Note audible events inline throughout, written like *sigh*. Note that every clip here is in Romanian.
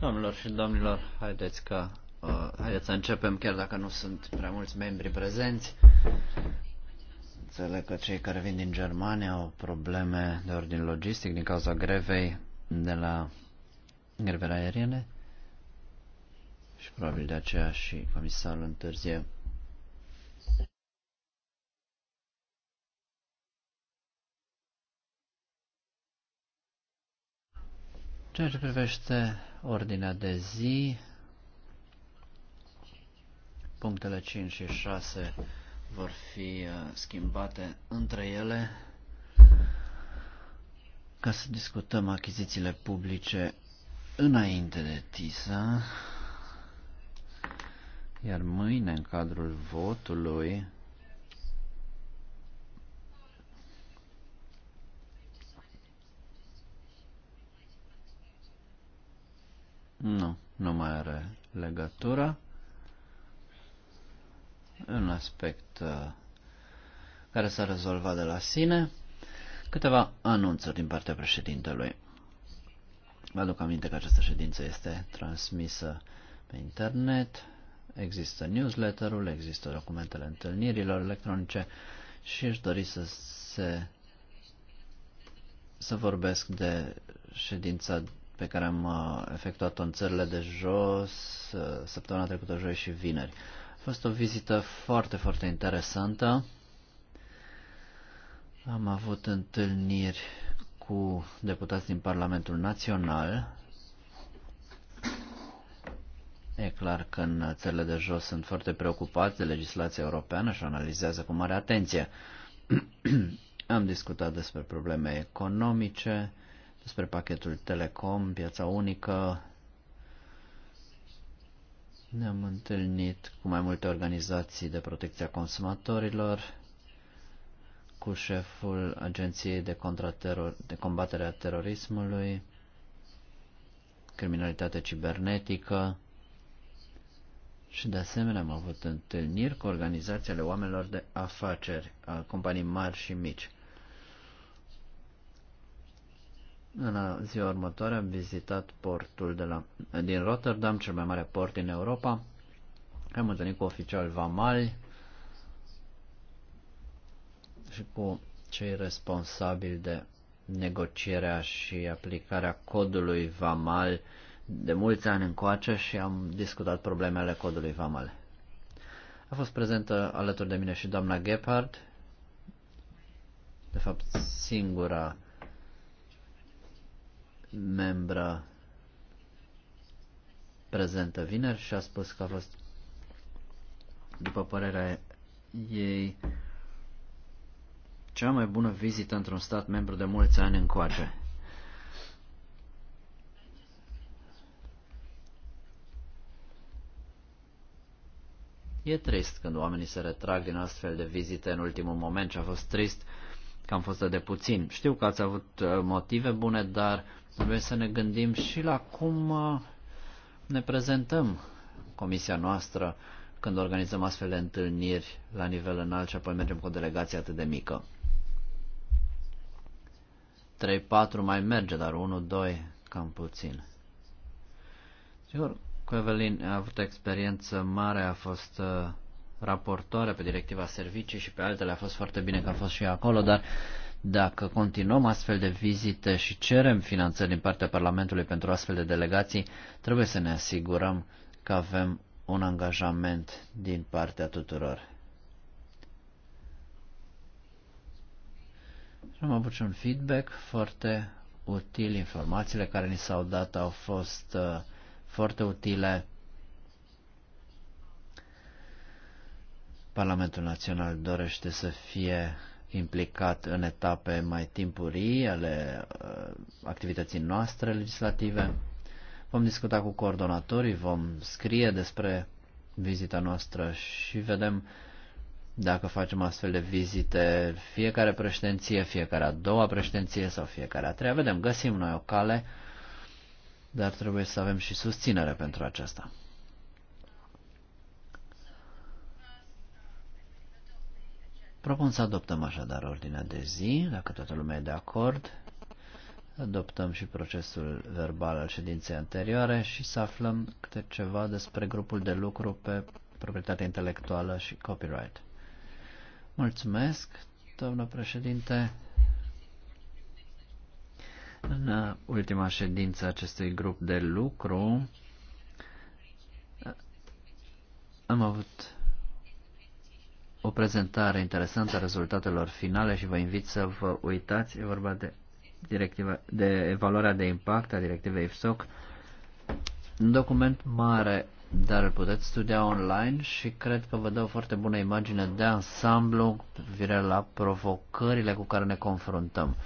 Domnilor și domnilor, haideți că uh, haideți să începem chiar dacă nu sunt prea mulți membri prezenți. Înțeleg că cei care vin din Germania au probleme de ordin logistic din cauza grevei de la grevele aeriene și probabil de aceea și comisarul întârzie. Ceea ce privește ordinea de zi, punctele 5 și 6 vor fi uh, schimbate între ele ca să discutăm achizițiile publice înainte de TISA, iar mâine, în cadrul votului, Nu, nu mai are legătură. Un aspect uh, care s-a rezolvat de la sine. Câteva anunțuri din partea președintelui. Vă aduc aminte că această ședință este transmisă pe internet, există newsletterul, există documentele întâlnirilor electronice și își dori să se să vorbesc de ședința pe care am uh, efectuat-o în țările de jos uh, săptămâna trecută, joi și vineri. A fost o vizită foarte, foarte interesantă. Am avut întâlniri cu deputați din Parlamentul Național. E clar că în țările de jos sunt foarte preocupați de legislația europeană și analizează cu mare atenție. *clears throat* Am discutat despre probleme economice, despre pachetul Telecom, piața unică. Ne-am întâlnit cu mai multe organizații de protecție a consumatorilor, cu șeful Agenției de, de combatere a terorismului, criminalitate cibernetică și de asemenea am avut întâlniri cu organizațiile oamenilor de afaceri, companii mari și mici. În ziua următoare am vizitat portul de la, din Rotterdam, cel mai mare port din Europa. Am întâlnit cu oficial vamali și cu cei responsabili de negocierea și aplicarea codului vamal de mulți ani încoace și am discutat problemele codului vamal. A fost prezentă alături de mine și doamna Gephardt, de fapt singura membra prezentă vineri și a spus că a fost, după părerea ei, cea mai bună vizită într-un stat membru de mulți ani încoace. E trist când oamenii se retrag din astfel de vizite în ultimul moment și a fost trist uh, că am fost de puțin. Știu că ați avut uh, motive bune, dar trebuie să ne gândim și la cum uh, ne prezentăm comisia noastră când organizăm astfel de întâlniri la nivel înalt și apoi mergem cu o delegație atât de mică. 3-4 mai merge, dar 1-2 cam puțin. Sigur, cu Evelyn a avut experiență mare, a fost uh, raportoare pe directiva servicii și pe altele a fost foarte bine că a fost și acolo, dar dacă continuăm astfel de vizite și cerem finanțări din partea Parlamentului pentru astfel de delegații, trebuie să ne asigurăm că avem un angajament din partea tuturor. Și am avut și un feedback foarte util. Informațiile care ni s-au dat au fost uh, foarte utile. Parlamentul Național dorește să fie implicat în etape mai timpurii ale uh, activității noastre legislative. Vom discuta cu coordonatorii, vom scrie despre vizita noastră și vedem dacă facem astfel de vizite fiecare președinție, fiecare a doua președinție sau fiecare a treia. Vedem, găsim noi o cale, dar trebuie să avem și susținere pentru aceasta. Propun să adoptăm așadar ordinea de zi, dacă toată lumea e de acord. Adoptăm și procesul verbal al ședinței anterioare și să aflăm câte ceva despre grupul de lucru pe proprietatea intelectuală și copyright. Mulțumesc, doamnă președinte. În ultima ședință acestui grup de lucru am avut o prezentare interesantă a rezultatelor finale și vă invit să vă uitați. E vorba de, directiva, de evaluarea de impact a directivei IFSOC. Un document mare, dar îl puteți studia online și cred că vă dă o foarte bună imagine de ansamblu vire la provocările cu care ne confruntăm.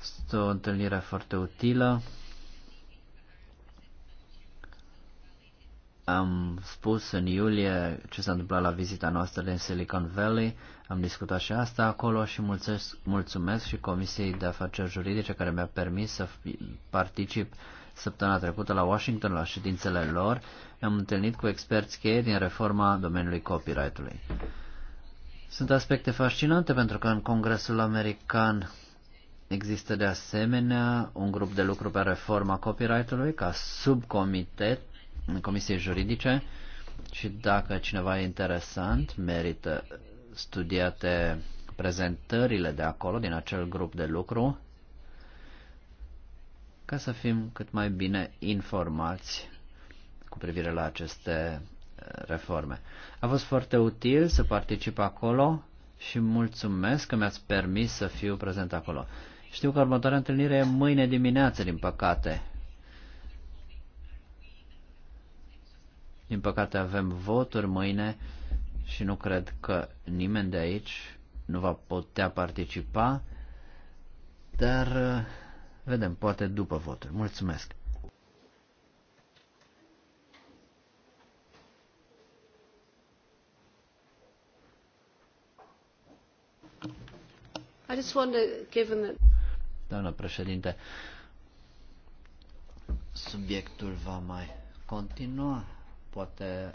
Este o întâlnire foarte utilă. Am spus în iulie ce s-a întâmplat la vizita noastră din Silicon Valley, am discutat și asta acolo și mulțumesc, mulțumesc și Comisiei de Afaceri Juridice care mi-a permis să particip săptămâna trecută la Washington la ședințele lor. am întâlnit cu experți cheie din reforma domeniului copyright-ului. Sunt aspecte fascinante pentru că în Congresul American Există de asemenea un grup de lucru pe reforma copyright-ului ca subcomitet Comisiei Juridice și dacă cineva e interesant, merită studiate prezentările de acolo, din acel grup de lucru, ca să fim cât mai bine informați cu privire la aceste uh, reforme. A fost foarte util să particip acolo și mulțumesc că mi-ați permis să fiu prezent acolo. Știu că următoarea întâlnire e mâine dimineață, din păcate, Din păcate avem voturi mâine și nu cred că nimeni de aici nu va putea participa, dar uh, vedem, poate după voturi. Mulțumesc! I just wonder, given that... Doamna președinte, subiectul va mai continua poate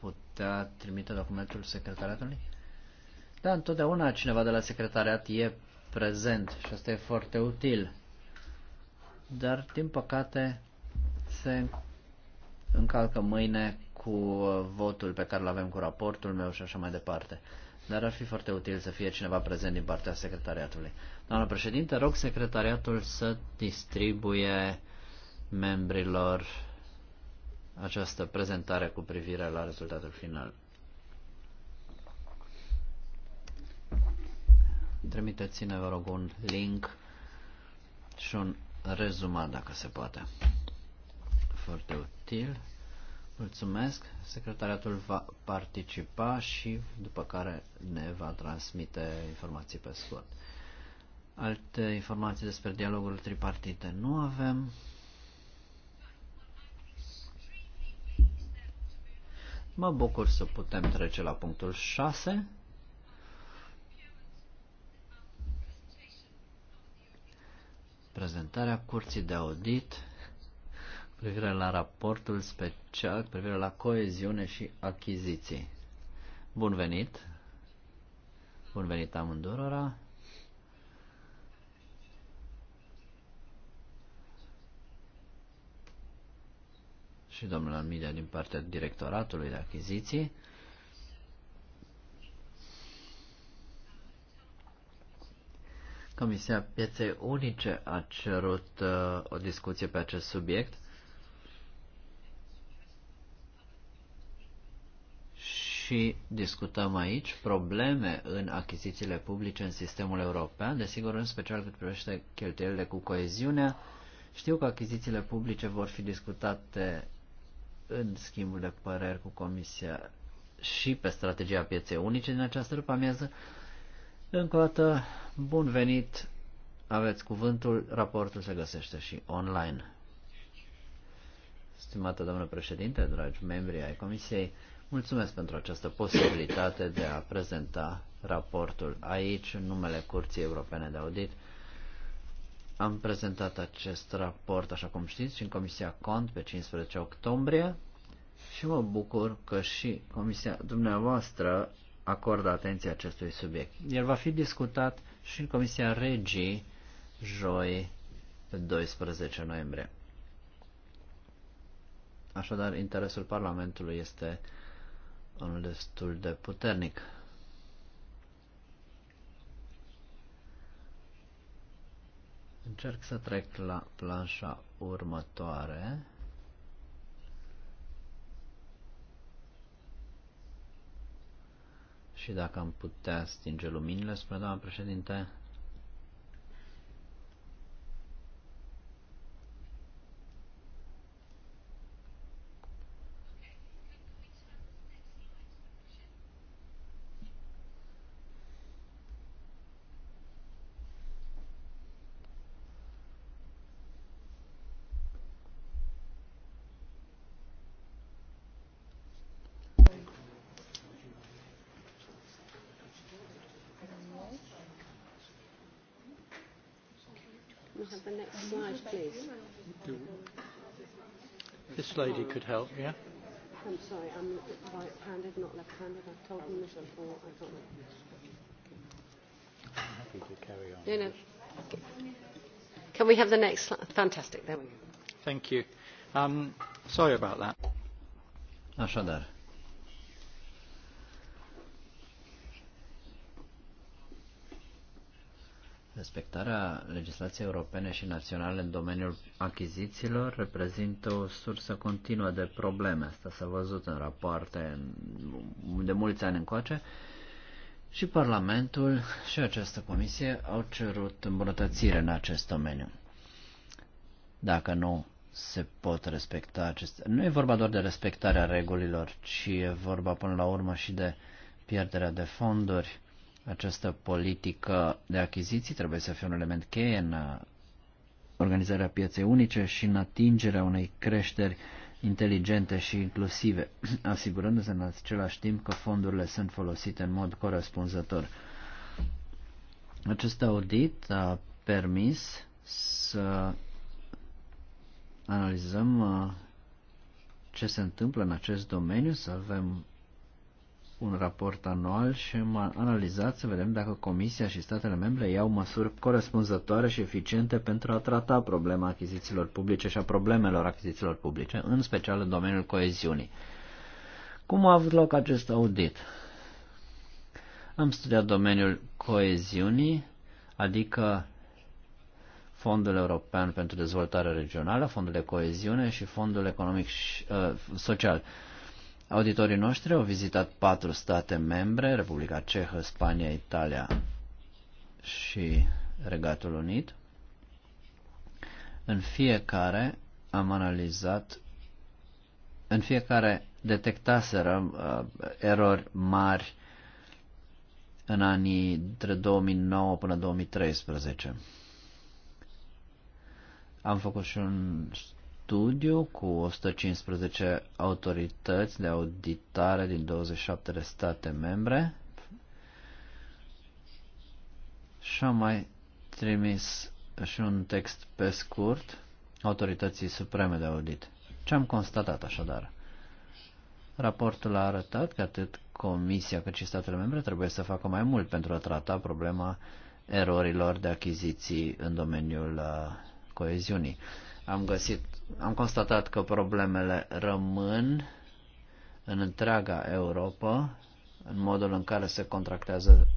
putea trimite documentul secretariatului? Da, întotdeauna cineva de la secretariat e prezent și asta e foarte util. Dar, din păcate, se încalcă mâine cu votul pe care îl avem cu raportul meu și așa mai departe. Dar ar fi foarte util să fie cineva prezent din partea secretariatului. Doamna președinte, rog secretariatul să distribuie membrilor această prezentare cu privire la rezultatul final. Trimiteți-ne, vă rog, un link și un rezumat, dacă se poate. Foarte util. Mulțumesc. Secretariatul va participa și după care ne va transmite informații pe scurt. Alte informații despre dialogul tripartite nu avem. Mă bucur să putem trece la punctul 6. Prezentarea curții de audit privire la raportul special privire la coeziune și achiziții. Bun venit! Bun venit amândurora! și domnul Almidia din partea directoratului de achiziții. Comisia Pieței Unice a cerut uh, o discuție pe acest subiect și discutăm aici probleme în achizițiile publice în sistemul european, desigur în special cât privește cheltuielile cu coeziunea. Știu că achizițiile publice vor fi discutate în schimbul de păreri cu Comisia și pe strategia pieței unice din această după amiază. Încă o dată, bun venit, aveți cuvântul, raportul se găsește și online. Stimată doamnă președinte, dragi membri ai Comisiei, mulțumesc pentru această posibilitate de a prezenta raportul aici, în numele Curții Europene de Audit, am prezentat acest raport, așa cum știți, și în Comisia Cont pe 15 octombrie și mă bucur că și Comisia dumneavoastră acordă atenție acestui subiect. El va fi discutat și în Comisia Regii joi pe 12 noiembrie. Așadar, interesul Parlamentului este unul destul de puternic. Încerc să trec la planșa următoare. Și dacă am putea stinge luminile, spre doamna președinte, lady could help, yeah? I'm sorry, I'm right-handed, not left-handed. I told them this before. I don't know. I'm happy to carry on. No, no. Can we have the next slide? Fantastic, there we go. Thank you. Um, sorry about that. Așadar, Respectarea legislației europene și naționale în domeniul achizițiilor reprezintă o sursă continuă de probleme. Asta s-a văzut în rapoarte de mulți ani încoace. Și Parlamentul și această comisie au cerut îmbunătățire în acest domeniu. Dacă nu se pot respecta aceste... Nu e vorba doar de respectarea regulilor, ci e vorba până la urmă și de pierderea de fonduri această politică de achiziții trebuie să fie un element cheie în uh, organizarea pieței unice și în atingerea unei creșteri inteligente și inclusive, *clears throat* asigurându-se în același timp că fondurile sunt folosite în mod corespunzător. Acest audit a permis să analizăm uh, ce se întâmplă în acest domeniu, să avem un raport anual și am analizat să vedem dacă Comisia și statele membre iau măsuri corespunzătoare și eficiente pentru a trata problema achizițiilor publice și a problemelor achizițiilor publice, în special în domeniul coeziunii. Cum a avut loc acest audit? Am studiat domeniul coeziunii, adică Fondul European pentru Dezvoltare Regională, Fondul de Coeziune și Fondul Economic și, uh, Social. Uh, Auditorii noștri au vizitat patru state membre, Republica Cehă, Spania, Italia și Regatul Unit. În fiecare am analizat, în fiecare detectaseră uh, erori mari în anii între 2009 până 2013. Am făcut și un studiu cu 115 autorități de auditare din 27 de state membre și am mai trimis și un text pe scurt autorității supreme de audit. Ce am constatat așadar? Raportul a arătat că atât Comisia cât și statele membre trebuie să facă mai mult pentru a trata problema erorilor de achiziții în domeniul uh, coeziunii. Am găsit, am constatat că problemele rămân în întreaga Europa, în modul în care se contractează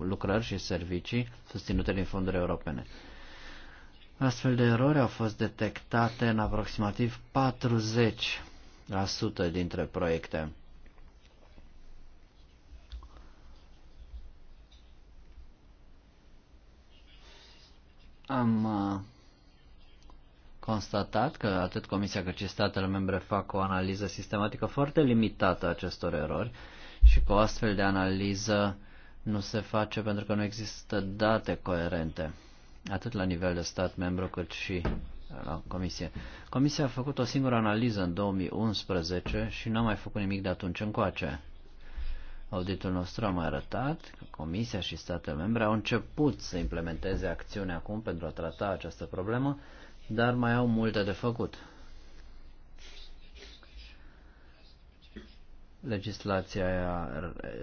lucrări și servicii susținute din fonduri europene. Astfel de erori au fost detectate în aproximativ 40% dintre proiecte. Am constatat că atât Comisia cât și statele membre fac o analiză sistematică foarte limitată a acestor erori și că o astfel de analiză nu se face pentru că nu există date coerente, atât la nivel de stat membru cât și uh, la Comisie. Comisia a făcut o singură analiză în 2011 și n-a mai făcut nimic de atunci încoace. Auditul nostru a mai arătat că Comisia și statele membre au început să implementeze acțiuni acum pentru a trata această problemă, dar mai au multe de făcut. Legislația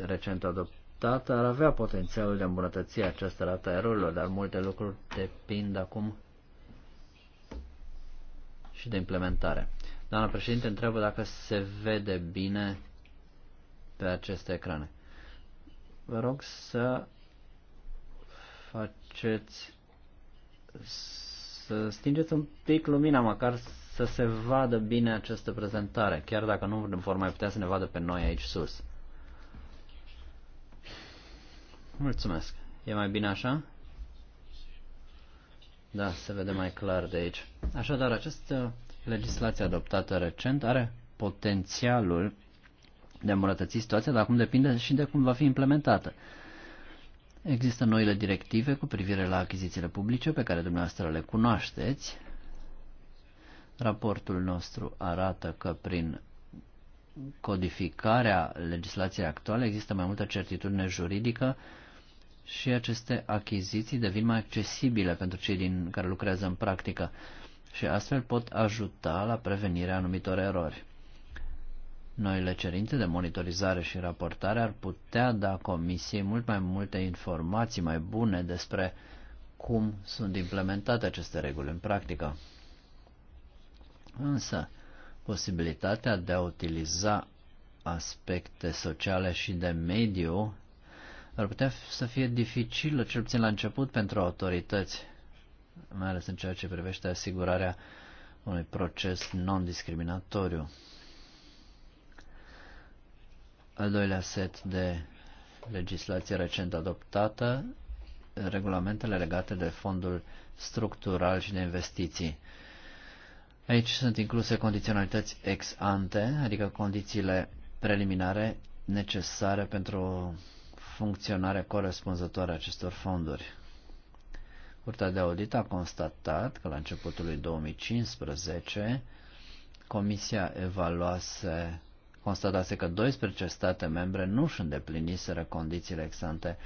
recent adoptată ar avea potențialul de îmbunătăți această rată a erorilor, dar multe lucruri depind acum și de implementare. Doamna președinte întreabă dacă se vede bine pe aceste ecrane. Vă rog să faceți să stingeți un pic lumina, măcar să se vadă bine această prezentare, chiar dacă nu vor mai putea să ne vadă pe noi aici sus. Mulțumesc. E mai bine așa? Da, se vede mai clar de aici. Așadar, această legislație adoptată recent are potențialul de a îmbunătăți situația, dar acum depinde și de cum va fi implementată. Există noile directive cu privire la achizițiile publice pe care dumneavoastră le cunoașteți. Raportul nostru arată că prin codificarea legislației actuale există mai multă certitudine juridică și aceste achiziții devin mai accesibile pentru cei din care lucrează în practică și astfel pot ajuta la prevenirea anumitor erori. Noile cerințe de monitorizare și raportare ar putea da comisiei mult mai multe informații mai bune despre cum sunt implementate aceste reguli în practică. Însă, posibilitatea de a utiliza aspecte sociale și de mediu ar putea să fie dificilă, cel puțin la început, pentru autorități, mai ales în ceea ce privește asigurarea unui proces non-discriminatoriu. Al doilea set de legislație recent adoptată, regulamentele legate de fondul structural și de investiții. Aici sunt incluse condiționalități ex ante, adică condițiile preliminare necesare pentru funcționarea corespunzătoare a acestor fonduri. Curtea de audit a constatat că la începutul lui 2015 Comisia evaluase constatase că 12 state membre nu își îndepliniseră condițiile exante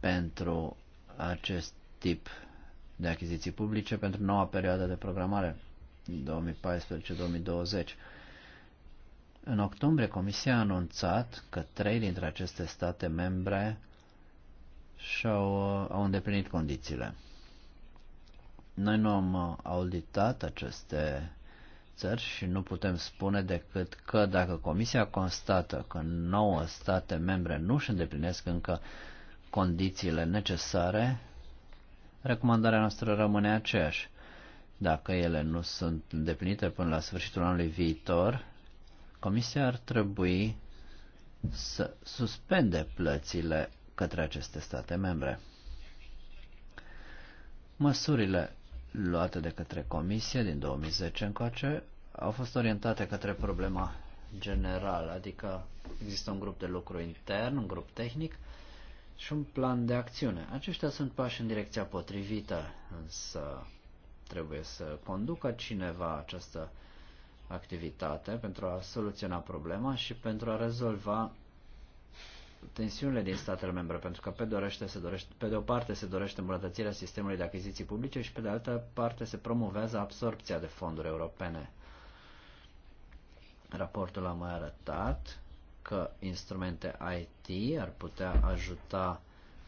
pentru acest tip de achiziții publice pentru noua perioadă de programare 2014-2020. În octombrie, Comisia a anunțat că trei dintre aceste state membre și-au uh, au îndeplinit condițiile. Noi nu am uh, auditat aceste țări și nu putem spune decât că dacă Comisia constată că nouă state membre nu își îndeplinesc încă condițiile necesare, recomandarea noastră rămâne aceeași. Dacă ele nu sunt îndeplinite până la sfârșitul anului viitor, Comisia ar trebui să suspende plățile către aceste state membre. Măsurile luate de către Comisie din 2010 încoace au fost orientate către problema generală, adică există un grup de lucru intern, un grup tehnic și un plan de acțiune. Aceștia sunt pași în direcția potrivită, însă trebuie să conducă cineva această activitate pentru a soluționa problema și pentru a rezolva tensiunile din statele membre, pentru că pe, dorește, se dorește, pe de o parte se dorește îmbunătățirea sistemului de achiziții publice și pe de altă parte se promovează absorpția de fonduri europene. Raportul a mai arătat că instrumente IT ar putea ajuta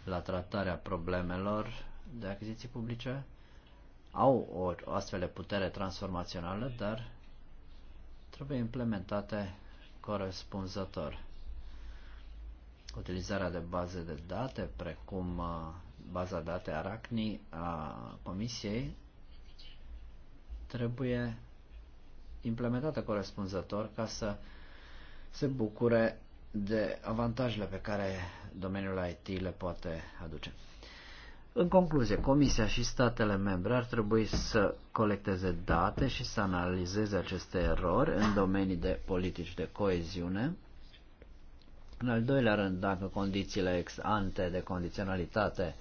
la tratarea problemelor de achiziții publice, au o astfel de putere transformațională, dar trebuie implementate corespunzător utilizarea de baze de date, precum uh, baza date Aracni a Comisiei, trebuie implementată corespunzător ca să se bucure de avantajele pe care domeniul IT le poate aduce. În concluzie, Comisia și statele membre ar trebui să colecteze date și să analizeze aceste erori în domenii de politici de coeziune, în al doilea rând, dacă condițiile ex ante de condiționalitate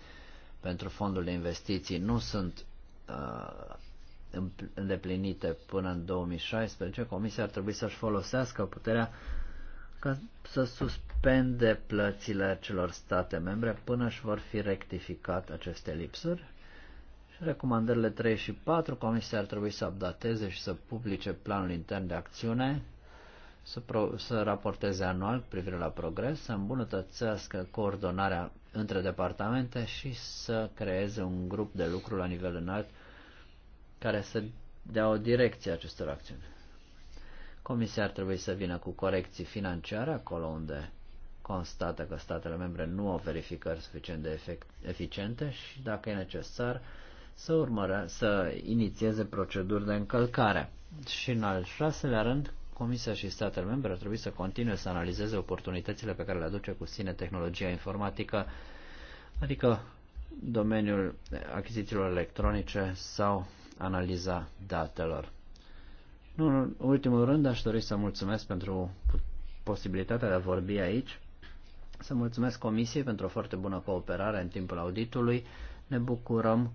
pentru fondul de investiții nu sunt uh, îndeplinite până în 2016, Comisia ar trebui să-și folosească puterea ca să suspende plățile celor state membre până își vor fi rectificat aceste lipsuri. Și recomandările 3 și 4, Comisia ar trebui să updateze și să publice planul intern de acțiune să, pro, să raporteze anual cu privire la progres, să îmbunătățească coordonarea între departamente și să creeze un grup de lucru la nivel înalt care să dea o direcție acestor acțiuni. Comisia ar trebui să vină cu corecții financiare acolo unde constată că statele membre nu au verificări suficient de efect, eficiente și, dacă e necesar, să, urmăre, să inițieze proceduri de încălcare. Și în al șaselea rând, Comisia și statele membre ar trebui să continue să analizeze oportunitățile pe care le aduce cu sine tehnologia informatică, adică domeniul achizițiilor electronice sau analiza datelor. Nu în ultimul rând aș dori să mulțumesc pentru posibilitatea de a vorbi aici, să mulțumesc Comisiei pentru o foarte bună cooperare în timpul auditului. Ne bucurăm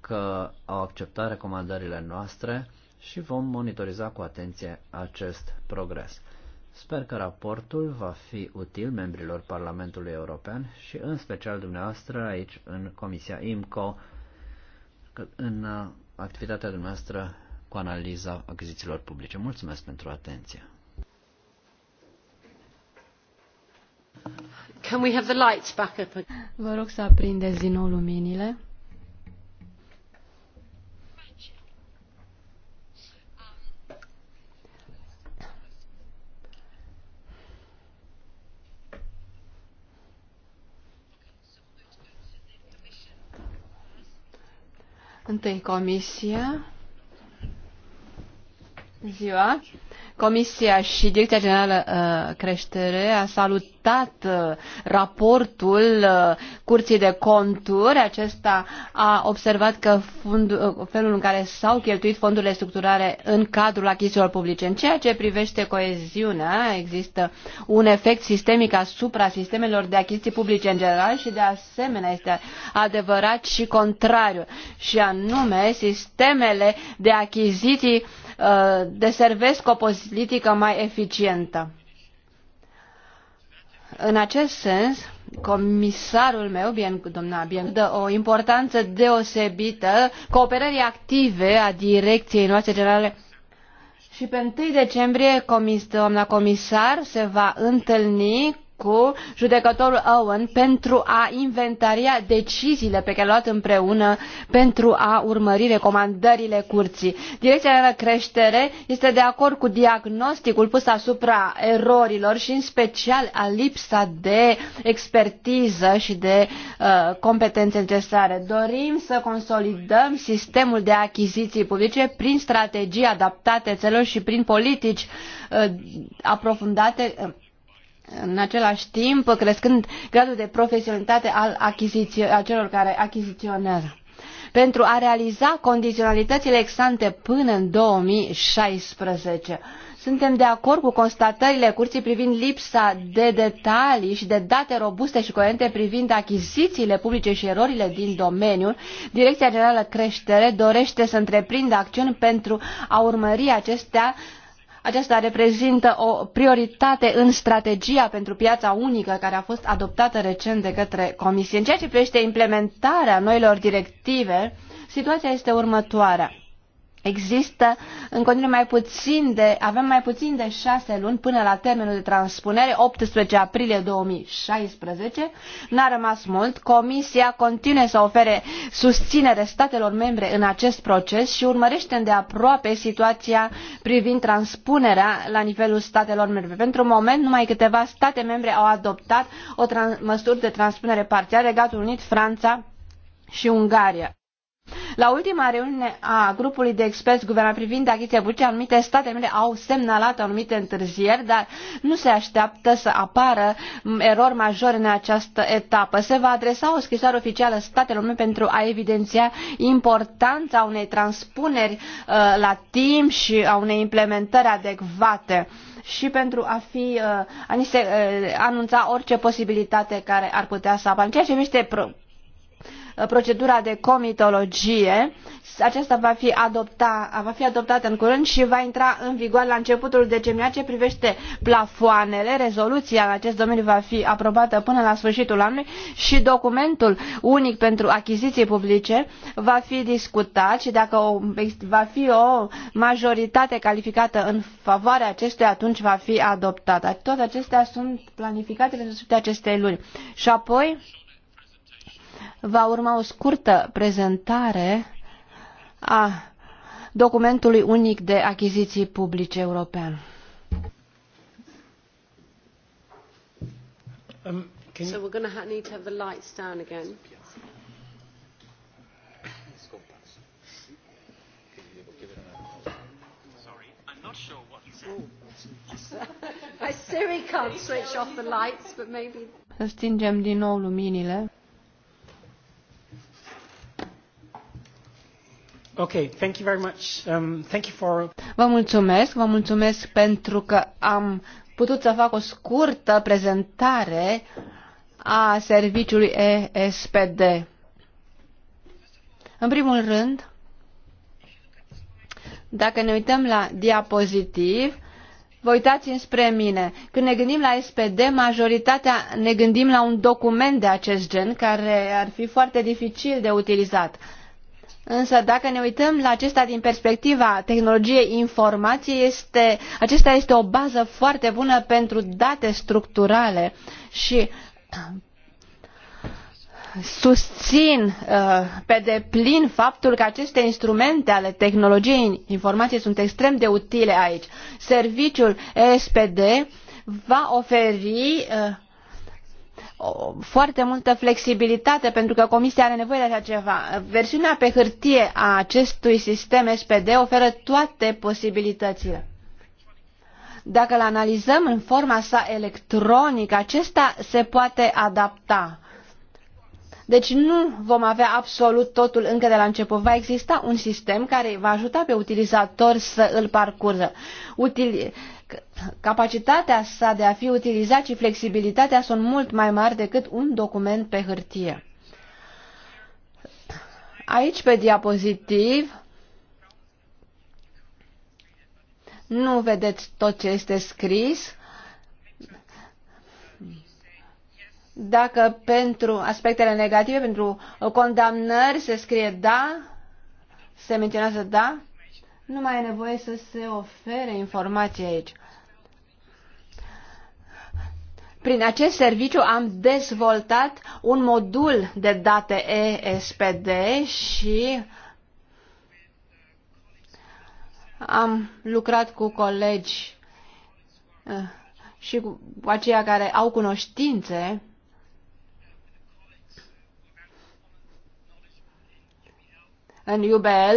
că au acceptat recomandările noastre și vom monitoriza cu atenție acest progres. Sper că raportul va fi util membrilor Parlamentului European și în special dumneavoastră aici în Comisia IMCO, în uh, activitatea dumneavoastră cu analiza achizițiilor publice. Mulțumesc pentru atenție. Can we have the lights back up? Vă rog să aprindeți din nou luminile. Întâi Comisia ziua! Comisia și Direcția Generală uh, Creștere a salutat uh, raportul uh, Curții de Conturi. Acesta a observat că fund, felul în care s-au cheltuit fondurile structurare în cadrul achizițiilor publice. În ceea ce privește coeziunea, există un efect sistemic asupra sistemelor de achiziții publice în general și de asemenea este adevărat și contrariu, și anume sistemele de achiziții uh, Uh, deservesc o politică mai eficientă. În acest sens, comisarul meu, bien, doamna Bien, dă o importanță deosebită cooperării active a direcției noastre generale și pe 1 decembrie comis, doamna comisar se va întâlni cu judecătorul Owen pentru a inventaria deciziile pe care le-au luat împreună pentru a urmări recomandările curții. Direcția de creștere este de acord cu diagnosticul pus asupra erorilor și în special a lipsa de expertiză și de uh, competențe necesare. Dorim să consolidăm sistemul de achiziții publice prin strategii adaptate țelor și prin politici uh, aprofundate uh, în același timp crescând gradul de profesionalitate al, achizițio- celor care achiziționează. Pentru a realiza condiționalitățile exante până în 2016, suntem de acord cu constatările curții privind lipsa de detalii și de date robuste și coerente privind achizițiile publice și erorile din domeniul. Direcția Generală Creștere dorește să întreprindă acțiuni pentru a urmări acestea aceasta reprezintă o prioritate în strategia pentru piața unică care a fost adoptată recent de către Comisie. În ceea ce privește implementarea noilor directive, situația este următoarea. Există în continuare mai puțin de, avem mai puțin de șase luni până la termenul de transpunere, 18 aprilie 2016. N-a rămas mult. Comisia continuă să ofere susținere statelor membre în acest proces și urmărește îndeaproape situația privind transpunerea la nivelul statelor membre. Pentru moment, numai câteva state membre au adoptat o trans- măsuri de transpunere parțială, Regatul Unit, Franța și Ungaria. La ultima reuniune a grupului de experți guvernat privind achiziția publice, anumite state membre au semnalat anumite întârzieri, dar nu se așteaptă să apară erori majore în această etapă. Se va adresa o scrisoare oficială statelor membre pentru a evidenția importanța unei transpuneri uh, la timp și a unei implementări adecvate și pentru a fi uh, a ni se uh, anunța orice posibilitate care ar putea să apară. În ceea ce privește procedura de comitologie. Aceasta va fi, adopta, va fi adoptată în curând și va intra în vigoare la începutul decembrie. ce privește plafoanele, rezoluția în acest domeniu va fi aprobată până la sfârșitul anului și documentul unic pentru achiziții publice va fi discutat și dacă o, va fi o majoritate calificată în favoarea acestuia, atunci va fi adoptat. Toate acestea sunt planificate pentru acestei luni. Și apoi, va urma o scurtă prezentare a documentului unic de achiziții publice european. Um, so we're going to need to have the lights down again. Sure My Siri *laughs* can't switch off the lights, but maybe... Să stingem din nou luminile. Okay, thank you very much. Um, thank you for... Vă mulțumesc, vă mulțumesc pentru că am putut să fac o scurtă prezentare a serviciului ESPD. În primul rând, dacă ne uităm la diapozitiv, vă uitați înspre mine. Când ne gândim la SPD, majoritatea ne gândim la un document de acest gen care ar fi foarte dificil de utilizat. Însă dacă ne uităm la acesta din perspectiva tehnologiei informației, este, acesta este o bază foarte bună pentru date structurale și uh, susțin uh, pe deplin faptul că aceste instrumente ale tehnologiei informației sunt extrem de utile aici. Serviciul ESPD va oferi uh, foarte multă flexibilitate pentru că Comisia are nevoie de așa ceva. Versiunea pe hârtie a acestui sistem SPD oferă toate posibilitățile. Dacă îl analizăm în forma sa electronică, acesta se poate adapta deci nu vom avea absolut totul încă de la început. Va exista un sistem care va ajuta pe utilizator să îl parcurgă. Util... Capacitatea sa de a fi utilizat și flexibilitatea sunt mult mai mari decât un document pe hârtie. Aici pe diapozitiv nu vedeți tot ce este scris, Dacă pentru aspectele negative, pentru condamnări se scrie da, se menționează da, nu mai e nevoie să se ofere informații aici. Prin acest serviciu am dezvoltat un modul de date ESPD și am lucrat cu colegi eh, și cu aceia care au cunoștințe în UBL,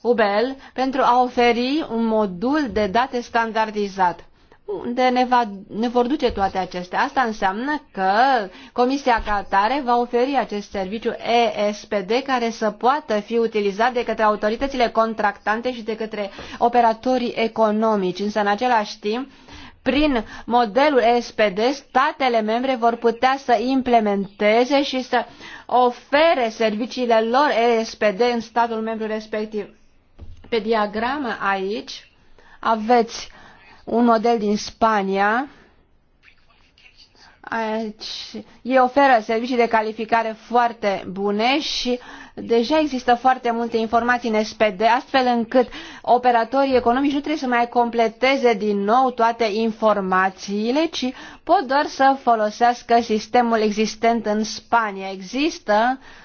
UBL pentru a oferi un modul de date standardizat unde ne, va, ne vor duce toate acestea. Asta înseamnă că Comisia Catare va oferi acest serviciu ESPD care să poată fi utilizat de către autoritățile contractante și de către operatorii economici. Însă, în același timp, prin modelul SPD, statele membre vor putea să implementeze și să ofere serviciile lor SPD în statul membru respectiv. Pe diagramă aici aveți un model din Spania, ei oferă servicii de calificare foarte bune și deja există foarte multe informații în SPD, astfel încât operatorii economici nu trebuie să mai completeze din nou toate informațiile, ci pot doar să folosească sistemul existent în Spania. Există uh,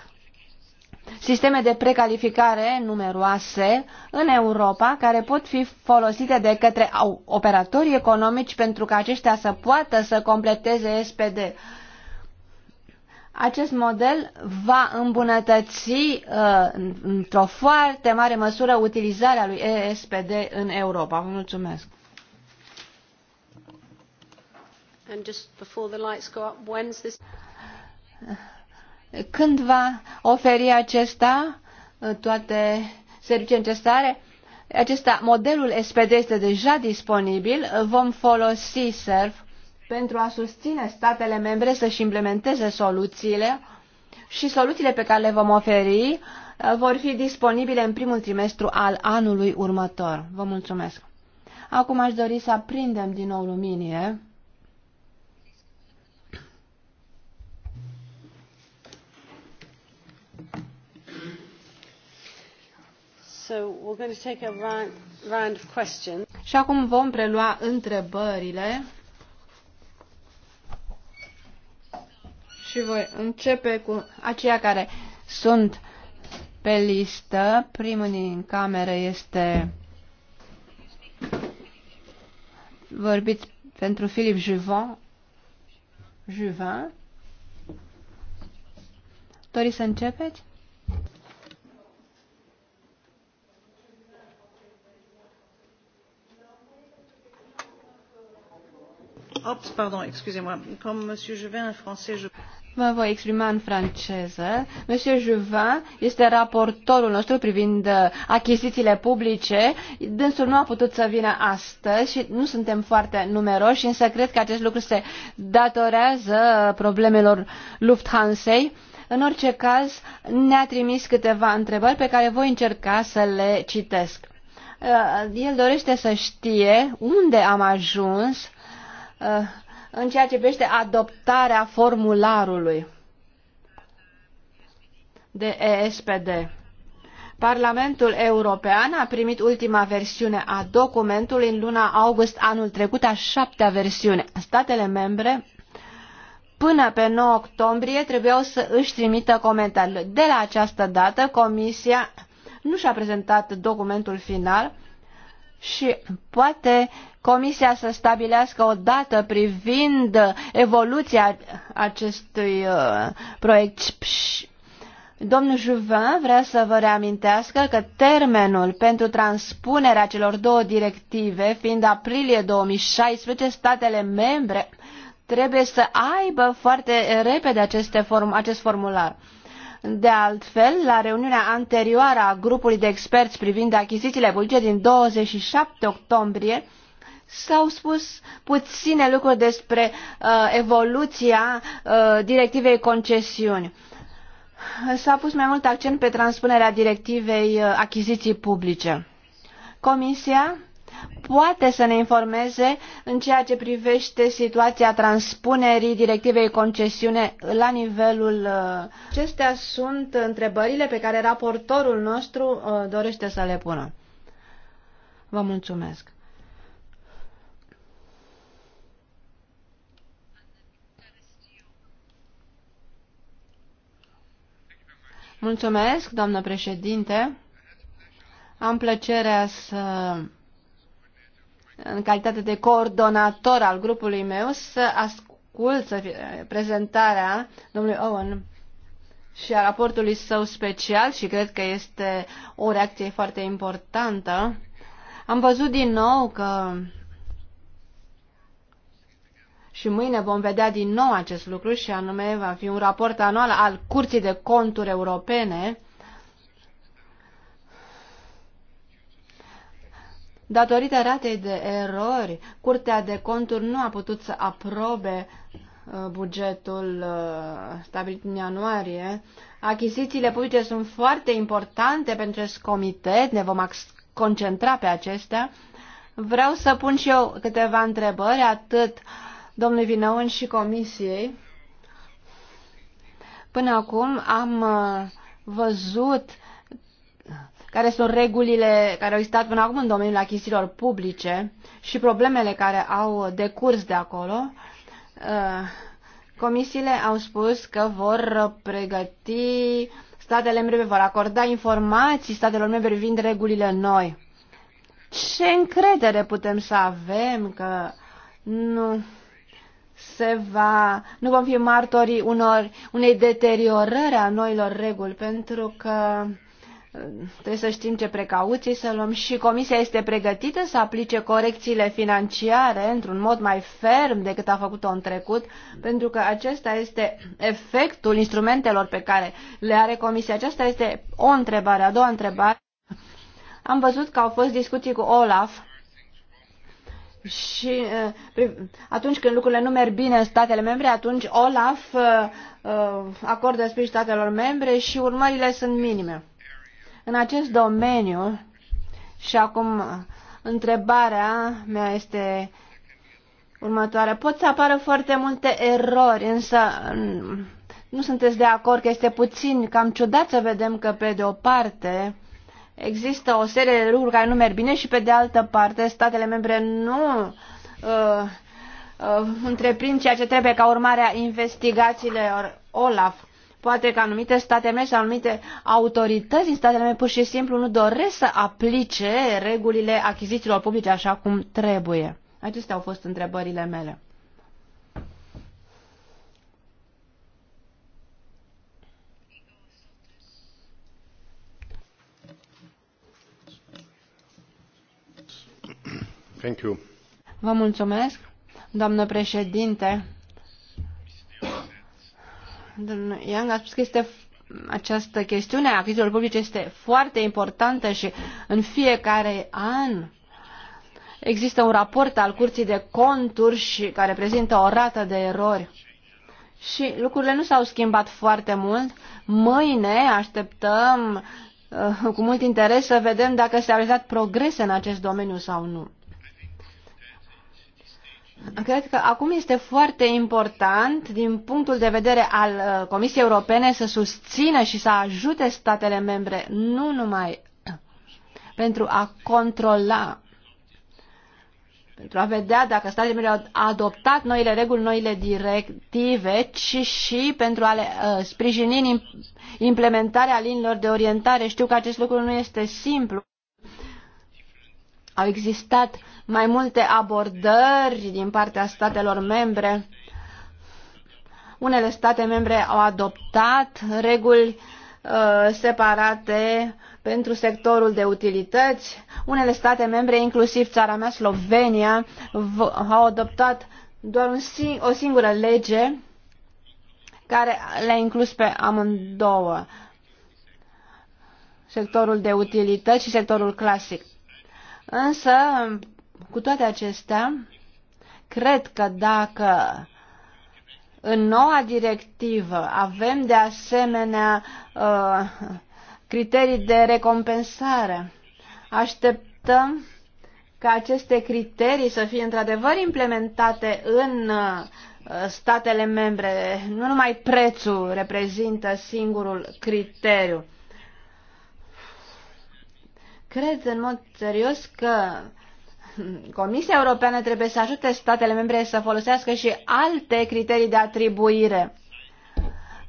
sisteme de precalificare numeroase în Europa care pot fi folosite de către operatorii economici pentru ca aceștia să poată să completeze SPD. Acest model va îmbunătăți uh, într-o foarte mare măsură utilizarea lui ESPD în Europa. Vă mulțumesc! And just before the lights go up, when's this? Când va oferi acesta uh, toate serviciile necesare? Acesta, modelul SPD este deja disponibil. Uh, vom folosi SERV pentru a susține statele membre să-și implementeze soluțiile și soluțiile pe care le vom oferi uh, vor fi disponibile în primul trimestru al anului următor. Vă mulțumesc! Acum aș dori să aprindem din nou luminile. Și acum vom prelua întrebările. Și voi începe cu aceia care sunt pe listă. Primul din cameră este vorbit pentru Filip Juvan. Juvan, Doriți să începeți? Mă voi exprima în franceză. Monsieur Juvin este raportorul nostru privind uh, achizițiile publice. Dânsul nu a putut să vină astăzi și nu suntem foarte numeroși, însă cred că acest lucru se datorează uh, problemelor Lufthansei. În orice caz, ne-a trimis câteva întrebări pe care voi încerca să le citesc. Uh, el dorește să știe unde am ajuns Uh, în ceea ce privește adoptarea formularului de ESPD. Parlamentul European a primit ultima versiune a documentului în luna august anul trecut, a șaptea versiune. Statele membre până pe 9 octombrie trebuiau să își trimită comentariile. De la această dată, Comisia nu și-a prezentat documentul final și poate Comisia să stabilească o dată privind evoluția acestui uh, proiect. Domnul Juvin vrea să vă reamintească că termenul pentru transpunerea celor două directive, fiind aprilie 2016, statele membre trebuie să aibă foarte repede aceste form- acest formular. De altfel, la reuniunea anterioară a grupului de experți privind achizițiile publice din 27 octombrie, s-au spus puține lucruri despre uh, evoluția uh, directivei concesiuni. S-a pus mai mult accent pe transpunerea directivei uh, achiziții publice. Comisia poate să ne informeze în ceea ce privește situația transpunerii directivei concesiune la nivelul... Uh, acestea sunt întrebările pe care raportorul nostru uh, dorește să le pună. Vă mulțumesc. Mulțumesc, doamnă președinte. Am plăcerea să în calitate de coordonator al grupului meu, să ascult prezentarea domnului Owen și a raportului său special și cred că este o reacție foarte importantă. Am văzut din nou că și mâine vom vedea din nou acest lucru și anume va fi un raport anual al Curții de Conturi Europene Datorită ratei de erori, Curtea de Conturi nu a putut să aprobe uh, bugetul uh, stabilit în ianuarie. Achizițiile publice sunt foarte importante pentru acest comitet, ne vom concentra pe acestea. Vreau să pun și eu câteva întrebări, atât domnului Vinăun și comisiei. Până acum am uh, văzut uh, care sunt regulile care au existat până acum în domeniul achizițiilor publice și problemele care au decurs de acolo, uh, comisiile au spus că vor pregăti statele membre, vor acorda informații statelor membre privind regulile noi. Ce încredere putem să avem că nu se va, nu vom fi martorii unor, unei deteriorări a noilor reguli, pentru că Trebuie să știm ce precauții să luăm și Comisia este pregătită să aplice corecțiile financiare într-un mod mai ferm decât a făcut-o în trecut, pentru că acesta este efectul instrumentelor pe care le are Comisia. Aceasta este o întrebare. A doua întrebare. Am văzut că au fost discuții cu Olaf și eh, atunci când lucrurile nu merg bine în statele membre, atunci Olaf eh, eh, acordă sprijin statelor membre și urmările sunt minime. În acest domeniu, și acum întrebarea mea este următoare. Pot să apară foarte multe erori, însă nu sunteți de acord că este puțin cam ciudat să vedem că pe de o parte există o serie de lucruri care nu merg bine și pe de altă parte statele membre nu uh, uh, întreprind ceea ce trebuie ca urmare a investigațiilor OLAF. Poate că anumite state membre sau anumite autorități din statele membre pur și simplu nu doresc să aplice regulile achizițiilor publice așa cum trebuie. Acestea au fost întrebările mele. Vă mulțumesc, doamnă președinte. Domnul Young a spus că este această chestiune a achizițiilor publice este foarte importantă și în fiecare an există un raport al Curții de Conturi și care prezintă o rată de erori. Și lucrurile nu s-au schimbat foarte mult. Mâine așteptăm uh, cu mult interes să vedem dacă s-au realizat progrese în acest domeniu sau nu. Cred că acum este foarte important, din punctul de vedere al uh, Comisiei Europene, să susțină și să ajute statele membre, nu numai pentru a controla, pentru a vedea dacă statele membre au adoptat noile reguli, noile directive, ci și pentru a le uh, sprijini implementarea liniilor de orientare. Știu că acest lucru nu este simplu. Au existat mai multe abordări din partea statelor membre. Unele state membre au adoptat reguli uh, separate pentru sectorul de utilități. Unele state membre, inclusiv țara mea, Slovenia, au adoptat doar un sing o singură lege care le-a inclus pe amândouă sectorul de utilități și sectorul clasic. Însă, cu toate acestea, cred că dacă în noua directivă avem de asemenea uh, criterii de recompensare, așteptăm ca aceste criterii să fie într-adevăr implementate în uh, statele membre. Nu numai prețul reprezintă singurul criteriu. Cred în mod serios că Comisia Europeană trebuie să ajute statele membre să folosească și alte criterii de atribuire.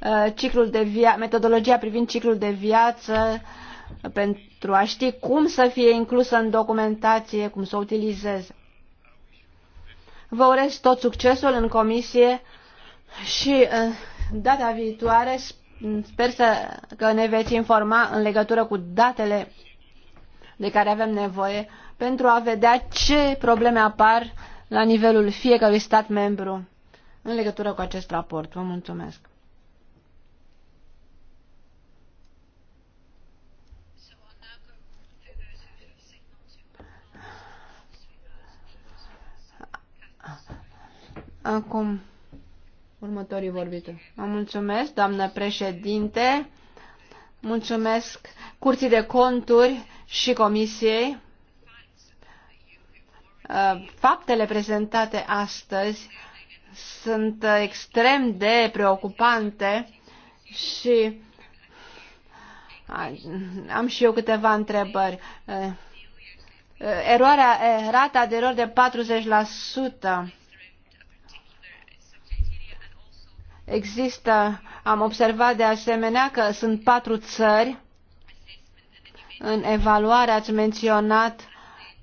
Uh, ciclul de via- metodologia privind ciclul de viață uh, pentru a ști cum să fie inclusă în documentație, cum să o utilizeze. Vă urez tot succesul în comisie și uh, data viitoare sper să, că ne veți informa în legătură cu datele de care avem nevoie pentru a vedea ce probleme apar la nivelul fiecărui stat membru în legătură cu acest raport. Vă mulțumesc. Acum, următorii vorbitori. Vă mulțumesc, doamnă președinte. Mulțumesc Curții de Conturi și Comisiei uh, faptele prezentate astăzi sunt extrem de preocupante și uh, am și eu câteva întrebări. Uh, eroarea, rata de erori de 40%. Există, am observat de asemenea că sunt patru țări în evaluare ați menționat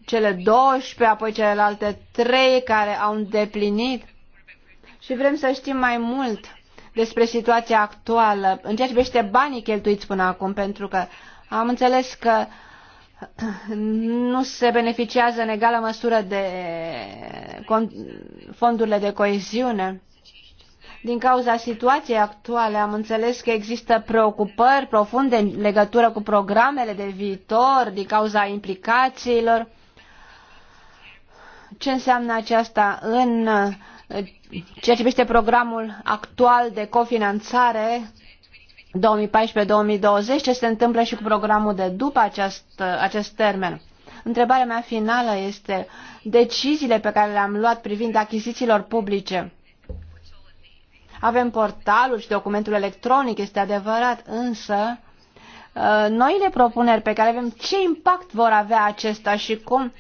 cele 12, apoi celelalte 3 care au îndeplinit și vrem să știm mai mult despre situația actuală, în ceea ce privește banii cheltuiți până acum, pentru că am înțeles că nu se beneficiază în egală măsură de fondurile de coeziune. Din cauza situației actuale am înțeles că există preocupări profunde în legătură cu programele de viitor, din cauza implicațiilor. Ce înseamnă aceasta în eh, ceea ce privește programul actual de cofinanțare 2014-2020, ce se întâmplă și cu programul de după acest, acest termen. Întrebarea mea finală este deciziile pe care le-am luat privind achizițiilor publice avem portalul și documentul electronic, este adevărat, însă uh, noile propuneri pe care avem, ce impact vor avea acesta și cum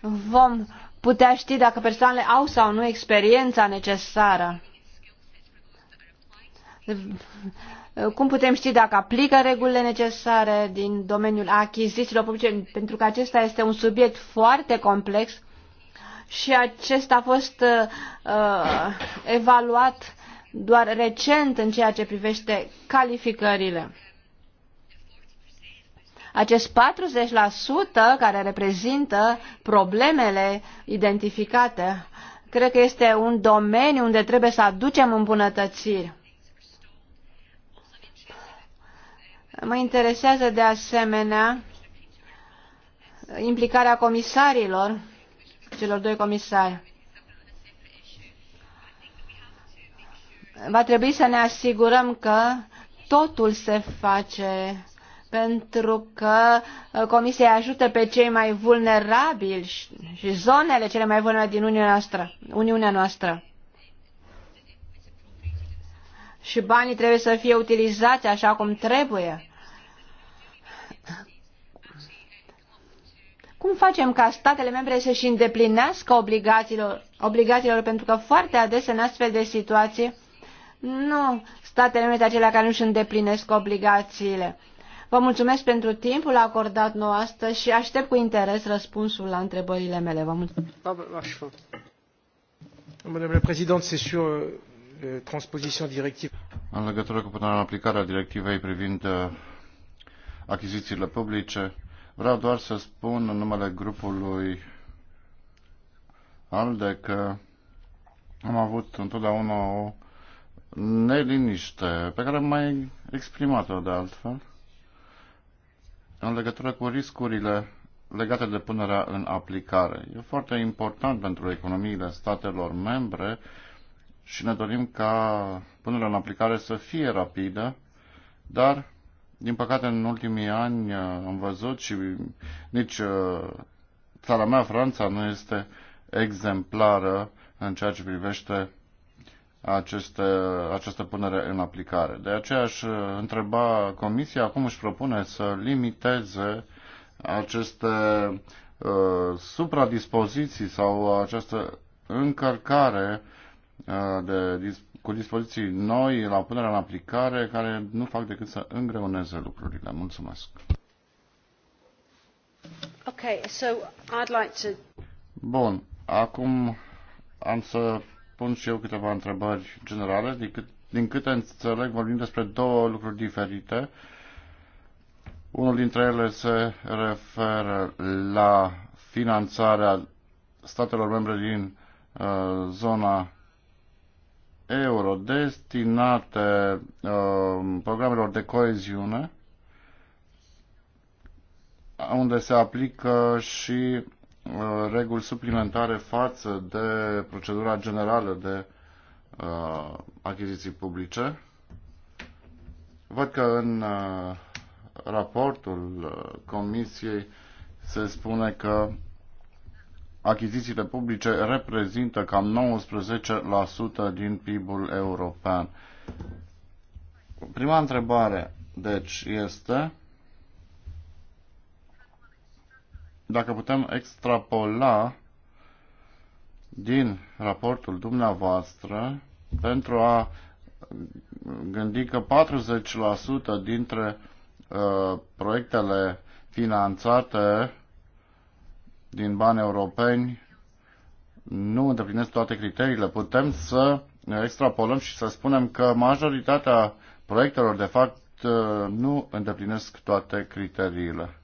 vom putea ști dacă persoanele au sau nu experiența necesară? Cum putem ști dacă aplică regulile necesare din domeniul achizițiilor publice? Pentru că acesta este un subiect foarte complex și acesta a fost uh, uh, evaluat doar recent în ceea ce privește calificările. Acest 40% care reprezintă problemele identificate, cred că este un domeniu unde trebuie să aducem îmbunătățiri. Mă interesează de asemenea implicarea comisarilor celor doi comisari. Va trebui să ne asigurăm că totul se face pentru că uh, Comisia ajută pe cei mai vulnerabili și zonele cele mai vulnerabile din Uniunea noastră. Uniunea noastră. Și banii trebuie să fie utilizați așa cum trebuie. Cum facem ca statele membre să-și îndeplinească obligațiilor, obligațiilor? Pentru că foarte adesea în astfel de situații nu statele membre acelea care nu își îndeplinesc obligațiile. Vă mulțumesc pentru timpul acordat nouă astăzi și aștept cu interes răspunsul la întrebările mele. Vă mulțumesc. Domnule președinte, c'est sur euh, directivei. În legătură cu punerea în aplicare a directivei privind uh, achizițiile publice, Vreau doar să spun în numele grupului ALDE că am avut întotdeauna o neliniște pe care am mai exprimat-o de altfel în legătură cu riscurile legate de punerea în aplicare. E foarte important pentru economiile statelor membre și ne dorim ca punerea în aplicare să fie rapidă, dar din păcate, în ultimii ani uh, am văzut și nici uh, țara mea, Franța, nu este exemplară în ceea ce privește aceste, această punere în aplicare. De aceea aș uh, întreba Comisia cum își propune să limiteze aceste uh, supradispoziții sau această încărcare uh, de dispoziții cu dispoziții noi la punerea în aplicare care nu fac decât să îngreuneze lucrurile. Mulțumesc. Okay, so I'd like to... Bun, acum am să pun și eu câteva întrebări generale. Din, cât, din câte înțeleg, vorbim despre două lucruri diferite. Unul dintre ele se referă la finanțarea statelor membre din uh, zona euro destinate uh, programelor de coeziune, unde se aplică și uh, reguli suplimentare față de procedura generală de uh, achiziții publice. Văd că în uh, raportul uh, Comisiei se spune că achizițiile publice reprezintă cam 19% din PIB-ul european. Prima întrebare, deci, este dacă putem extrapola din raportul dumneavoastră pentru a gândi că 40% dintre uh, proiectele finanțate din bani europeni nu îndeplinesc toate criteriile. Putem să extrapolăm și să spunem că majoritatea proiectelor, de fapt, nu îndeplinesc toate criteriile.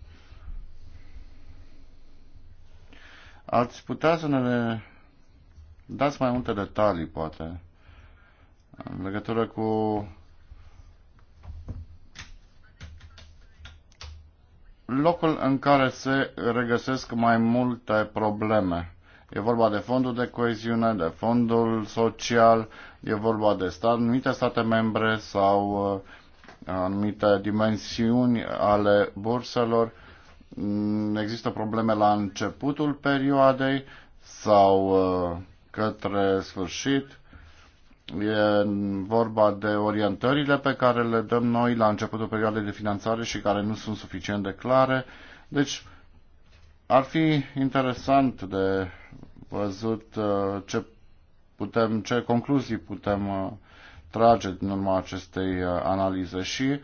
Ați putea să ne dați mai multe detalii, poate, în legătură cu locul în care se regăsesc mai multe probleme. E vorba de fondul de coeziune, de fondul social, e vorba de stat, anumite state membre sau uh, anumite dimensiuni ale burselor. Mm, există probleme la începutul perioadei sau uh, către sfârșit E vorba de orientările pe care le dăm noi la începutul perioadei de finanțare și care nu sunt suficient de clare. Deci, ar fi interesant de văzut uh, ce putem, ce concluzii putem uh, trage din urma acestei uh, analize și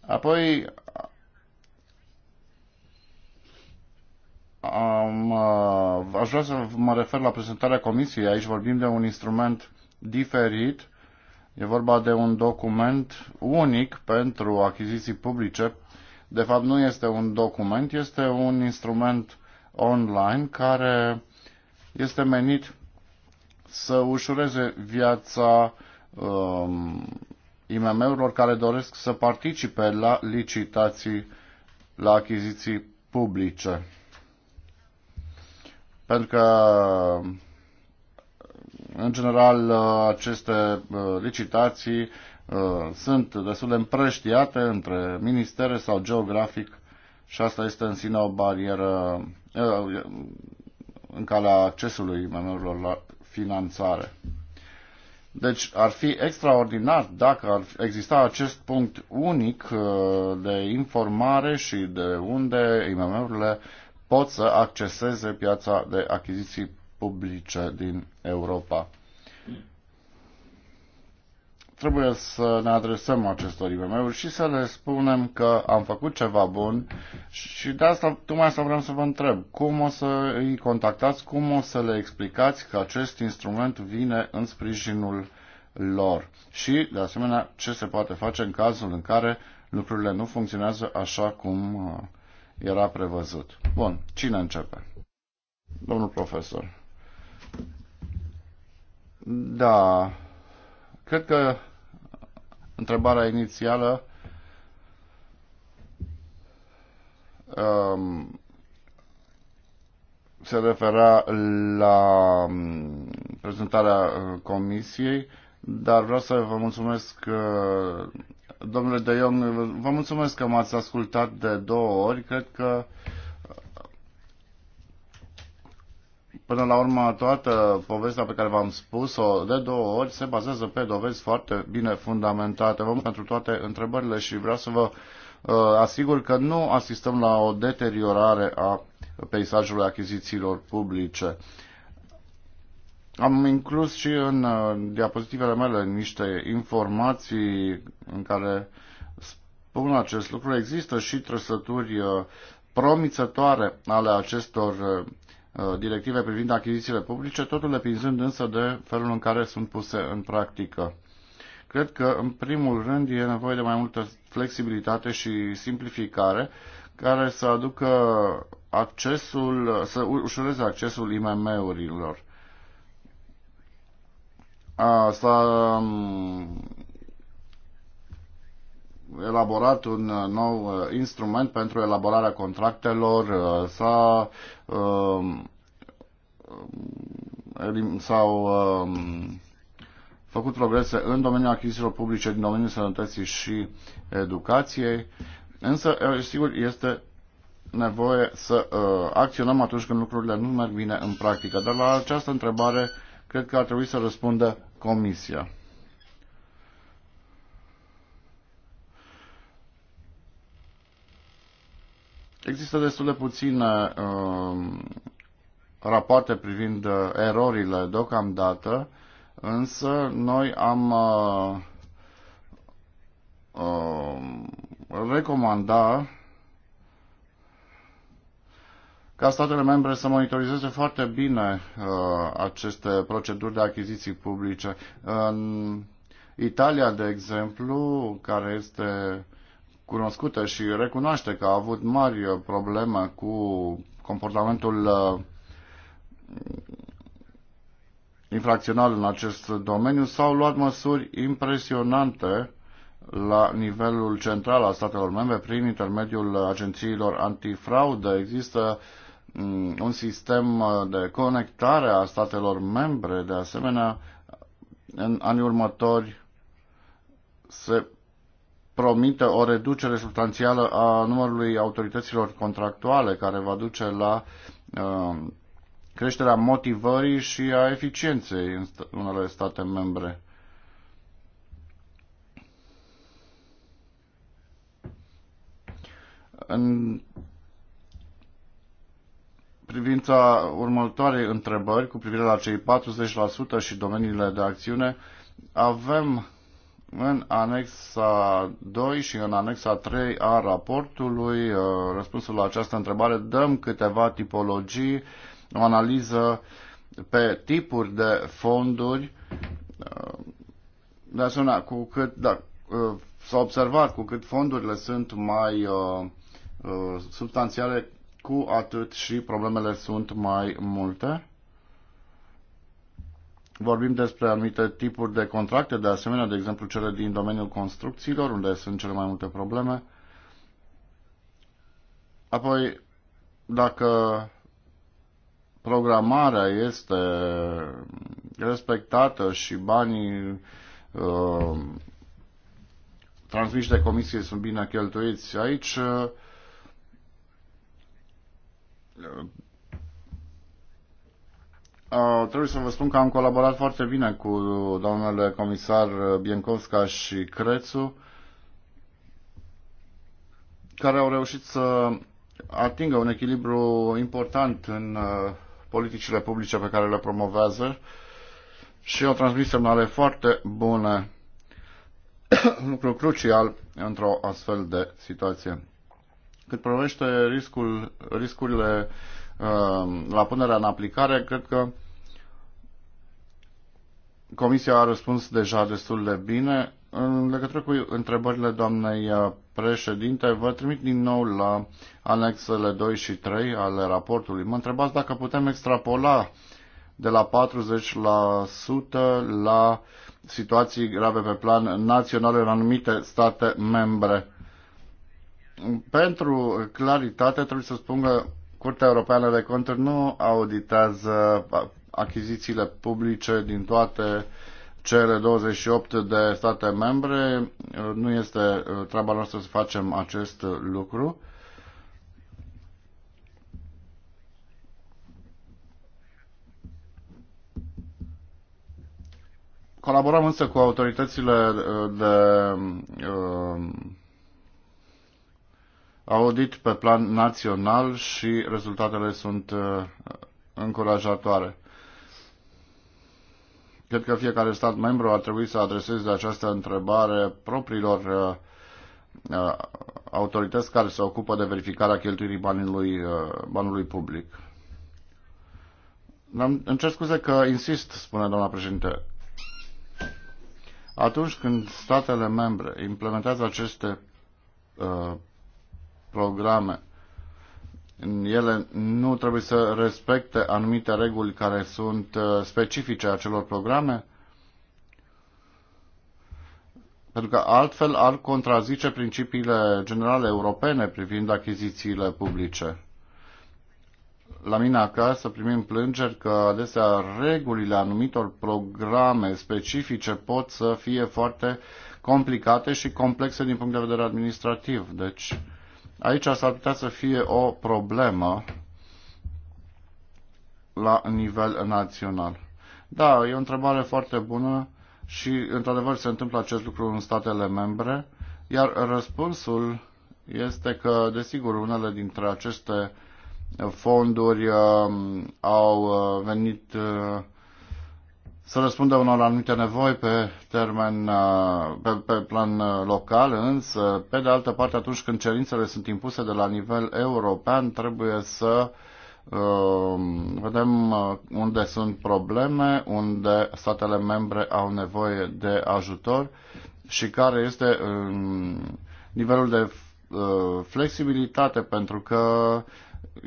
apoi am, aș vrea să mă refer la prezentarea comisiei. Aici vorbim de un instrument diferit. E vorba de un document unic pentru achiziții publice. De fapt, nu este un document, este un instrument online care este menit să ușureze viața um, IMM-urilor care doresc să participe la licitații, la achiziții publice. Pentru că în general, uh, aceste uh, licitații uh, sunt destul de împrăștiate între ministere sau geografic și asta este în sine o barieră în calea accesului imm la finanțare. Deci ar fi extraordinar dacă ar exista acest punct unic de informare și de unde IMM-urile pot să acceseze piața de achiziții publice din Europa. Trebuie să ne adresăm acestor IMM-uri și să le spunem că am făcut ceva bun și de asta, tocmai asta vreau să vă întreb. Cum o să îi contactați, cum o să le explicați că acest instrument vine în sprijinul lor și, de asemenea, ce se poate face în cazul în care lucrurile nu funcționează așa cum uh, era prevăzut. Bun, cine începe? Domnul profesor. Da, cred că întrebarea inițială um, se refera la um, prezentarea uh, comisiei, dar vreau să vă mulțumesc, uh, domnule De Jong, vă mulțumesc că m-ați ascultat de două ori. Cred că Până la urmă, toată povestea pe care v-am spus-o de două ori se bazează pe dovezi foarte bine fundamentate. Vă mulțumesc pentru toate întrebările și vreau să vă uh, asigur că nu asistăm la o deteriorare a peisajului achizițiilor publice. Am inclus și în uh, diapozitivele mele niște informații în care spun acest lucru. Există și trăsături uh, promițătoare ale acestor uh, Uh, directive privind achizițiile publice, totul depinzând însă de felul în care sunt puse în practică. Cred că, în primul rând, e nevoie de mai multă flexibilitate și simplificare care să aducă accesul, să ușureze accesul IMM-urilor. Asta um, elaborat un uh, nou uh, instrument pentru elaborarea contractelor, uh, s-a um, s-au um, făcut progrese în domeniul achizițiilor publice, din domeniul sănătății și educației, însă, sigur, este nevoie să uh, acționăm atunci când lucrurile nu merg bine în practică. Dar la această întrebare cred că ar trebui să răspundă Comisia. Există destul de puține uh, rapoarte privind uh, erorile deocamdată, însă noi am uh, uh, recomanda ca statele membre să monitorizeze foarte bine uh, aceste proceduri de achiziții publice. În Italia, de exemplu, care este cunoscută și recunoaște că a avut mari probleme cu comportamentul uh, infracțional în acest domeniu, s-au luat măsuri impresionante la nivelul central al statelor membre prin intermediul agențiilor antifraudă. Există mm, un sistem de conectare a statelor membre, de asemenea, în anii următori se promite o reducere substanțială a numărului autorităților contractuale care va duce la uh, creșterea motivării și a eficienței în unele state membre. În privința următoarei întrebări cu privire la cei 40% și domeniile de acțiune, avem în anexa 2 și în anexa 3 a raportului, uh, răspunsul la această întrebare, dăm câteva tipologii, o analiză pe tipuri de fonduri. Uh, de asemenea, cu cât, da, uh, s-a observat cu cât fondurile sunt mai substanțiale, cu atât și problemele sunt mai multe. Vorbim despre anumite tipuri de contracte, de asemenea, de exemplu cele din domeniul construcțiilor, unde sunt cele mai multe probleme. Apoi, dacă programarea este respectată și banii uh, transmiși de comisie sunt bine cheltuiți, aici uh, Uh, trebuie să vă spun că am colaborat foarte bine cu domnule comisar Biencovska și Crețu, care au reușit să atingă un echilibru important în uh, politicile publice pe care le promovează și o transmis semnale foarte bune, *coughs* lucru crucial într-o astfel de situație. Cât privește riscul, riscurile uh, Ehm, la punerea în aplicare, cred că Comisia a răspuns deja destul de bine. În legătură cu întrebările doamnei uh, președinte, vă trimit din nou la anexele 2 și 3 ale raportului. Mă întrebați dacă putem extrapola de la 40% la situații grave pe plan național în anumite state membre. Pentru claritate trebuie să spun că Curtea Europeană de Conturi nu auditează achizițiile publice din toate cele 28 de state membre. Nu este uh, treaba noastră să facem acest lucru. Colaborăm însă cu autoritățile uh, de uh, audit pe plan național și rezultatele sunt uh, încurajatoare. Cred că fiecare stat membru ar trebui să adreseze această întrebare propriilor uh, uh, autorități care se ocupă de verificarea cheltuirii banului, banului public. Îmi cer scuze că insist, spune doamna președinte. Atunci când statele membre implementează aceste uh, programe. Ele nu trebuie să respecte anumite reguli care sunt uh, specifice acelor programe, pentru că altfel ar contrazice principiile generale europene privind achizițiile publice. La mine acasă primim plângeri că adesea regulile anumitor programe specifice pot să fie foarte complicate și complexe din punct de vedere administrativ. Deci Aici s-ar putea să fie o problemă la nivel național. Da, e o întrebare foarte bună și, într-adevăr, se întâmplă acest lucru în statele membre, iar răspunsul este că, desigur, unele dintre aceste fonduri um, uh, au venit uh, să răspundă unor anumite nevoi pe termen, uh, pe, pe plan uh, local, însă, pe de altă parte, atunci când cerințele sunt impuse de la nivel european, trebuie să uh, vedem uh, unde sunt probleme, unde statele membre au nevoie de ajutor și care este uh, nivelul de uh, flexibilitate, pentru că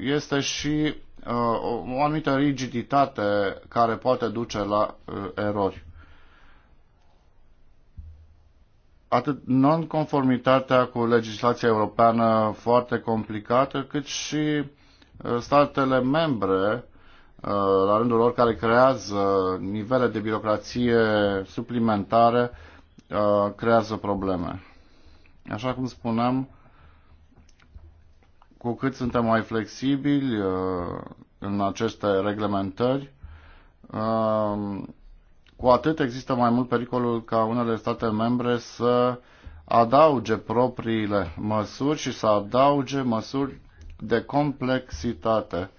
este și Uh, o anumită rigiditate care poate duce la uh, erori. Atât nonconformitatea cu legislația europeană foarte complicată, cât și uh, statele membre, la rândul lor, care creează nivele de birocrație suplimentare, creează probleme. Așa cum spuneam, cu cât suntem mai flexibili uh, în aceste reglementări, uh, cu atât există mai mult pericolul ca unele state membre să adauge propriile măsuri și să adauge măsuri de complexitate,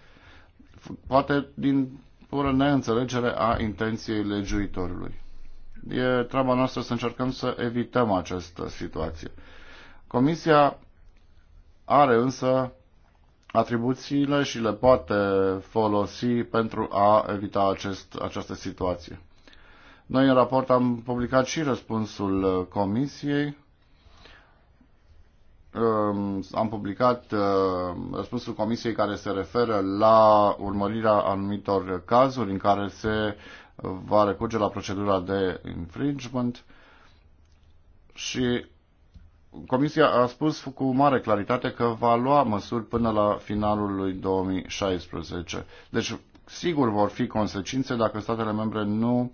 poate din pură neînțelegere a intenției legiuitorului. E treaba noastră să încercăm să evităm această situație. Comisia are însă atribuțiile și le poate folosi pentru a evita acest, această situație. Noi în raport am publicat și răspunsul uh, comisiei. Um, am publicat uh, răspunsul comisiei care se referă la urmărirea anumitor cazuri în care se va recurge la procedura de infringement și Comisia a spus cu mare claritate că va lua măsuri până la finalul lui 2016. Deci, sigur vor fi consecințe dacă statele membre nu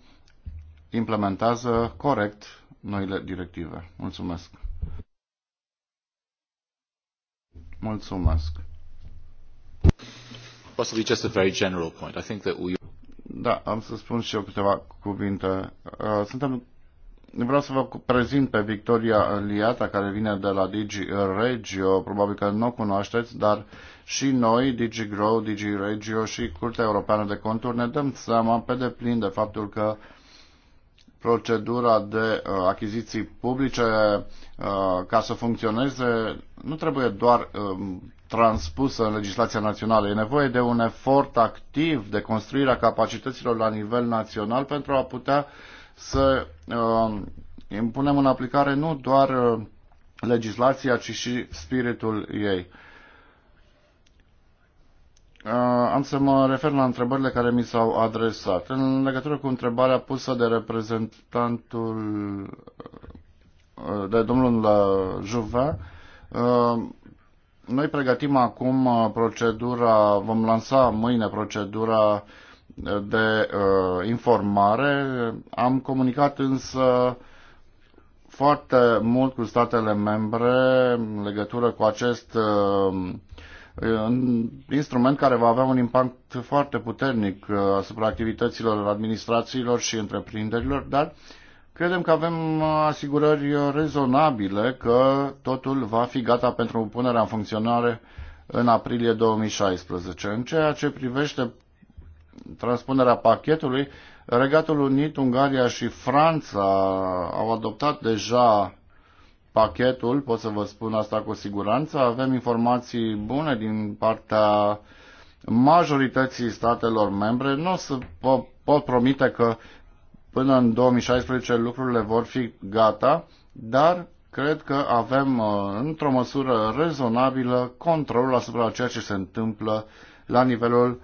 implementează corect noile directive. Mulțumesc. Mulțumesc. Possibly just a very general point. I think that we... Da, am să spun și eu câteva cuvinte. Uh, suntem Vreau să vă prezint pe Victoria Liata, care vine de la Digi Regio, probabil că nu o cunoașteți, dar și noi, Digi Grow, Digi Regio și Curtea Europeană de Conturi, ne dăm seama pe deplin de faptul că procedura de uh, achiziții publice, uh, ca să funcționeze, nu trebuie doar uh, transpusă în legislația națională. E nevoie de un efort activ de construirea capacităților la nivel național pentru a putea uh, să uh, impunem în aplicare nu doar uh, legislația, ci și spiritul ei. Uh, am să mă refer la întrebările care mi s-au adresat. În legătură cu întrebarea pusă de reprezentantul uh, de domnul uh, Juvin, uh, noi pregătim acum uh, procedura, vom lansa mâine procedura uh, de uh, informare. Am comunicat însă foarte mult cu statele membre în legătură cu acest uh, instrument care va avea un impact foarte puternic uh, asupra activităților administrațiilor și întreprinderilor, dar credem că avem asigurări rezonabile că totul va fi gata pentru punerea în funcționare în aprilie 2016. În ceea ce privește transpunerea pachetului, Regatul Unit, Ungaria și Franța au adoptat deja pachetul, pot să vă spun asta cu siguranță. Avem informații bune din partea majorității statelor membre. Nu o să pot, pot promite că până în 2016 lucrurile vor fi gata, dar cred că avem uh, într-o măsură rezonabilă controlul asupra ceea ce se întâmplă la nivelul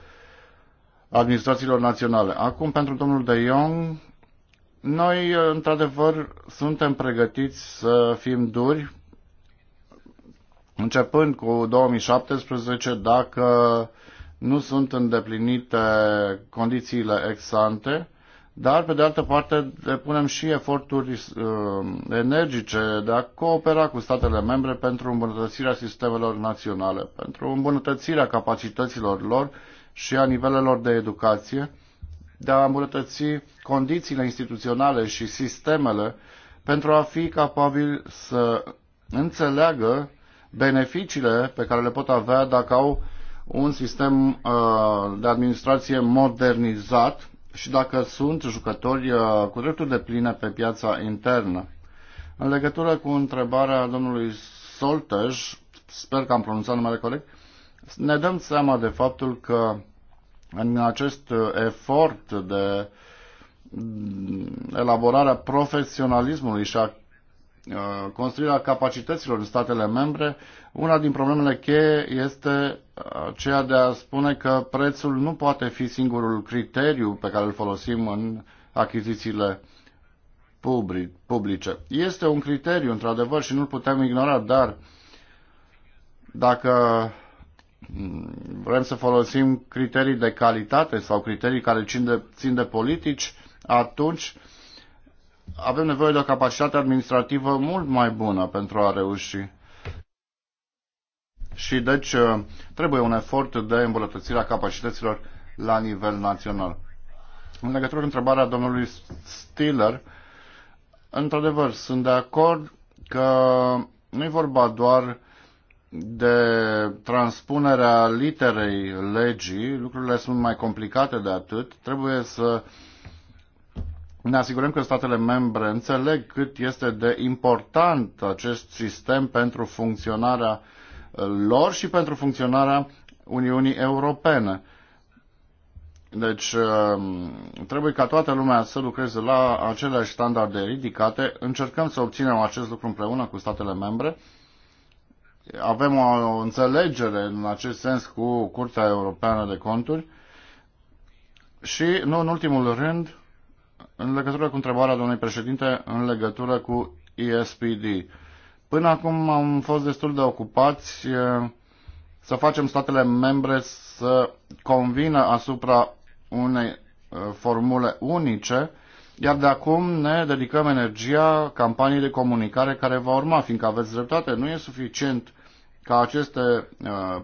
administrațiilor naționale. Acum, pentru domnul De Jong, noi, într-adevăr, suntem pregătiți să fim duri, începând cu 2017, dacă nu sunt îndeplinite condițiile ex-ante, dar, pe de altă parte, depunem și eforturi uh, energice de a coopera cu statele membre pentru îmbunătățirea sistemelor naționale, pentru îmbunătățirea capacităților lor și a nivelelor de educație, de a îmbunătăți condițiile instituționale și sistemele pentru a fi capabili să înțeleagă beneficiile pe care le pot avea dacă au un sistem uh, de administrație modernizat și dacă sunt jucători uh, cu drepturi de pline pe piața internă. În legătură cu întrebarea domnului Soltej, sper că am pronunțat numele corect, ne dăm seama de faptul că în acest efort de elaborarea profesionalismului și a uh, construirea capacităților în statele membre, una din problemele cheie este uh, ceea de a spune că prețul nu poate fi singurul criteriu pe care îl folosim în achizițiile publice. Este un criteriu, într-adevăr, și nu-l putem ignora, dar dacă vrem să folosim criterii de calitate sau criterii care țin de, țin de politici, atunci avem nevoie de o capacitate administrativă mult mai bună pentru a reuși. Și deci uh, trebuie un efort de îmbunătățire a capacităților la nivel național. În legătură cu întrebarea domnului Stiller, într-adevăr, sunt de acord că nu e vorba doar de transpunerea literei legii, lucrurile sunt mai complicate de atât. Trebuie să ne asigurăm că statele membre înțeleg cât este de important acest sistem pentru funcționarea uh, lor și pentru funcționarea Uniunii Europene. Deci uh, trebuie ca toată lumea să lucreze la aceleași standarde ridicate. Încercăm să obținem acest lucru împreună cu statele membre avem o înțelegere în acest sens cu Curtea Europeană de Conturi și, nu în ultimul rând, în legătură cu întrebarea domnului președinte, în legătură cu ESPD. Până acum am fost destul de ocupați să facem statele membre să convină asupra unei formule unice, iar de acum ne dedicăm energia campaniei de comunicare care va urma, fiindcă aveți dreptate, nu e suficient ca aceste uh,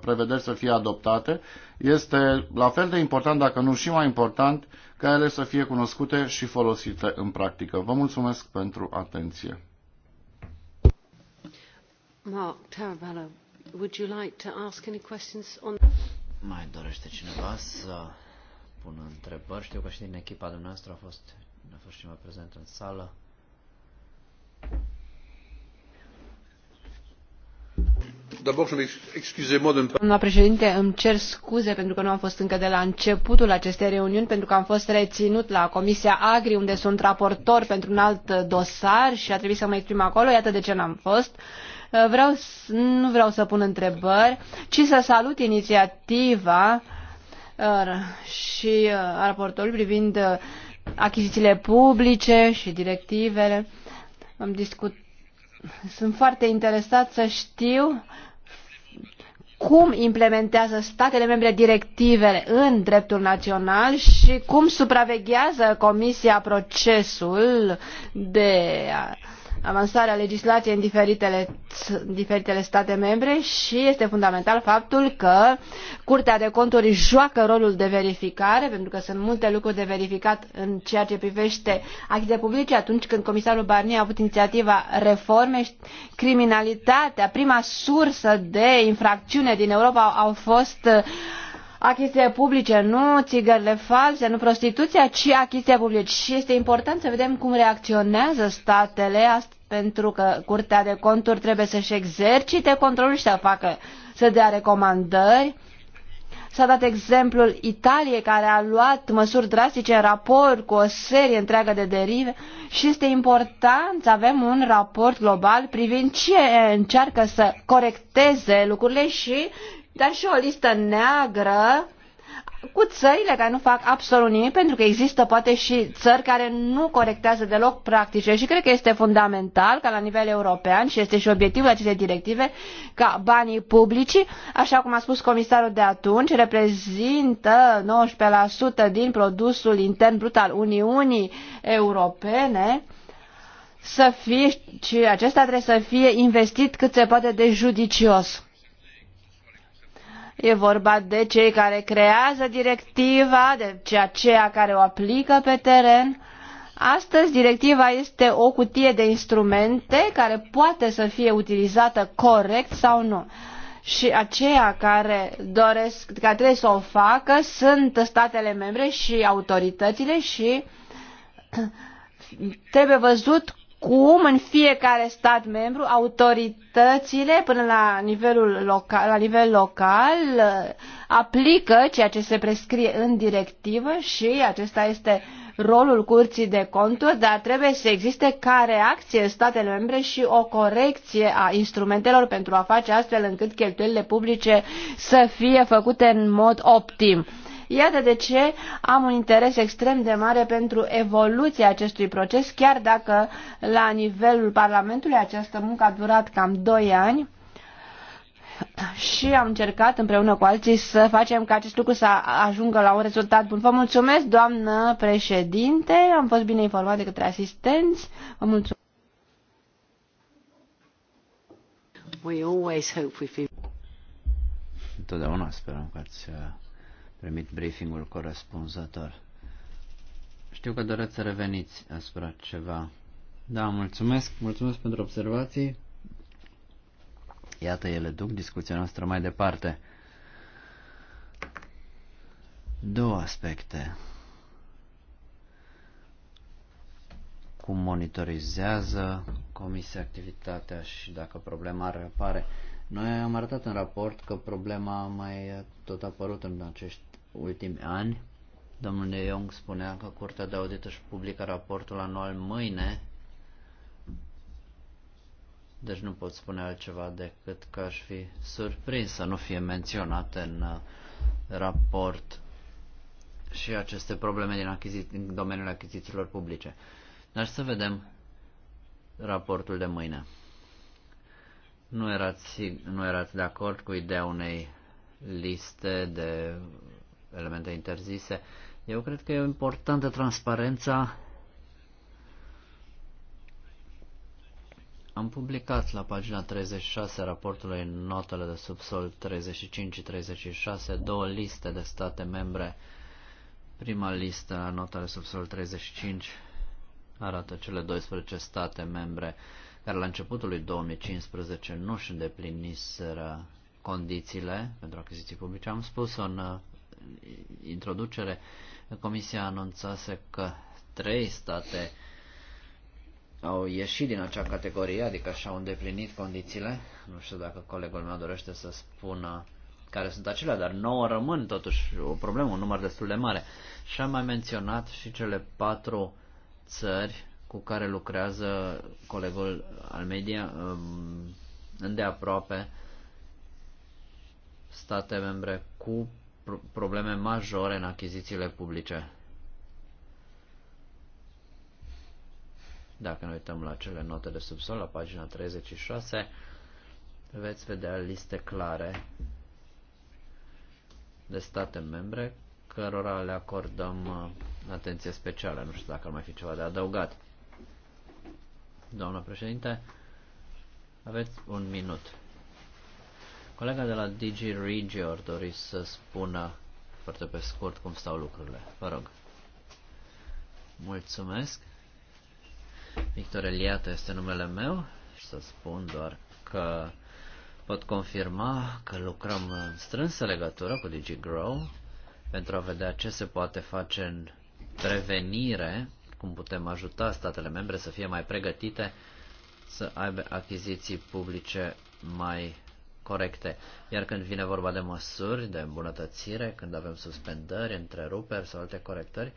prevederi să fie adoptate, este la fel de important, dacă nu și mai important, ca ele să fie cunoscute și folosite în practică. Vă mulțumesc pentru atenție. Mark Tarabella, would you like to ask any questions on... Mai dorește cineva să pună întrebări? Știu că și din echipa dumneavoastră a fost, a fost cineva prezent în sală. doamnă președinte, îmi cer scuze pentru că nu am fost încă de la începutul acestei reuniuni, pentru că am fost reținut la Comisia Agri, unde sunt raportor pentru un alt dosar și a trebuit să mă exprim acolo. Iată de ce n-am fost. Uh, vreau, nu vreau să pun întrebări, ci să salut inițiativa uh, și uh, raportorul privind achizițiile publice și directivele. Am discut sunt foarte interesat să știu cum implementează statele membre directivele în dreptul național și cum supraveghează Comisia procesul de avansarea legislației în diferitele, diferitele state membre și este fundamental faptul că Curtea de Conturi joacă rolul de verificare, pentru că sunt multe lucruri de verificat în ceea ce privește achiziții publice. Atunci când comisarul Barnier a avut inițiativa reforme, criminalitatea, prima sursă de infracțiune din Europa au fost uh, Achiziții publice, nu țigările false, nu prostituția, ci achiziția publice. Și este important să vedem cum reacționează statele, pentru că Curtea de Conturi trebuie să-și exercite controlul și să facă, să dea recomandări. S-a dat exemplul Italiei, care a luat măsuri drastice în raport cu o serie întreagă de derive și este important să avem un raport global privind ce încearcă să corecteze lucrurile și dar și o listă neagră cu țările care nu fac absolut nimic, pentru că există poate și țări care nu corectează deloc practice și cred că este fundamental ca la nivel european și este și obiectivul acestei directive ca banii publici, așa cum a spus comisarul de atunci, reprezintă 19% din produsul intern brut al Uniunii Europene să fie și acesta trebuie să fie investit cât se poate de judicios E vorba de cei care creează directiva, de ceea aceea care o aplică pe teren. Astăzi, directiva este o cutie de instrumente care poate să fie utilizată corect sau nu. Și aceia care doresc, care trebuie să o facă, sunt statele membre și autoritățile și *clears throat* trebuie văzut cum în fiecare stat membru autoritățile până la, nivelul local, la nivel local uh, aplică ceea ce se prescrie în directivă și acesta este rolul curții de conturi, dar trebuie să existe ca reacție statele membre și o corecție a instrumentelor pentru a face astfel încât cheltuielile publice să fie făcute în mod optim. Iată de ce am un interes extrem de mare pentru evoluția acestui proces, chiar dacă la nivelul Parlamentului această muncă a durat cam 2 ani și am încercat împreună cu alții să facem ca acest lucru să ajungă la un rezultat bun. Vă mulțumesc, doamnă președinte, am fost bine informat de către asistenți. Vă mulțumesc. We always hope we feel... Întotdeauna sperăm că ați uh, primit briefingul corespunzător. Știu că doreți să reveniți asupra ceva. Da, mulțumesc, mulțumesc pentru observații. Iată, ele duc discuția noastră mai departe. Două aspecte. Cum monitorizează comisia activitatea și dacă problema apare. Noi am arătat în raport că problema a mai tot apărut în acești ultimii ani. Domnul De Jong spunea că Curtea de Audit își publică raportul anual mâine, deci nu pot spune altceva decât că aș fi surprins să nu fie menționate în uh, raport și aceste probleme din, achizi- din domeniul achizițiilor publice. Dar să vedem raportul de mâine. Nu erați, nu erați de acord cu ideea unei liste de elemente interzise. Eu cred că e importantă transparența. Am publicat la pagina 36 raportului notele de subsol 35 și 36 două liste de state membre. Prima listă, a notele subsol 35, arată cele 12 state membre care la începutul lui 2015 nu și îndepliniseră condițiile pentru achiziții publice. Am spus în introducere, Comisia anunțase că trei state au ieșit din acea categorie, adică și-au îndeplinit condițiile. Nu știu dacă colegul meu dorește să spună care sunt acelea, dar nouă rămân totuși o problemă, un număr destul de mare. Și am mai menționat și cele patru țări cu care lucrează colegul al media um, îndeaproape state membre cu probleme majore în achizițiile publice. Dacă ne uităm la cele note de subsol, la pagina 36, veți vedea liste clare de state membre cărora le acordăm uh, atenție specială. Nu știu dacă ar mai fi ceva de adăugat. Doamna președinte, aveți un minut. Colega de la DG Regio ar dori să spună foarte pe scurt cum stau lucrurile. Vă rog. Mulțumesc. Victor Eliată este numele meu și să spun doar că pot confirma că lucrăm în strânsă legătură cu Grow pentru a vedea ce se poate face în prevenire, cum putem ajuta statele membre să fie mai pregătite să aibă achiziții publice mai corecte. Iar când vine vorba de măsuri, de îmbunătățire, când avem suspendări, întreruperi sau alte corectări,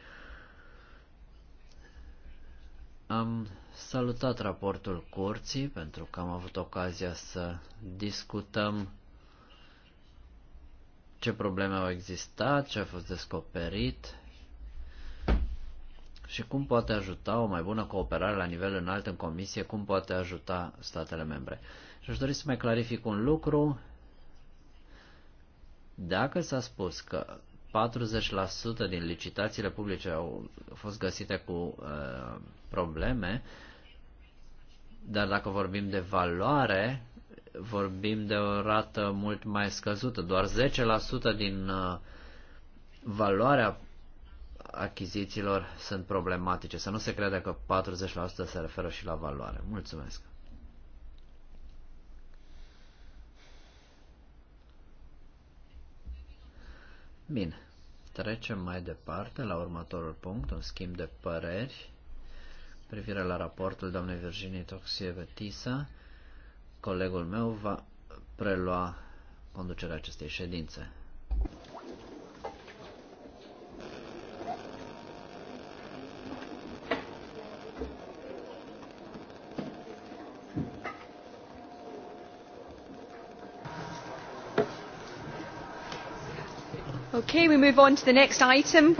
am salutat raportul curții pentru că am avut ocazia să discutăm ce probleme au existat, ce a fost descoperit și cum poate ajuta o mai bună cooperare la nivel înalt în comisie, cum poate ajuta statele membre. Și aș dori să mai clarific un lucru. Dacă s-a spus că 40% din licitațiile publice au fost găsite cu uh, probleme, dar dacă vorbim de valoare, vorbim de o rată mult mai scăzută. Doar 10% din uh, valoarea achizițiilor sunt problematice. Să nu se crede că 40% se referă și la valoare. Mulțumesc! Bine, trecem mai departe la următorul punct, un schimb de păreri privire la raportul doamnei Virginie Toxieve Tisa. Colegul meu va prelua conducerea acestei ședințe. item,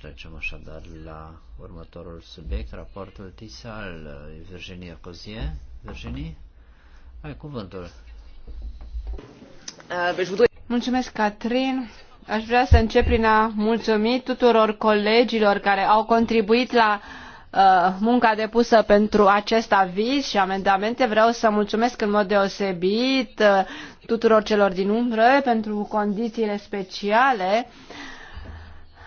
Trecem așadar la următorul subiect, raportul TISA al uh, Virginie Cozie. Virginie, ai cuvântul. Uh, deci mulțumesc, Catrin. Aș vrea să încep prin a mulțumi tuturor colegilor care au contribuit la uh, munca depusă pentru acest aviz și amendamente. Vreau să mulțumesc în mod deosebit uh, tuturor celor din umbră pentru condițiile speciale.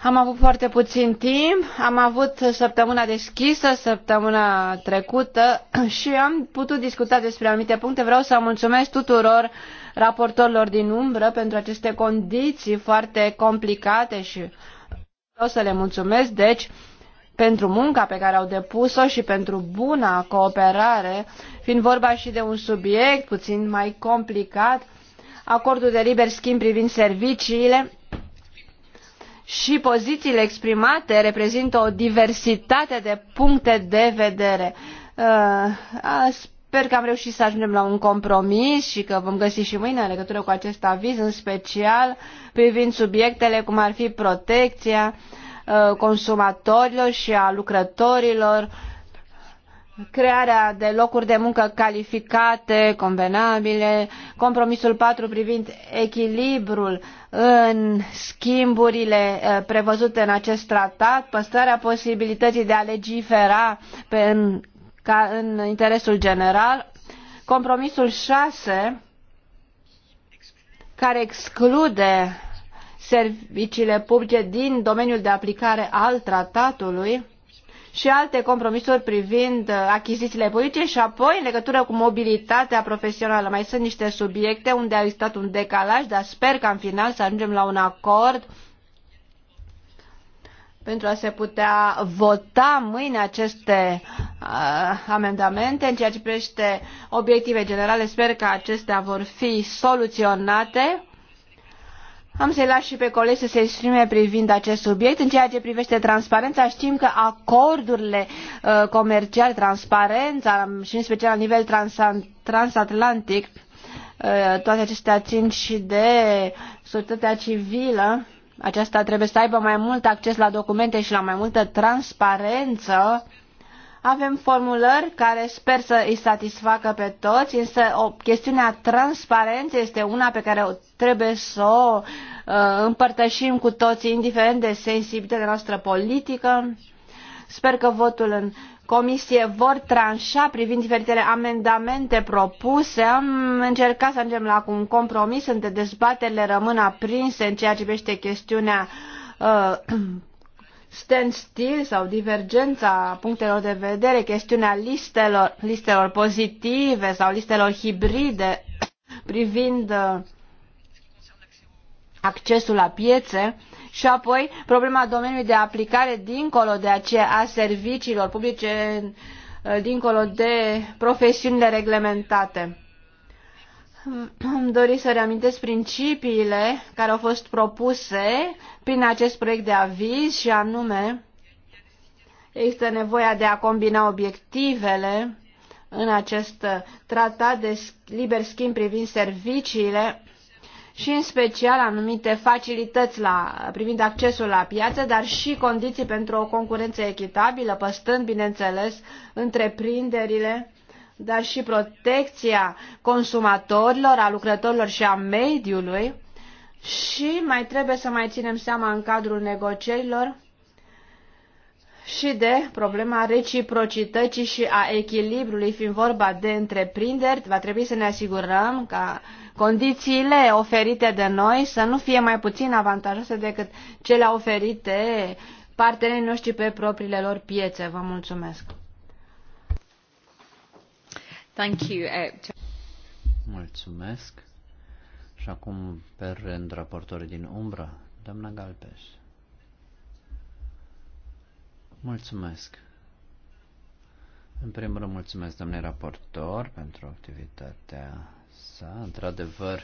Am avut foarte puțin timp, am avut săptămâna deschisă, săptămâna trecută *clears throat* și am putut discuta despre anumite puncte. Vreau să mulțumesc tuturor raportorilor din umbră pentru aceste condiții foarte complicate și vreau să le mulțumesc, deci, pentru munca pe care au depus-o și pentru buna cooperare, fiind vorba și de un subiect puțin mai complicat, acordul de liber schimb privind serviciile și pozițiile exprimate reprezintă o diversitate de puncte de vedere. Uh, sper că am reușit să ajungem la un compromis și că vom găsi și mâine în legătură cu acest aviz, în special privind subiectele cum ar fi protecția uh, consumatorilor și a lucrătorilor, crearea de locuri de muncă calificate, convenabile, compromisul 4 privind echilibrul în schimburile eh, prevăzute în acest tratat, păstrarea posibilității de a legifera pe în, ca în interesul general, compromisul 6 care exclude serviciile publice din domeniul de aplicare al tratatului, și alte compromisuri privind uh, achizițiile publice și apoi în legătură cu mobilitatea profesională. Mai sunt niște subiecte unde a existat un decalaj, dar sper că în final să ajungem la un acord pentru a se putea vota mâine aceste uh, amendamente. În ceea ce privește obiective generale, sper că acestea vor fi soluționate am să-i las și pe colegi să se exprime privind acest subiect. În ceea ce privește transparența, știm că acordurile uh, comerciale, transparența și în special la nivel trans transatlantic, uh, toate acestea țin și de societatea civilă. Aceasta trebuie să aibă mai mult acces la documente și la mai multă transparență avem formulări care sper să îi satisfacă pe toți, însă o chestiunea transparenței este una pe care o trebuie să o uh, împărtășim cu toții, indiferent de sensibilitatea noastră politică. Sper că votul în comisie vor tranșa privind diferitele amendamente propuse. Am încercat să ajungem la un compromis, între dezbaterile rămân aprinse în ceea ce privește chestiunea uh, standstill sau divergența punctelor de vedere, chestiunea listelor, listelor pozitive sau listelor hibride privind uh, accesul la piețe și apoi problema domeniului de aplicare dincolo de aceea a serviciilor publice, uh, dincolo de profesiunile reglementate. Am *clears throat* dori să reamintesc principiile care au fost propuse prin acest proiect de aviz și anume există nevoia de a combina obiectivele în acest tratat de liber schimb privind serviciile și în special anumite facilități la, privind accesul la piață, dar și condiții pentru o concurență echitabilă, păstând, bineînțeles, întreprinderile dar și protecția consumatorilor, a lucrătorilor și a mediului și mai trebuie să mai ținem seama în cadrul negocierilor și de problema reciprocității și a echilibrului, fiind vorba de întreprinderi, va trebui să ne asigurăm ca condițiile oferite de noi să nu fie mai puțin avantajoase decât cele oferite partenerii noștri pe propriile lor piețe. Vă mulțumesc! Thank you. Mulțumesc. Și acum, pe rând, raportorii din umbră, doamna Galpeș. Mulțumesc. În primul rând, mulțumesc, domnule raportor, pentru activitatea sa. Într-adevăr,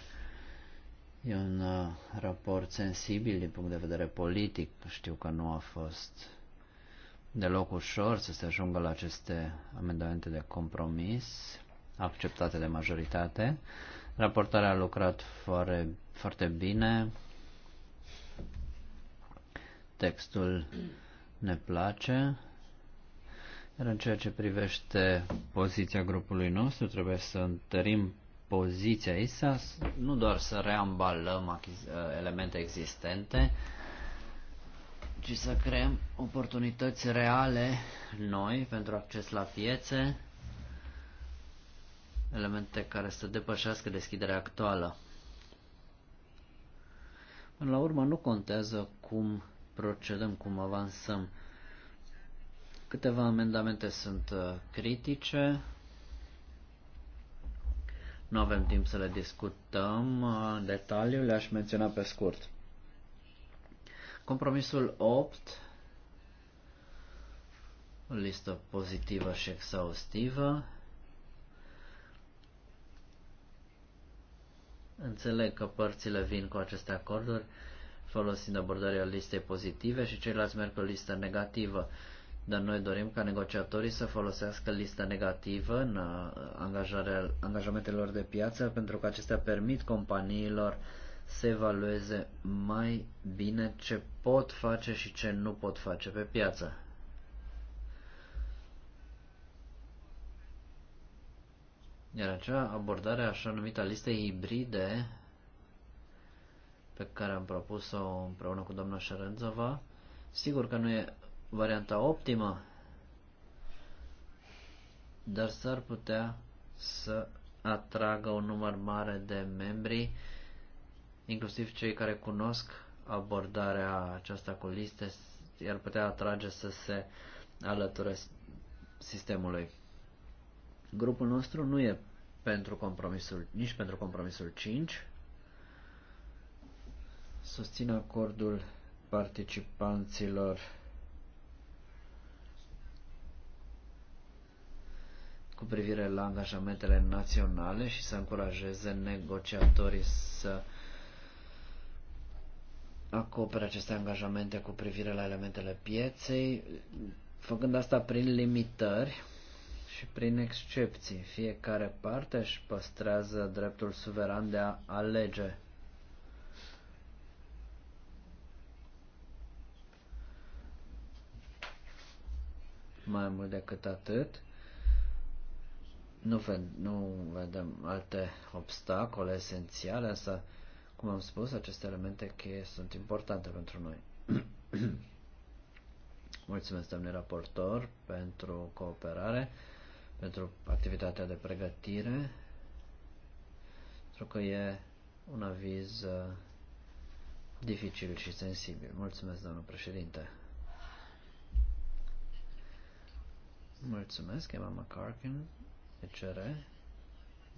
e un uh, raport sensibil din punct de vedere politic. Știu că nu a fost deloc ușor să se ajungă la aceste amendamente de compromis acceptate de majoritate. Raportarea a lucrat foarte, foarte bine. Textul ne place. Iar în ceea ce privește poziția grupului nostru, trebuie să întărim poziția ei, nu doar să reambalăm elemente existente, ci să creăm oportunități reale noi pentru acces la piețe, elemente care să depășească deschiderea actuală. Până la urmă nu contează cum procedăm, cum avansăm. Câteva amendamente sunt uh, critice, nu avem timp să le discutăm uh, în detaliu, le-aș menționa pe scurt. Compromisul 8, o listă pozitivă și exhaustivă. Înțeleg că părțile vin cu aceste acorduri folosind abordarea listei pozitive și ceilalți merg cu lista listă negativă. Dar noi dorim ca negociatorii să folosească lista negativă în uh, angajamentelor de piață pentru că acestea permit companiilor să evalueze mai bine ce pot face și ce nu pot face pe piață. Iar acea abordare așa numită liste hibride pe care am propus-o împreună cu doamna Șerenzova, sigur că nu e varianta optimă, dar s-ar putea să atragă un număr mare de membri inclusiv cei care cunosc abordarea aceasta cu liste i-ar putea atrage să se alăture sistemului. Grupul nostru nu e pentru compromisul, nici pentru compromisul 5. Susțin acordul participanților cu privire la angajamentele naționale și să încurajeze negociatorii să acoperă aceste angajamente cu privire la elementele pieței, făcând asta prin limitări și prin excepții. Fiecare parte își păstrează dreptul suveran de a alege. Mai mult decât atât, nu, ved- nu vedem alte obstacole esențiale, însă cum am spus, aceste elemente cheie sunt importante pentru noi. *clears throat* Mulțumesc, domnule raportor, pentru cooperare, pentru activitatea de pregătire, pentru că e un aviz uh, dificil și sensibil. Mulțumesc, domnul președinte. Mulțumesc, Emma McCarkin, ECR.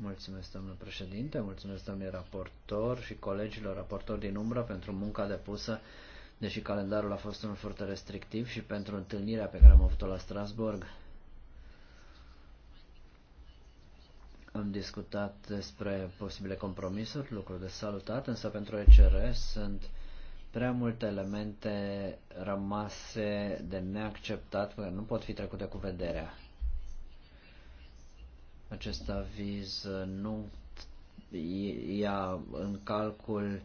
Mulțumesc, domnul președinte, mulțumesc, domnule raportor și colegilor raportori din umbră pentru munca depusă, deși calendarul a fost unul foarte restrictiv și pentru întâlnirea pe care am avut-o la Strasburg. Am discutat despre posibile compromisuri, lucruri de salutat, însă pentru ECR sunt prea multe elemente rămase de neacceptat, care nu pot fi trecute cu vederea. Acest aviz nu ia în calcul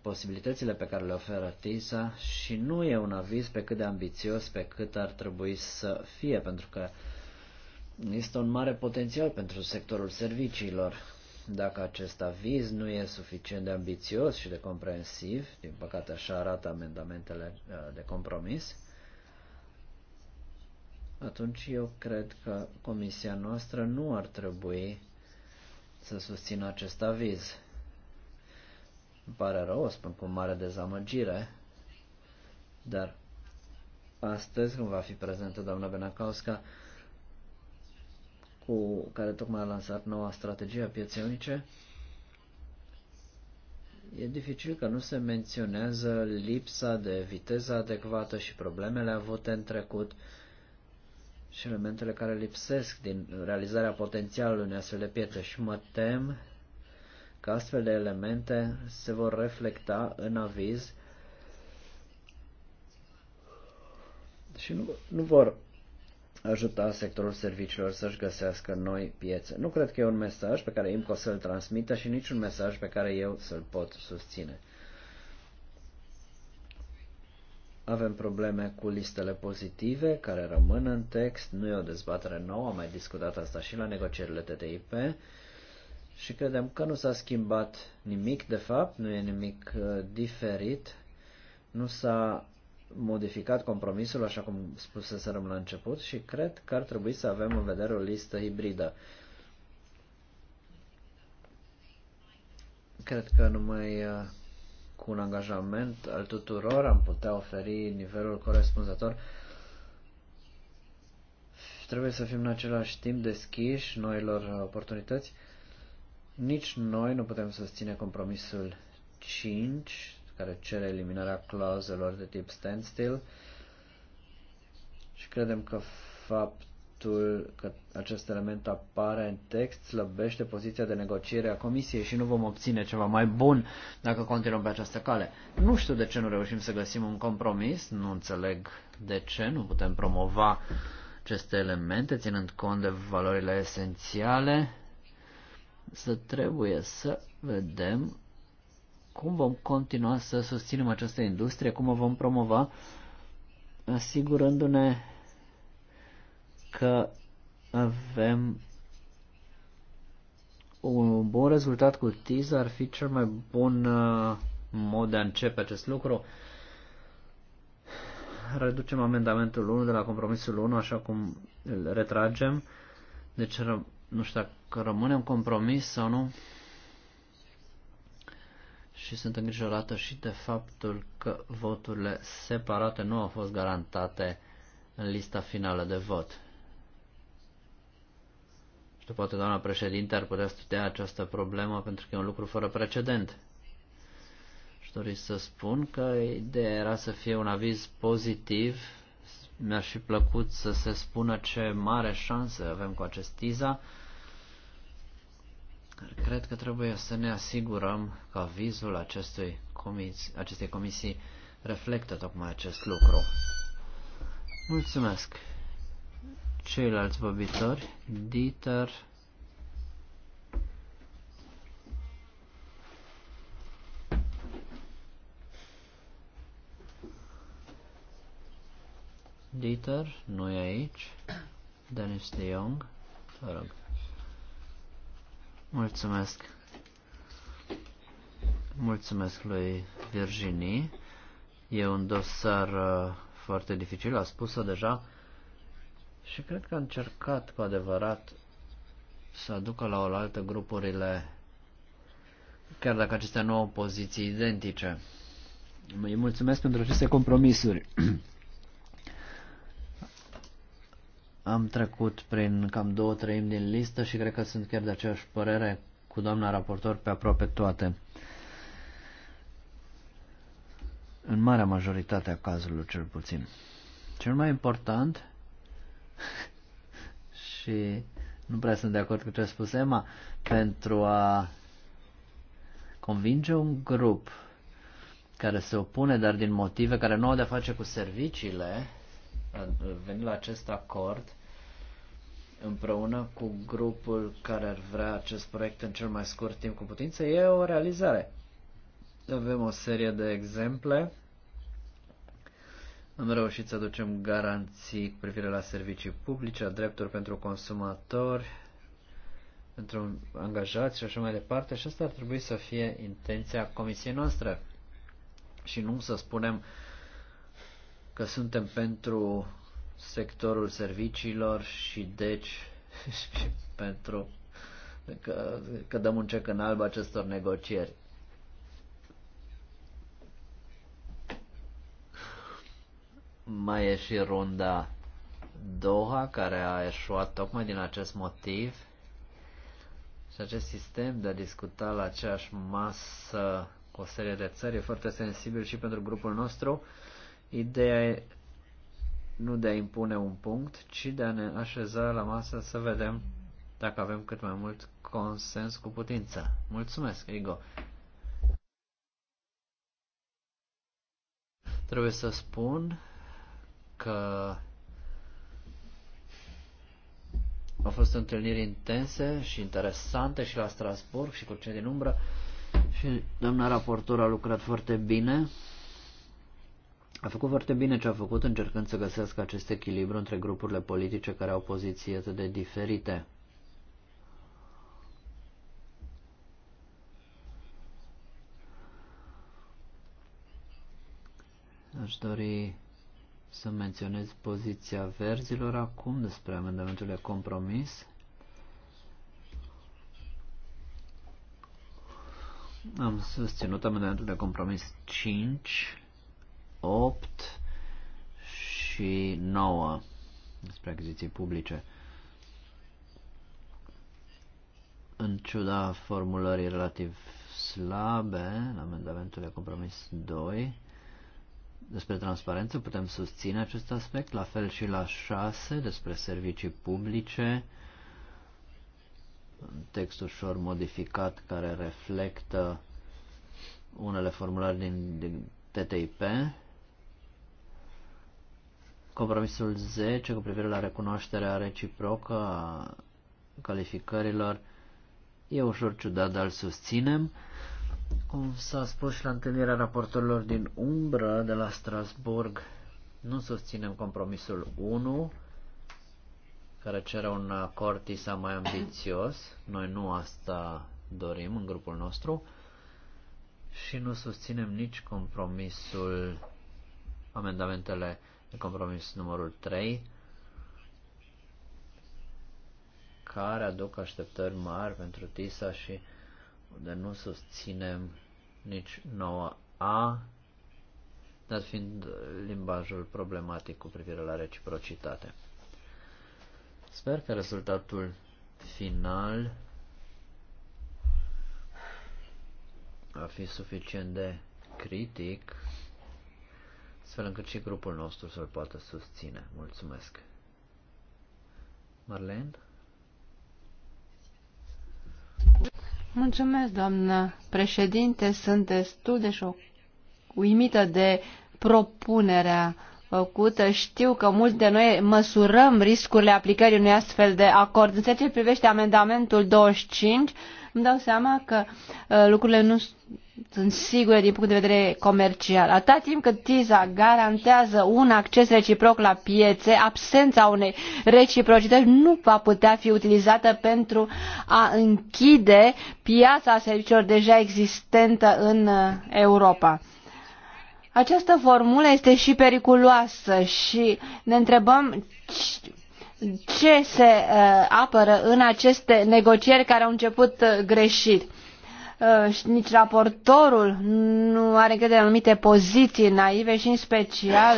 posibilitățile pe care le oferă TISA și nu e un aviz pe cât de ambițios, pe cât ar trebui să fie, pentru că este un mare potențial pentru sectorul serviciilor. Dacă acest aviz nu e suficient de ambițios și de comprensiv, din păcate așa arată amendamentele uh, de compromis, atunci eu cred că comisia noastră nu ar trebui să susțină acest aviz. Îmi pare rău, o spun cu mare dezamăgire, dar astăzi, când va fi prezentă doamna Benacauska, cu care tocmai a lansat noua strategie a pieței unice, e dificil că nu se menționează lipsa de viteză adecvată și problemele avute în trecut, și elementele care lipsesc din realizarea potențialului unei astfel de pietre și mă tem că astfel de elemente se vor reflecta în aviz și nu, nu vor ajuta sectorul serviciilor să-și găsească noi piețe. Nu cred că e un mesaj pe care IMCO să-l transmită și niciun mesaj pe care eu să-l pot susține. Avem probleme cu listele pozitive care rămân în text, nu e o dezbatere nouă, am mai discutat asta și la negocierile TTIP și credem că nu s-a schimbat nimic de fapt, nu e nimic uh, diferit, nu s-a modificat compromisul așa cum spuseserăm la început și cred că ar trebui să avem în vedere o listă hibridă. Cred că numai uh, cu un angajament al tuturor am putea oferi nivelul corespunzător. Trebuie să fim în același timp deschiși noilor oportunități. Nici noi nu putem susține compromisul 5, care cere eliminarea clauzelor de tip standstill și credem că fapt faptul că acest element apare în text slăbește poziția de negociere a Comisiei și nu vom obține ceva mai bun dacă continuăm pe această cale. Nu știu de ce nu reușim să găsim un compromis, nu înțeleg de ce nu putem promova aceste elemente ținând cont de valorile esențiale. Să trebuie să vedem cum vom continua să susținem această industrie, cum o vom promova, asigurându-ne că avem un bun rezultat cu Tiza ar fi cel mai bun uh, mod de a începe acest lucru. Reducem amendamentul 1 de la compromisul 1, așa cum îl retragem. Deci nu știu dacă rămâne un compromis sau nu. Și sunt îngrijorată și de faptul că voturile separate nu au fost garantate în lista finală de vot știu, poate doamna președinte ar putea studia această problemă pentru că e un lucru fără precedent. Și dori să spun că ideea era să fie un aviz pozitiv. Mi-ar fi plăcut să se spună ce mare șansă avem cu acest TISA. Cred că trebuie să ne asigurăm că avizul acestui comis, acestei comisii reflectă tocmai acest lucru. Mulțumesc! ceilalți vorbitori, Dieter, Dieter, nu e aici, Dennis de Jong, vă rog. Mulțumesc. Mulțumesc lui Virginie. E un dosar uh, foarte dificil, a spus-o deja. Și cred că a încercat cu adevărat să aducă la oaltă grupurile, chiar dacă acestea nu au poziții identice. Îi mulțumesc pentru aceste compromisuri. *clears throat* Am trecut prin cam două treimi din listă și cred că sunt chiar de aceeași părere cu doamna raportor pe aproape toate. În marea majoritate a cazurilor, cel puțin. Cel mai important și nu prea sunt de acord cu ce a spus Emma, pentru a convinge un grup care se opune, dar din motive care nu au de-a face cu serviciile, venind la acest acord, împreună cu grupul care ar vrea acest proiect în cel mai scurt timp cu putință, e o realizare. Avem o serie de exemple am reușit să aducem garanții cu privire la servicii publice, la drepturi pentru consumatori, pentru angajați și așa mai departe și asta ar trebui să fie intenția comisiei noastre și nu să spunem că suntem pentru sectorul serviciilor și deci *laughs* și pentru că, că dăm un cec în alb acestor negocieri. Mai e și runda Doha, care a eșuat tocmai din acest motiv. Și acest sistem de a discuta la aceeași masă cu o serie de țări e foarte sensibil și pentru grupul nostru. Ideea e nu de a impune un punct, ci de a ne așeza la masă să vedem dacă avem cât mai mult consens cu putință. Mulțumesc, Igo! Trebuie să spun că au fost întâlniri intense și interesante și la Strasburg și cu cei din umbră și doamna raportor a lucrat foarte bine. A făcut foarte bine ce a făcut încercând să găsească acest echilibru între grupurile politice care au poziții atât de diferite. Aș dori să menționez poziția verzilor acum despre amendamentul de compromis. Am susținut amendamentul de compromis 5, 8 și 9 despre achiziții publice. În ciuda formulării relativ slabe în amendamentul de compromis 2, despre transparență, putem susține acest aspect, la fel și la 6 despre servicii publice, un text ușor modificat care reflectă unele formulări din, din TTIP, compromisul 10 cu privire la recunoașterea reciprocă a calificărilor e ușor ciudat, dar îl susținem. Cum s-a spus și la întâlnirea raportorilor din umbră de la Strasburg, nu susținem compromisul 1, care cere un acord ISA mai ambițios. Noi nu asta dorim în grupul nostru și nu susținem nici compromisul, amendamentele de compromis numărul 3, care aduc așteptări mari pentru TISA și unde nu susținem nici 9A, dar fiind limbajul problematic cu privire la reciprocitate. Sper că rezultatul final va fi suficient de critic, astfel încât și grupul nostru să-l poată susține. Mulțumesc! Marlene? Mulțumesc, doamnă președinte. Sunt destul de șoc, uimită de propunerea făcută. Știu că mulți de noi măsurăm riscurile aplicării unui astfel de acord. În ceea ce privește amendamentul 25, îmi dau seama că uh, lucrurile nu sunt sigure din punct de vedere comercial. Atâta timp cât TISA garantează un acces reciproc la piețe, absența unei reciprocități nu va putea fi utilizată pentru a închide piața serviciilor deja existentă în uh, Europa. Această formulă este și periculoasă și ne întrebăm ce se uh, apără în aceste negocieri care au început uh, greșit. Uh, nici raportorul nu are încredere în anumite poziții naive și în special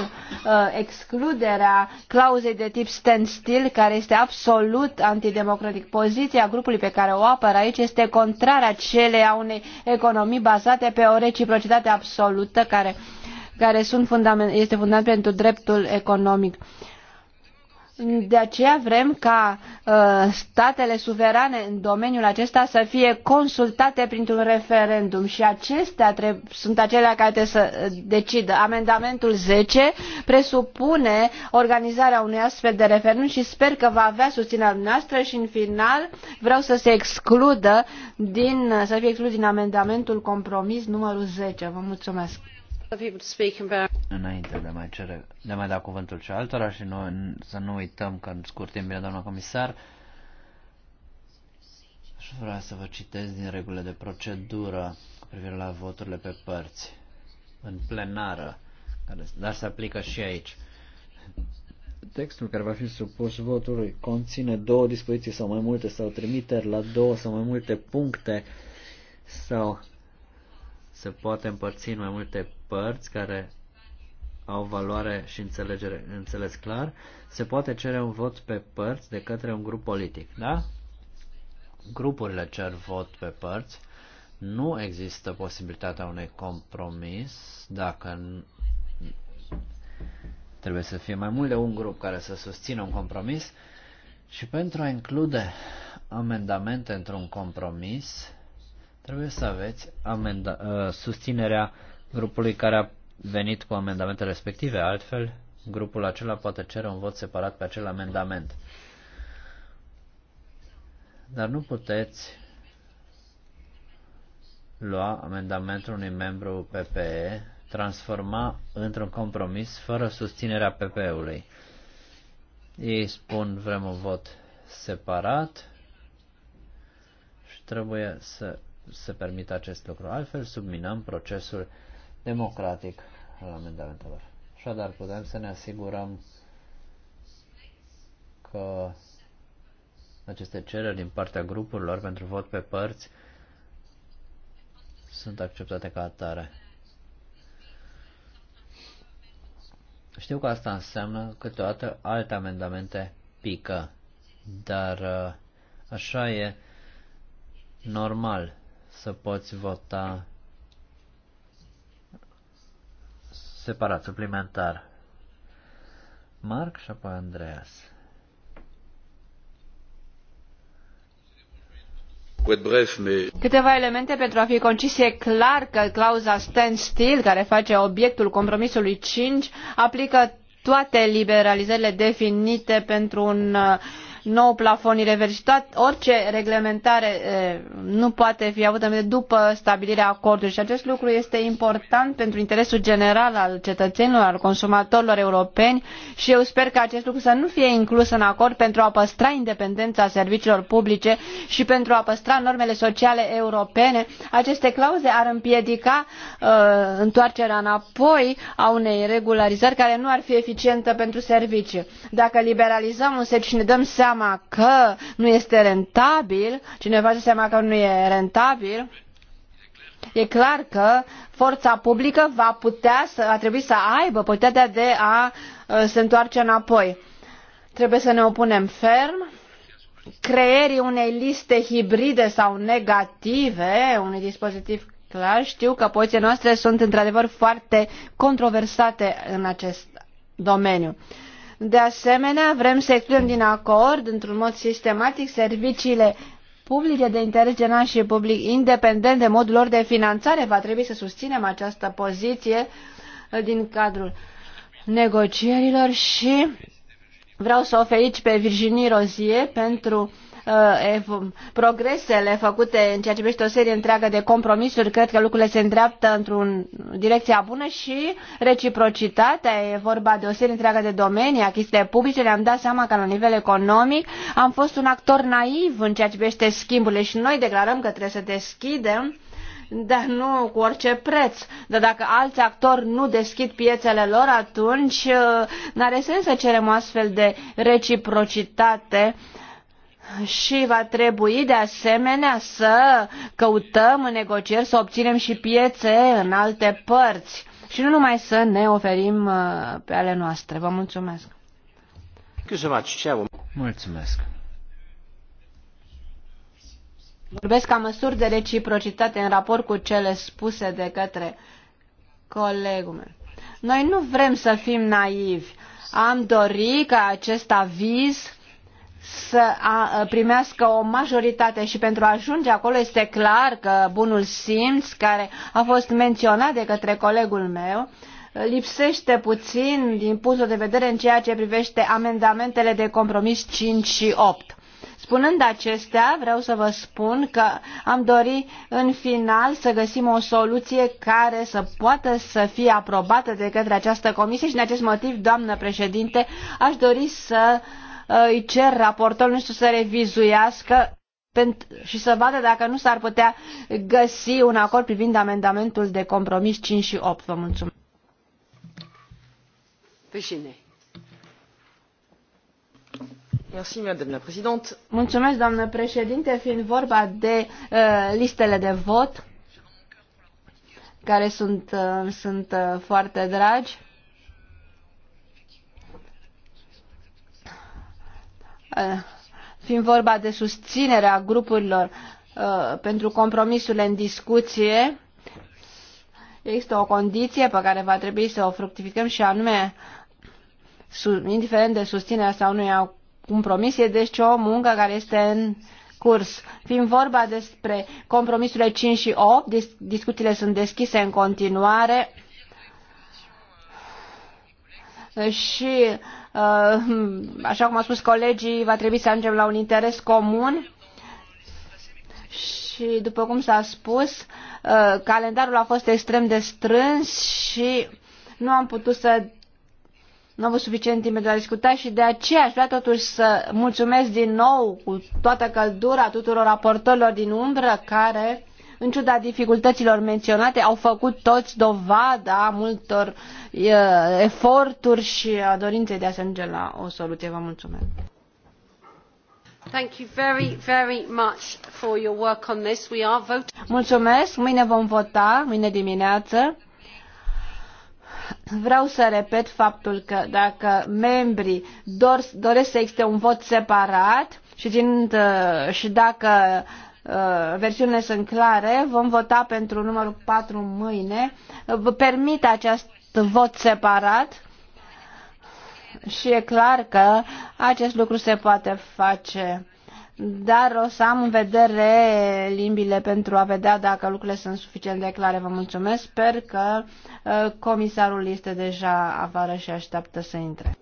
excluderea clauzei de tip standstill care este absolut antidemocratic. Poziția grupului pe care o apără aici este contrară celei a unei economii bazate pe o reciprocitate absolută care care sunt fundament, este fundament pentru dreptul economic. De aceea vrem ca uh, statele suverane în domeniul acesta să fie consultate printr-un referendum și acestea sunt acelea care trebuie să uh, decidă. Amendamentul 10 presupune organizarea unui astfel de referendum și sper că va avea susținerea noastră și în final vreau să se excludă din, să fie exclus din amendamentul compromis numărul 10. Vă mulțumesc. Înainte de a mai, cere, de a mai da cuvântul și altora și noi, să nu uităm că în scurt timp, bine, doamna comisar, aș vrea să vă citesc din regulile de procedură cu privire la voturile pe părți în plenară, care, dar se aplică și aici. Textul care va fi supus votului conține două dispoziții sau mai multe sau trimiteri la două sau mai multe puncte sau se poate împărți în mai multe părți care au valoare și înțelegere, înțeles clar, se poate cere un vot pe părți de către un grup politic, da? Grupurile cer vot pe părți, nu există posibilitatea unui compromis dacă trebuie să fie mai mult de un grup care să susțină un compromis și pentru a include amendamente într-un compromis, Trebuie să aveți amenda- uh, susținerea grupului care a venit cu amendamentele respective, altfel grupul acela poate cere un vot separat pe acel amendament. Dar nu puteți lua amendamentul unui membru PPE, transforma într-un compromis fără susținerea PPE-ului. Ei spun vrem un vot separat și trebuie să se permită acest lucru. Altfel subminăm procesul democratic al amendamentelor. Așadar, putem să ne asigurăm că aceste cereri din partea grupurilor pentru vot pe părți sunt acceptate ca atare. Știu că asta înseamnă câteodată alte amendamente pică, dar uh, așa e normal să poți vota separat, suplimentar. Marc și apoi Andreas. Câteva elemente pentru a fi concis. E clar că clauza standstill, care face obiectul compromisului 5, aplică toate liberalizările definite pentru un uh, nou plafon ireversibil și orice reglementare nu poate fi avută după stabilirea acordului și acest lucru este important pentru interesul general al cetățenilor, al consumatorilor europeni și eu sper că acest lucru să nu fie inclus în acord pentru a păstra independența serviciilor publice și pentru a păstra normele sociale europene. Aceste clauze ar împiedica uh, întoarcerea înapoi a unei regularizări care nu ar fi eficientă pentru servicii. Dacă liberalizăm un serviciu și ne dăm seama seama că nu este rentabil, cine face seama că nu e rentabil, e clar că forța publică va putea să, a trebui să aibă puterea de a uh, se întoarce înapoi. Trebuie să ne opunem ferm creierii unei liste hibride sau negative, unui dispozitiv clar. Știu că pozițiile noastre sunt într-adevăr foarte controversate în acest domeniu. De asemenea, vrem să excludem din acord, într-un mod sistematic, serviciile publice de interes general și public, independent de modul lor de finanțare. Va trebui să susținem această poziție uh, din cadrul negocierilor și vreau să o felici pe Virginie Rozie pentru uh, Uh, progresele făcute în ceea ce privește o serie întreagă de compromisuri, cred că lucrurile se îndreaptă într-un direcție bună și reciprocitatea, e vorba de o serie întreagă de domenii, achiziții publice, ne-am dat seama că la nivel economic am fost un actor naiv în ceea ce privește schimburile și noi declarăm că trebuie să deschidem dar nu cu orice preț. Dar dacă alți actori nu deschid piețele lor, atunci uh, n-are sens să cerem astfel de reciprocitate și va trebui de asemenea să căutăm în negocieri să obținem și piețe în alte părți și nu numai să ne oferim uh, pe ale noastre. Vă mulțumesc. Mulțumesc. Vorbesc ca măsuri de reciprocitate în raport cu cele spuse de către colegul meu. Noi nu vrem să fim naivi. Am dorit ca acest aviz să primească o majoritate și pentru a ajunge acolo este clar că bunul simț care a fost menționat de către colegul meu lipsește puțin din punctul de vedere în ceea ce privește amendamentele de compromis 5 și 8. Spunând acestea, vreau să vă spun că am dori în final să găsim o soluție care să poată să fie aprobată de către această comisie și în acest motiv, doamnă președinte, aș dori să uh, îi cer raportorul nostru să revizuiască și să vadă dacă nu s-ar putea găsi un acord privind amendamentul de compromis 5 și 8. Vă mulțumesc. Peșine. Mulțumesc, doamnă președinte, fiind vorba de uh, listele de vot, care sunt, uh, sunt uh, foarte dragi. Eh, fiind vorba de susținerea grupurilor eh, pentru compromisurile în discuție, există o condiție pe care va trebui să o fructificăm și anume, indiferent de susținerea sau nu a compromis, e deci o muncă care este în curs. Fiind vorba despre compromisurile 5 și 8, discuțiile sunt deschise în continuare eh, și Uh, așa cum au spus colegii, va trebui să ajungem la un interes comun și, după cum s-a spus, uh, calendarul a fost extrem de strâns și nu am putut să nu am avut suficient timp de a discuta și de aceea aș vrea totuși să mulțumesc din nou cu toată căldura tuturor raportorilor din umbră care în ciuda dificultăților menționate, au făcut toți dovada multor e, eforturi și a dorinței de a se ajunge la o soluție. Vă mulțumesc. Thank you very, very much for your work on this. We are voting. Mulțumesc. Mâine vom vota, mâine dimineață. Vreau să repet faptul că dacă membrii dor, doresc să existe un vot separat și, din și dacă Uh, versiunile sunt clare, vom vota pentru numărul 4 mâine. Vă uh, permit acest vot separat și e clar că acest lucru se poate face. Dar o să am în vedere limbile pentru a vedea dacă lucrurile sunt suficient de clare. Vă mulțumesc. Sper că uh, comisarul este deja avară și așteaptă să intre.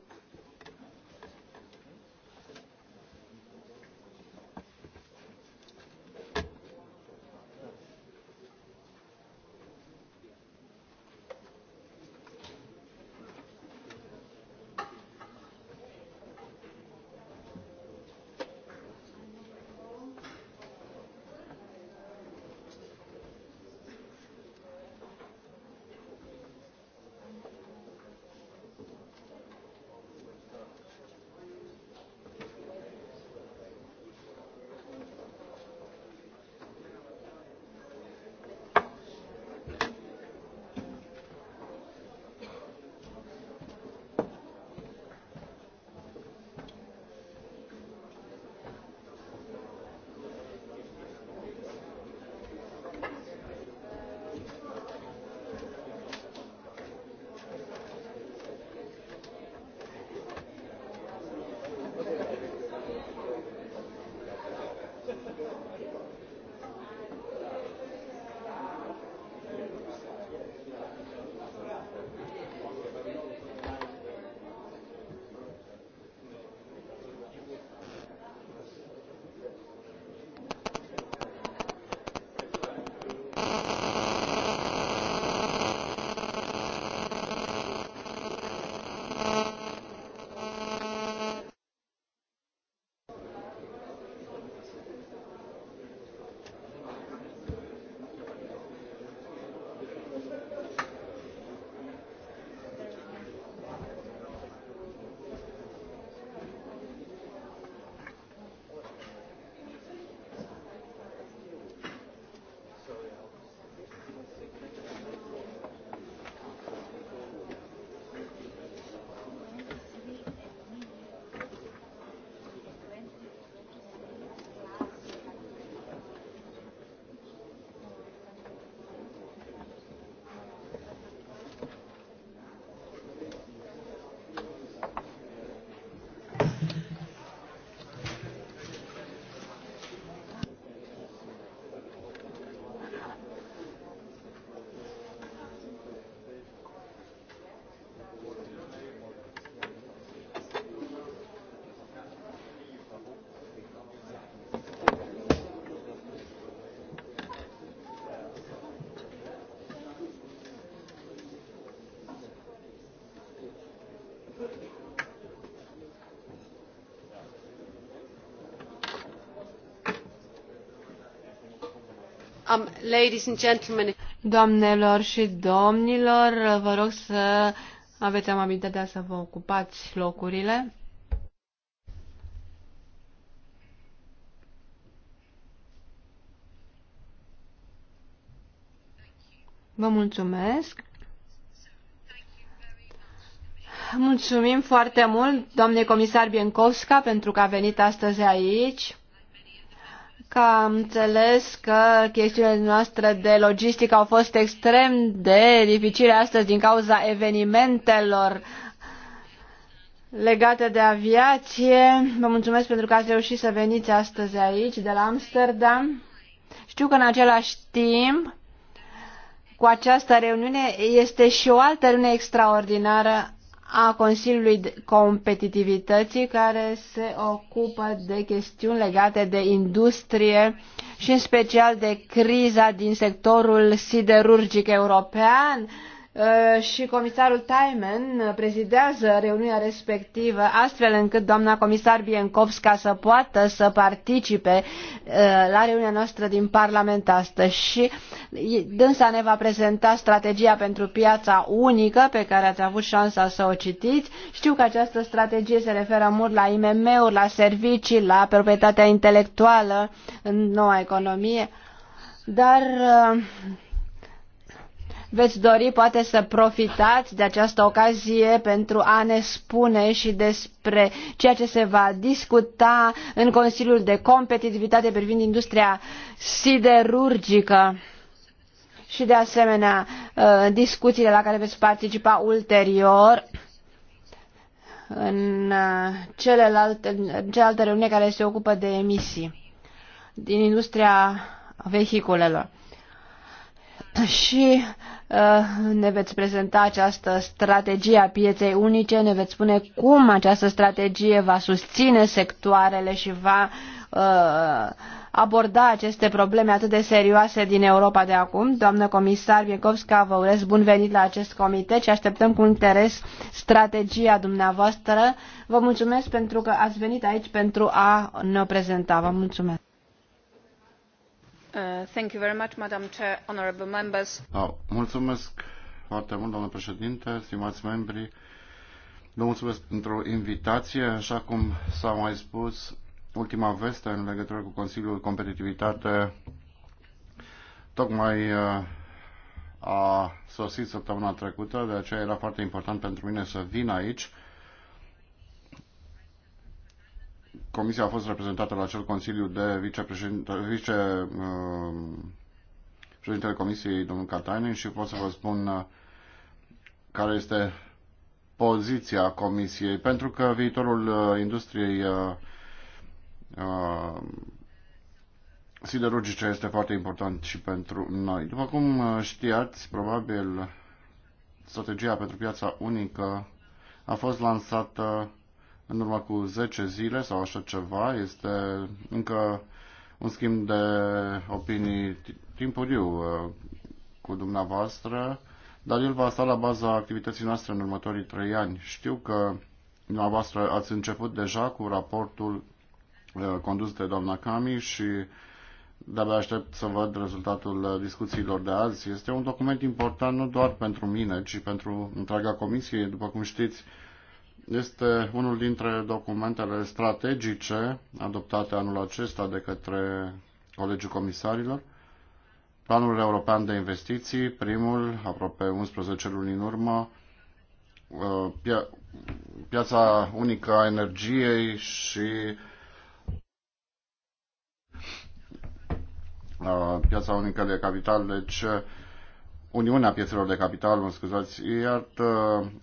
Um, Doamnelor și domnilor, vă rog să aveți amabilitatea să vă ocupați locurile. Vă mulțumesc. Mulțumim foarte mult, doamne comisar Biencovska, pentru că a venit astăzi aici că am înțeles că chestiunile noastre de logistică au fost extrem de dificile astăzi din cauza evenimentelor legate de aviație. Vă mulțumesc pentru că ați reușit să veniți astăzi aici, de la Amsterdam. Știu că în același timp, cu această reuniune, este și o altă reuniune extraordinară a Consiliului Competitivității care se ocupă de chestiuni legate de industrie și în special de criza din sectorul siderurgic european uh, și comisarul Taimen prezidează reuniunea respectivă astfel încât doamna comisar Biencovska să poată să participe uh, la reuniunea noastră din Parlament astăzi și Dânsa ne va prezenta strategia pentru piața unică pe care ați avut șansa să o citiți. Știu că această strategie se referă mult la IMM-uri, la servicii, la proprietatea intelectuală în noua economie, dar uh, veți dori poate să profitați de această ocazie pentru a ne spune și despre ceea ce se va discuta în Consiliul de Competitivitate privind industria siderurgică și de asemenea uh, discuțiile la care veți participa ulterior în uh, celelalte, în celelalte reuniuni care se ocupă de emisii din industria vehiculelor. Și uh, ne veți prezenta această strategie a pieței unice, ne veți spune cum această strategie va susține sectoarele și va uh, aborda aceste probleme atât de serioase din Europa de acum. Doamnă comisar Biekovska, vă urez bun venit la acest comitet și așteptăm cu interes strategia dumneavoastră. Vă mulțumesc pentru că ați venit aici pentru a ne prezenta. Vă mulțumesc. Uh, oh, mulțumesc foarte mult, doamnă președinte, stimați membri. Vă mulțumesc pentru invitație. Așa cum s-a mai spus, ultima veste în legătură cu Consiliul Competitivitate tocmai uh, a sosit săptămâna trecută, de aceea era foarte important pentru mine să vin aici. Comisia a fost reprezentată la acel Consiliu de vicepreședintele vice, uh, Comisiei, domnul Catainin, și pot să vă spun uh, care este poziția Comisiei, pentru că viitorul industriei uh, siderurgice este foarte important și pentru noi. După cum uh, știați, probabil strategia pentru piața unică a fost lansată în urmă cu 10 zile sau așa ceva. Este încă un schimb de opinii timpuriu uh, cu dumneavoastră, dar el va sta la baza activității noastre în următorii 3 ani. Știu că dumneavoastră ați început deja cu raportul Uh, condus de doamna Cami și de-abia aștept să văd rezultatul uh, discuțiilor de azi. Este un document important nu doar pentru mine, ci pentru întreaga comisie. După cum știți, este unul dintre documentele strategice adoptate anul acesta de către Colegiul Comisarilor. Planul European de Investiții, primul, aproape 11 luni în urmă, uh, pia- piața unică a energiei și piața unică de capital, deci uh, Uniunea Piețelor de Capital, mă scuzați, iar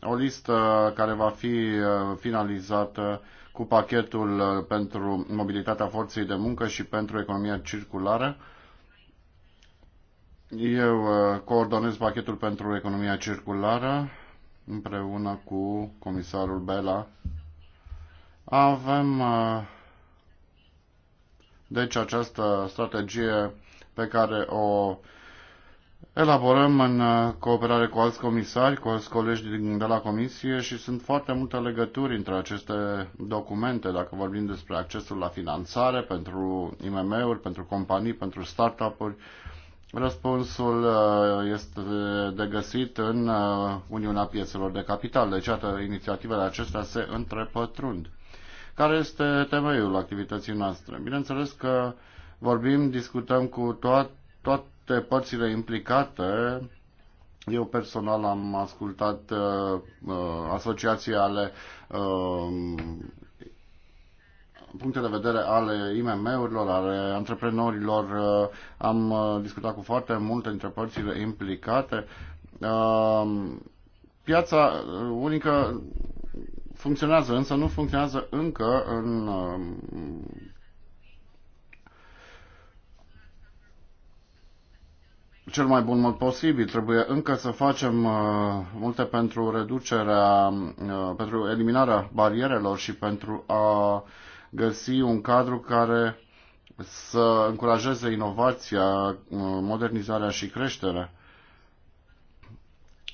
o listă care va fi uh, finalizată cu pachetul uh, pentru mobilitatea forței de muncă și pentru economia circulară. Eu coordonez pachetul pentru economia circulară împreună cu comisarul Bela. Avem deci această strategie pe care o elaborăm în uh, cooperare cu alți comisari, cu alți colegi de la Comisie și sunt foarte multe legături între aceste documente, dacă vorbim despre accesul la finanțare pentru IMM-uri, pentru companii, pentru startup-uri. Răspunsul uh, este de găsit în uh, Uniunea Piețelor de Capital, deci iată, inițiativele acestea se întrepătrund. Care este temeiul activității noastre? Bineînțeles că vorbim, discutăm cu to- toate părțile implicate. Eu personal am ascultat uh, uh asociații ale uh, puncte de vedere ale IMM-urilor, ale antreprenorilor. Uh, am uh, discutat cu foarte multe dintre părțile implicate. Um, uh, piața unică funcționează, însă nu funcționează încă în um, cel mai bun mod posibil. Trebuie încă să facem uh, multe pentru reducerea, uh, pentru eliminarea barierelor și pentru a găsi un cadru care să încurajeze inovația, uh, modernizarea și creșterea.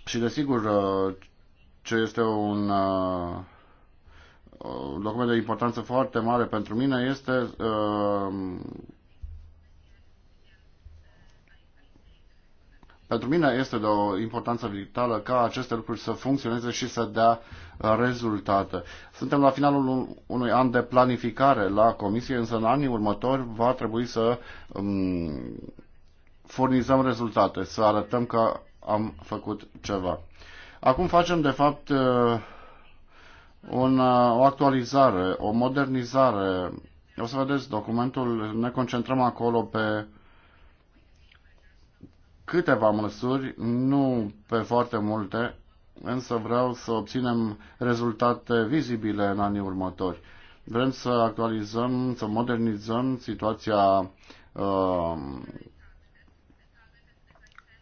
Și desigur, uh, ce este un uh, document de importanță foarte mare pentru mine este uh, Pentru mine este de o importanță vitală ca aceste lucruri să funcționeze și să dea uh, rezultate. Suntem la finalul unui an de planificare la Comisie, însă în anii următori va trebui să um, furnizăm rezultate, să arătăm că am făcut ceva. Acum facem, de fapt, uh, un, uh, o actualizare, o modernizare. O să vedeți documentul, ne concentrăm acolo pe câteva măsuri, nu pe foarte multe, însă vreau să obținem rezultate vizibile în anii următori. Vrem să actualizăm, să modernizăm situația uh,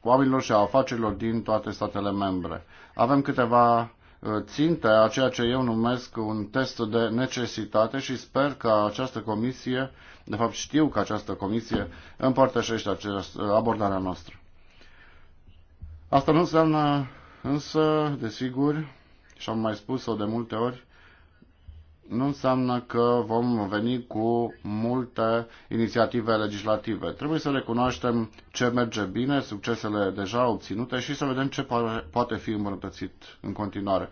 oamenilor și a afacerilor din toate statele membre. Avem câteva uh, ținte a ceea ce eu numesc un test de necesitate și sper că această comisie, de fapt știu că această comisie împărtășește această abordarea noastră. Asta nu înseamnă însă, desigur, și am mai spus-o de multe ori, nu înseamnă că vom veni cu multe inițiative legislative. Trebuie să recunoaștem ce merge bine, succesele deja obținute și să vedem ce poate fi îmbunătățit în continuare.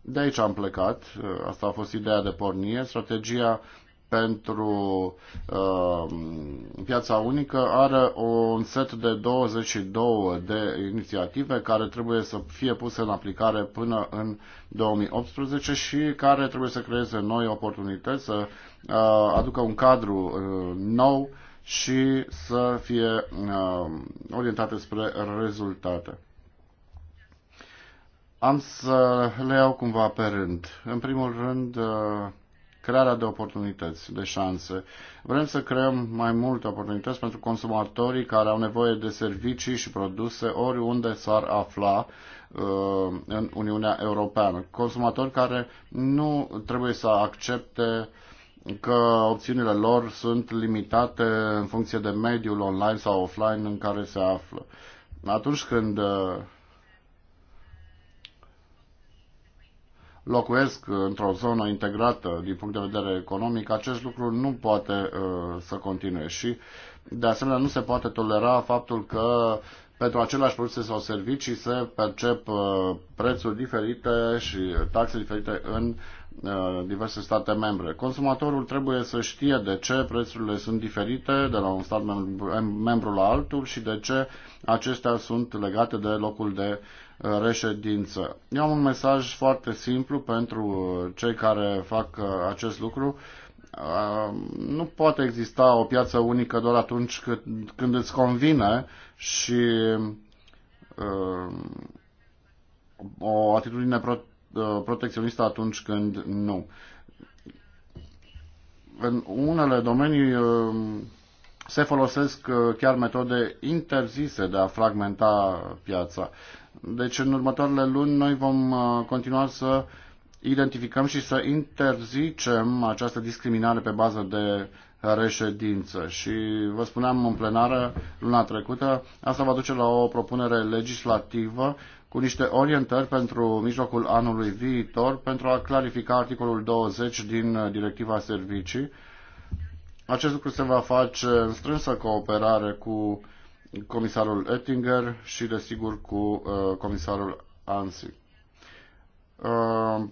De aici am plecat, asta a fost ideea de pornire, strategia pentru uh, piața unică are un set de 22 de inițiative care trebuie să fie puse în aplicare până în 2018 și care trebuie să creeze noi oportunități, să uh, aducă un cadru uh, nou și să fie uh, orientate spre rezultate. Am să le iau cumva pe rând. În primul rând, uh, crearea de oportunități, de șanse. Vrem să creăm mai multe oportunități pentru consumatorii care au nevoie de servicii și produse oriunde s-ar afla uh, în Uniunea Europeană. Consumatori care nu trebuie să accepte că opțiunile lor sunt limitate în funcție de mediul online sau offline în care se află. Atunci când uh, locuiesc într-o zonă integrată din punct de vedere economic, acest lucru nu poate uh, să continue și de asemenea nu se poate tolera faptul că pentru același produse sau servicii se percep uh, prețuri diferite și taxe diferite în Uh, diverse state membre. Consumatorul trebuie să știe de ce prețurile sunt diferite de la un stat membru la altul și de ce acestea sunt legate de locul de uh, reședință. Eu am un mesaj foarte simplu pentru uh, cei care fac acest lucru. Nu poate exista o piață unică doar atunci când îți convine și o atitudine pro- Uh, protecționistă atunci când nu. În unele domenii uh, se folosesc uh, chiar metode interzise de a fragmenta piața. Deci în următoarele luni noi vom continua să identificăm și să interzicem această discriminare pe bază de reședință. Și vă spuneam în plenară luna trecută, asta va duce la o propunere legislativă cu niște orientări pentru mijlocul anului viitor pentru a clarifica articolul 20 din uh, Directiva Servicii. Acest lucru se va face în strânsă cooperare cu comisarul Oettinger și, desigur, cu uh, comisarul Ansi. Uh,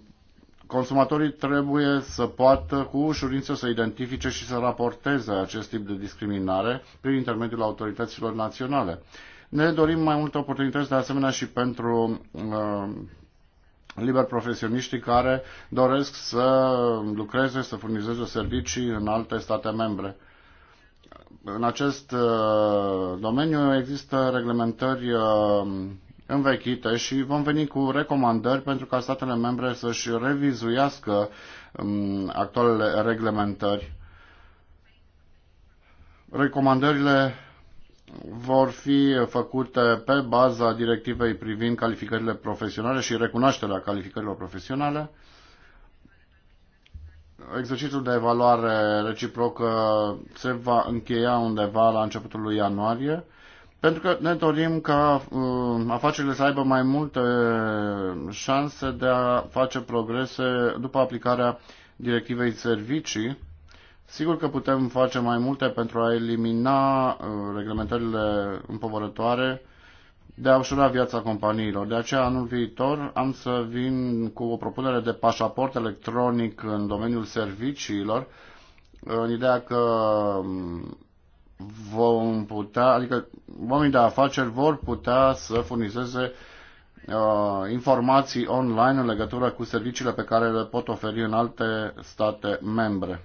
consumatorii trebuie să poată cu ușurință să identifice și să raporteze acest tip de discriminare prin intermediul autorităților naționale. Ne dorim mai multe oportunități de asemenea și pentru uh, liber profesioniștii care doresc să lucreze, să furnizeze servicii în alte state membre. În acest uh, domeniu există reglementări uh, învechite și vom veni cu recomandări pentru ca statele membre să-și revizuiască um, actualele reglementări. Recomandările vor fi făcute pe baza directivei privind calificările profesionale și recunoașterea calificărilor profesionale. Exercițiul de evaluare reciprocă se va încheia undeva la începutul lui ianuarie, pentru că ne dorim ca uh, afacerile să aibă mai multe uh, șanse de a face progrese după aplicarea directivei servicii Sigur că putem face mai multe pentru a elimina uh, reglementările împovărătoare de a ușura viața companiilor. De aceea, anul viitor am să vin cu o propunere de pașaport electronic în domeniul serviciilor, în ideea că um, vom putea, adică oamenii de afaceri vor putea să furnizeze uh, informații online în legătură cu serviciile pe care le pot oferi în alte state membre.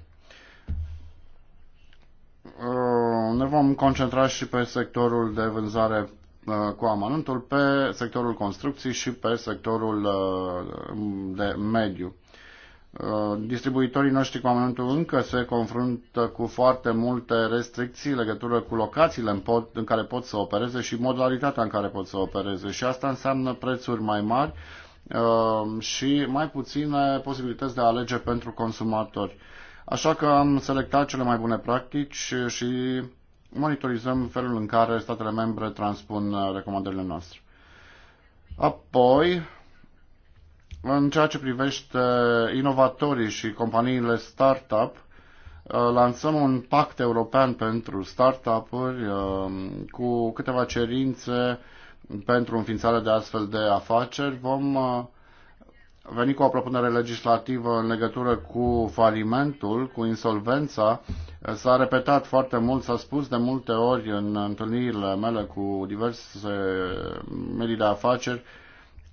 Uh, ne vom concentra și pe sectorul de vânzare uh, cu amănuntul, pe sectorul construcții și pe sectorul uh, de mediu. Distribuitorii noștri cu amănuntul încă se confruntă cu foarte multe restricții în legătură cu locațiile în, pot, în care pot să opereze și modalitatea în care pot să opereze și asta înseamnă prețuri mai mari și mai puține posibilități de a alege pentru consumatori. Așa că am selectat cele mai bune practici și monitorizăm felul în care statele membre transpun uh, recomandările noastre. Apoi, în ceea ce privește inovatorii și companiile startup, uh, lansăm un pact european pentru startup-uri uh, cu câteva cerințe pentru înființarea de astfel de afaceri. Vom venit cu o propunere legislativă în legătură cu falimentul, cu insolvența. S-a repetat foarte mult, s-a spus de multe ori în întâlnirile mele cu diverse medii de afaceri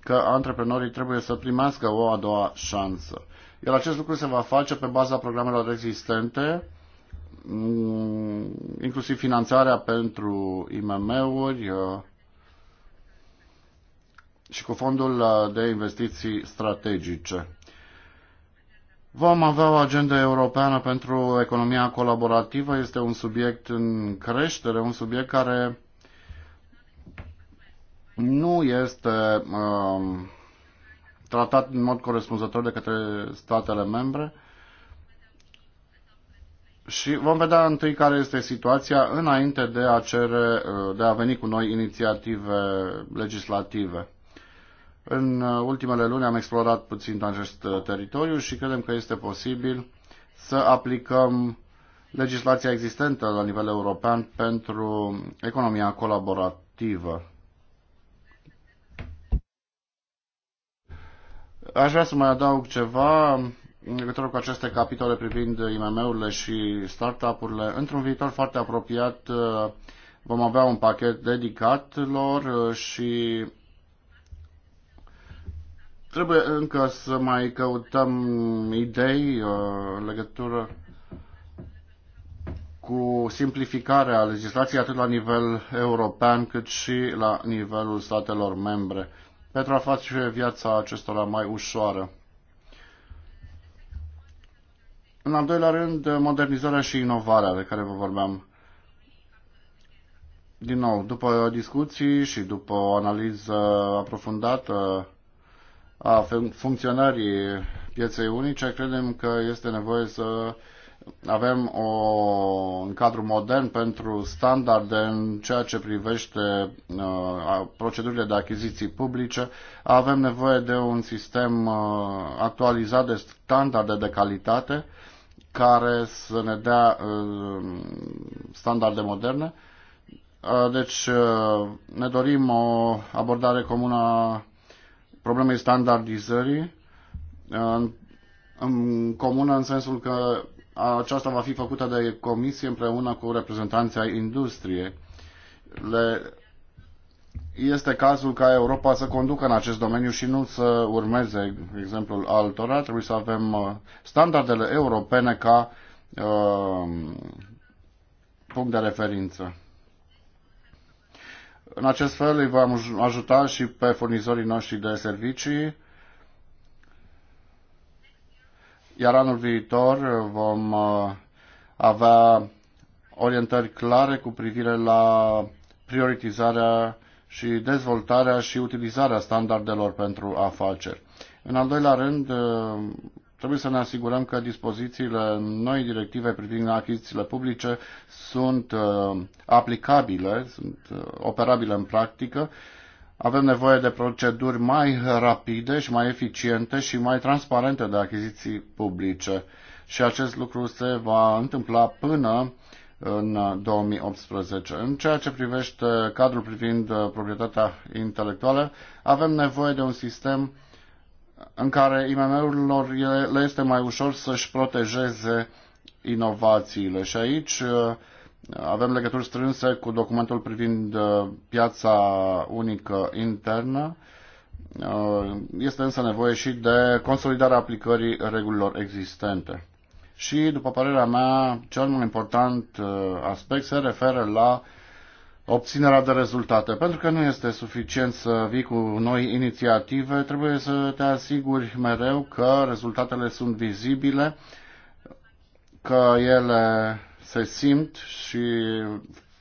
că antreprenorii trebuie să primească o a doua șansă. Iar acest lucru se va face pe baza programelor existente, mm, inclusiv finanțarea pentru IMM-uri, uh, și cu Fondul uh, de Investiții Strategice. Vom avea o agendă europeană pentru economia colaborativă. Este un subiect în creștere, un subiect care nu este uh, tratat în mod corespunzător de către statele membre și vom vedea întâi care este situația înainte de a, cere, uh, de a veni cu noi inițiative legislative. În uh, ultimele luni am explorat puțin acest uh, teritoriu și credem că este posibil să aplicăm legislația existentă la nivel european pentru economia colaborativă. Aș vrea să mai adaug ceva în legătură cu aceste capitole privind IMM-urile și startup-urile. Într-un viitor foarte apropiat uh, vom avea un pachet dedicat lor și Trebuie încă să mai căutăm idei uh, în legătură cu simplificarea legislației atât la nivel european cât și la nivelul statelor membre pentru a face viața acestora mai ușoară. În al doilea rând, modernizarea și inovarea de care vă vorbeam. Din nou, după discuții și după o analiză aprofundată a funcționării pieței unice, credem că este nevoie să avem o, un cadru modern pentru standarde în ceea ce privește uh, procedurile de achiziții publice. Avem nevoie de un sistem uh, actualizat de standarde de calitate care să ne dea uh, standarde moderne. Uh, deci uh, ne dorim o abordare comună problemei standardizării în, în comună în sensul că aceasta va fi făcută de comisie împreună cu reprezentanții ai industriei. Le, este cazul ca Europa să conducă în acest domeniu și nu să urmeze exemplul altora. Trebuie să avem uh, standardele europene ca uh, punct de referință. În acest fel îi vom ajuta și pe furnizorii noștri de servicii, iar anul viitor vom uh, avea orientări clare cu privire la prioritizarea și dezvoltarea și utilizarea standardelor pentru afaceri. În al doilea rând, uh, Trebuie să ne asigurăm că dispozițiile noi directive privind achizițiile publice sunt uh, aplicabile, sunt uh, operabile în practică. Avem nevoie de proceduri mai rapide și mai eficiente și mai transparente de achiziții publice. Și acest lucru se va întâmpla până în 2018. În ceea ce privește cadrul privind uh, proprietatea intelectuală, avem nevoie de un sistem uh, în care IMM-urilor le este mai ușor să-și protejeze inovațiile. Și aici uh, avem legături strânse cu documentul privind uh, piața unică internă. Uh, este însă nevoie și de consolidarea aplicării regulilor existente. Și, după părerea mea, cel mai important aspect se referă la uh, obținerea de rezultate. Pentru că nu este suficient să vii cu noi inițiative, trebuie să te asiguri mereu că rezultatele sunt vizibile, că ele se simt și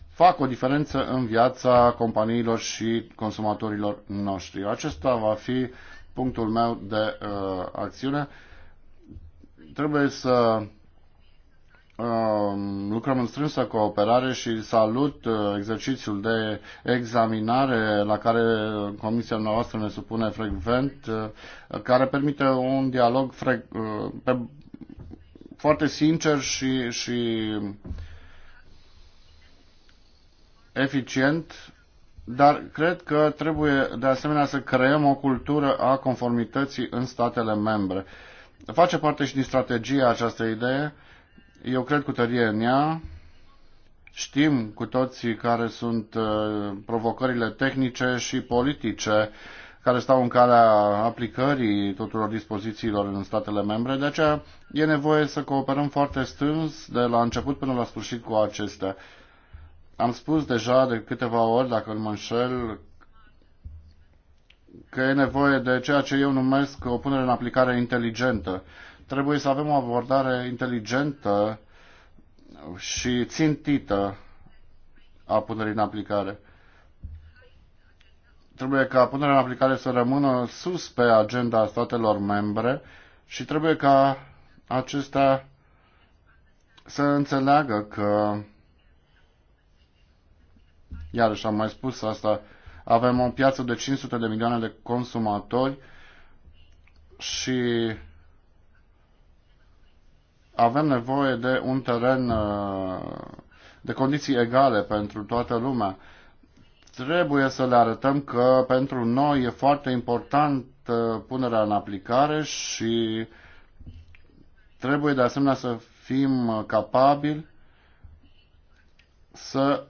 fac o diferență în viața companiilor și consumatorilor noștri. Acesta va fi punctul meu de uh, acțiune. Trebuie să Um, lucrăm în strânsă cooperare și salut uh, exercițiul de examinare la care comisia noastră ne supune frecvent, uh, care permite un dialog uh, pe, foarte sincer și, și eficient, dar cred că trebuie de asemenea să creăm o cultură a conformității în statele membre. Face parte și din strategia această idee eu cred cu tărie în ea. Știm cu toții care sunt uh, provocările tehnice și politice care stau în calea aplicării tuturor dispozițiilor în statele membre, de aceea e nevoie să cooperăm foarte strâns de la început până la sfârșit cu acestea. Am spus deja de câteva ori, dacă îl mă înșel, că e nevoie de ceea ce eu numesc o punere în aplicare inteligentă. Trebuie să avem o abordare inteligentă și țintită a punerii în aplicare. Trebuie ca punerea în aplicare să rămână sus pe agenda statelor membre și trebuie ca acestea să înțeleagă că, iarăși am mai spus asta, avem o piață de 500 de milioane de consumatori și avem nevoie de un teren uh, de condiții egale pentru toată lumea. Trebuie să le arătăm că pentru noi e foarte important uh, punerea în aplicare și trebuie de asemenea să fim uh, capabili să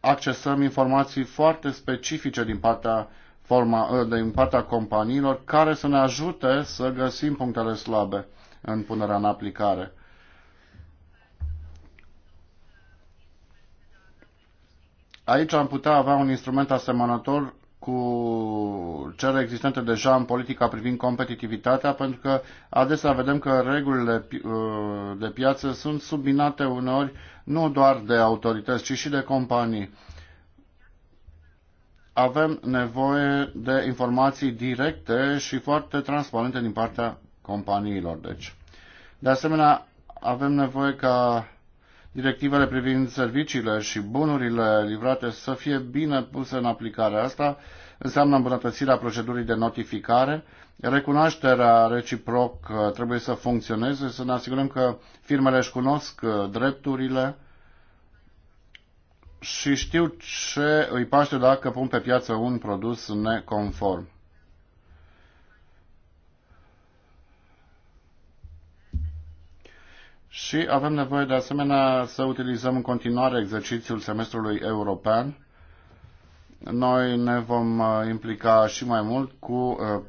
accesăm informații foarte specifice din partea, forma, din partea companiilor care să ne ajute să găsim punctele slabe în punerea în aplicare. Aici am putea avea un instrument asemănător cu cele existente deja în politica privind competitivitatea, pentru că adesea vedem că regulile uh, de piață sunt subminate uneori nu doar de autorități, ci și de companii. Avem nevoie de informații directe și foarte transparente din partea companiilor. Deci. De asemenea, avem nevoie ca directivele privind serviciile și bunurile livrate să fie bine puse în aplicare. Asta înseamnă îmbunătățirea procedurii de notificare, recunoașterea reciproc uh, trebuie să funcționeze, să ne asigurăm că firmele își cunosc uh, drepturile și știu ce îi paște dacă pun pe piață un produs neconform. Și avem nevoie de asemenea să utilizăm în continuare exercițiul semestrului european. Noi ne vom uh, implica și mai mult cu uh,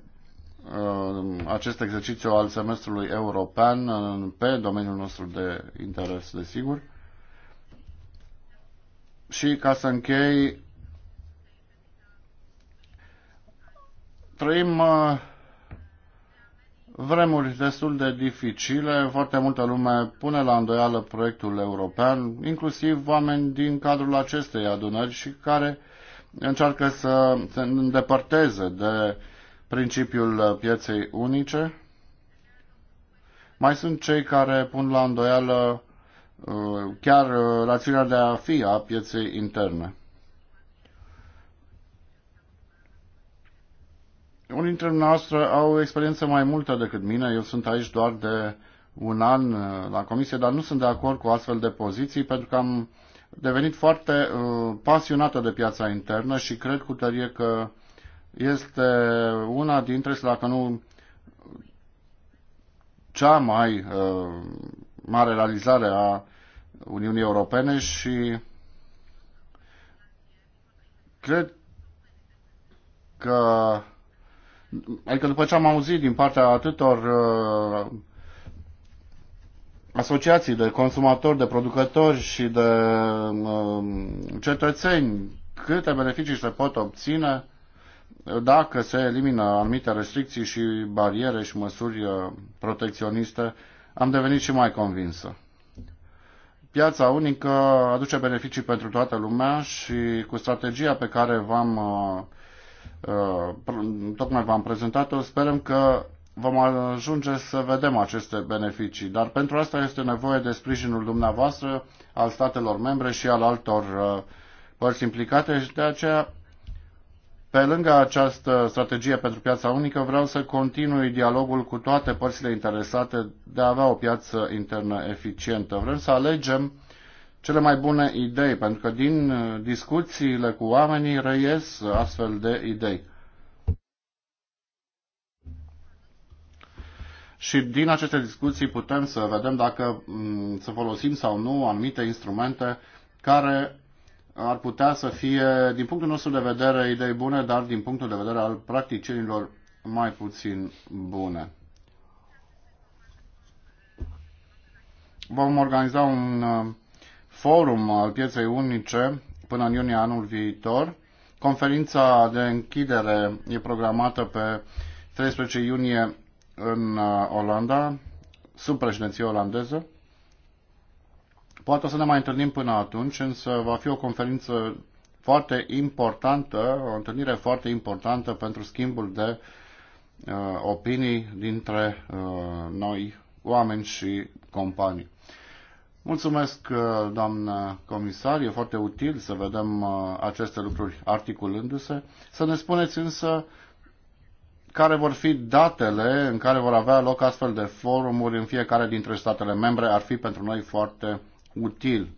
uh, acest exercițiu al semestrului european pe domeniul nostru de interes, desigur. Și ca să închei, trăim vremuri destul de dificile, foarte multă lume pune la îndoială proiectul european, inclusiv oameni din cadrul acestei adunări și care încearcă să se îndepărteze de principiul pieței unice. Mai sunt cei care pun la îndoială uh, chiar uh, rațiunea de a fi a pieței interne. Unii dintre noastre au experiență mai multă decât mine. Eu sunt aici doar de un an uh, la comisie, dar nu sunt de acord cu astfel de poziții pentru că am devenit foarte uh, pasionată de piața internă și cred cu tărie că este una dintre, dacă nu cea mai uh, mare realizare a Uniunii Europene și cred că Adică după ce am auzit din partea atâtor uh, asociații de consumatori, de producători și de uh, cetățeni, câte beneficii se pot obține dacă se elimină anumite restricții și bariere și măsuri uh, protecționiste, am devenit și mai convinsă. Piața unică aduce beneficii pentru toată lumea și cu strategia pe care v-am uh, Uh, tocmai v-am prezentat-o, sperăm că vom ajunge să vedem aceste beneficii. Dar pentru asta este nevoie de sprijinul dumneavoastră, al statelor membre și al altor uh, părți implicate și de aceea, pe lângă această strategie pentru piața unică, vreau să continui dialogul cu toate părțile interesate de a avea o piață internă eficientă. Vrem să alegem cele mai bune idei, pentru că din uh, discuțiile cu oamenii răies astfel de idei. Și din aceste discuții putem să vedem dacă mm, să folosim sau nu anumite instrumente care ar putea să fie, din punctul nostru de vedere, idei bune, dar din punctul de vedere al practicienilor mai puțin bune. Vom organiza un uh, forum al pieței unice până în iunie anul viitor. Conferința de închidere e programată pe 13 iunie în uh, Olanda, sub președinție olandeză. Poate o să ne mai întâlnim până atunci, însă va fi o conferință foarte importantă, o întâlnire foarte importantă pentru schimbul de uh, opinii dintre uh, noi, oameni și companii. Mulțumesc, uh, doamnă comisar, e foarte util să vedem uh, aceste lucruri articulându-se. Să ne spuneți însă care vor fi datele în care vor avea loc astfel de forumuri în fiecare dintre statele membre, ar fi pentru noi foarte util.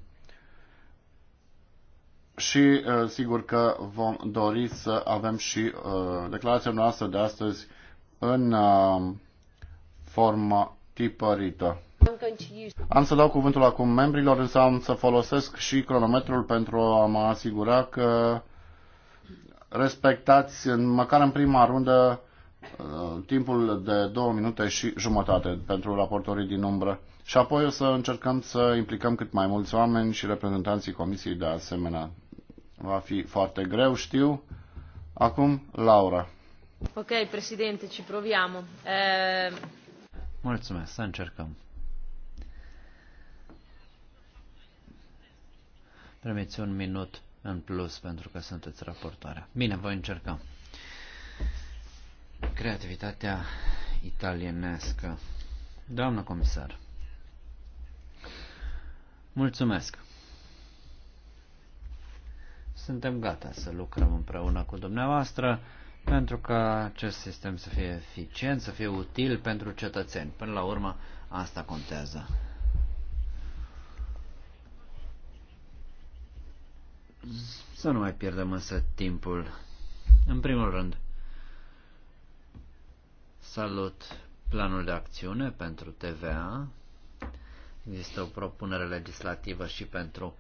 Și uh, sigur că vom dori să avem și uh, declarația noastră de astăzi în uh, formă tipărită. Am să dau cuvântul acum membrilor, însă am să folosesc și cronometrul pentru a mă asigura că respectați, măcar în prima rundă, uh, timpul de două minute și jumătate pentru raportorii din umbră. Și apoi o să încercăm să implicăm cât mai mulți oameni și reprezentanții comisiei de asemenea. Va fi foarte greu, știu. Acum, Laura. Ok, președinte, ci proviamo. E... Eh, Mulțumesc, să încercăm. primiți un minut în plus pentru că sunteți raportoarea. Bine, voi încerca. Creativitatea italienescă. Doamna comisar, mulțumesc. Suntem gata să lucrăm împreună cu dumneavoastră pentru ca acest sistem să fie eficient, să fie util pentru cetățeni. Până la urmă, asta contează. Să nu mai pierdem însă timpul. În primul rând, salut planul de acțiune pentru TVA. Există o propunere legislativă și pentru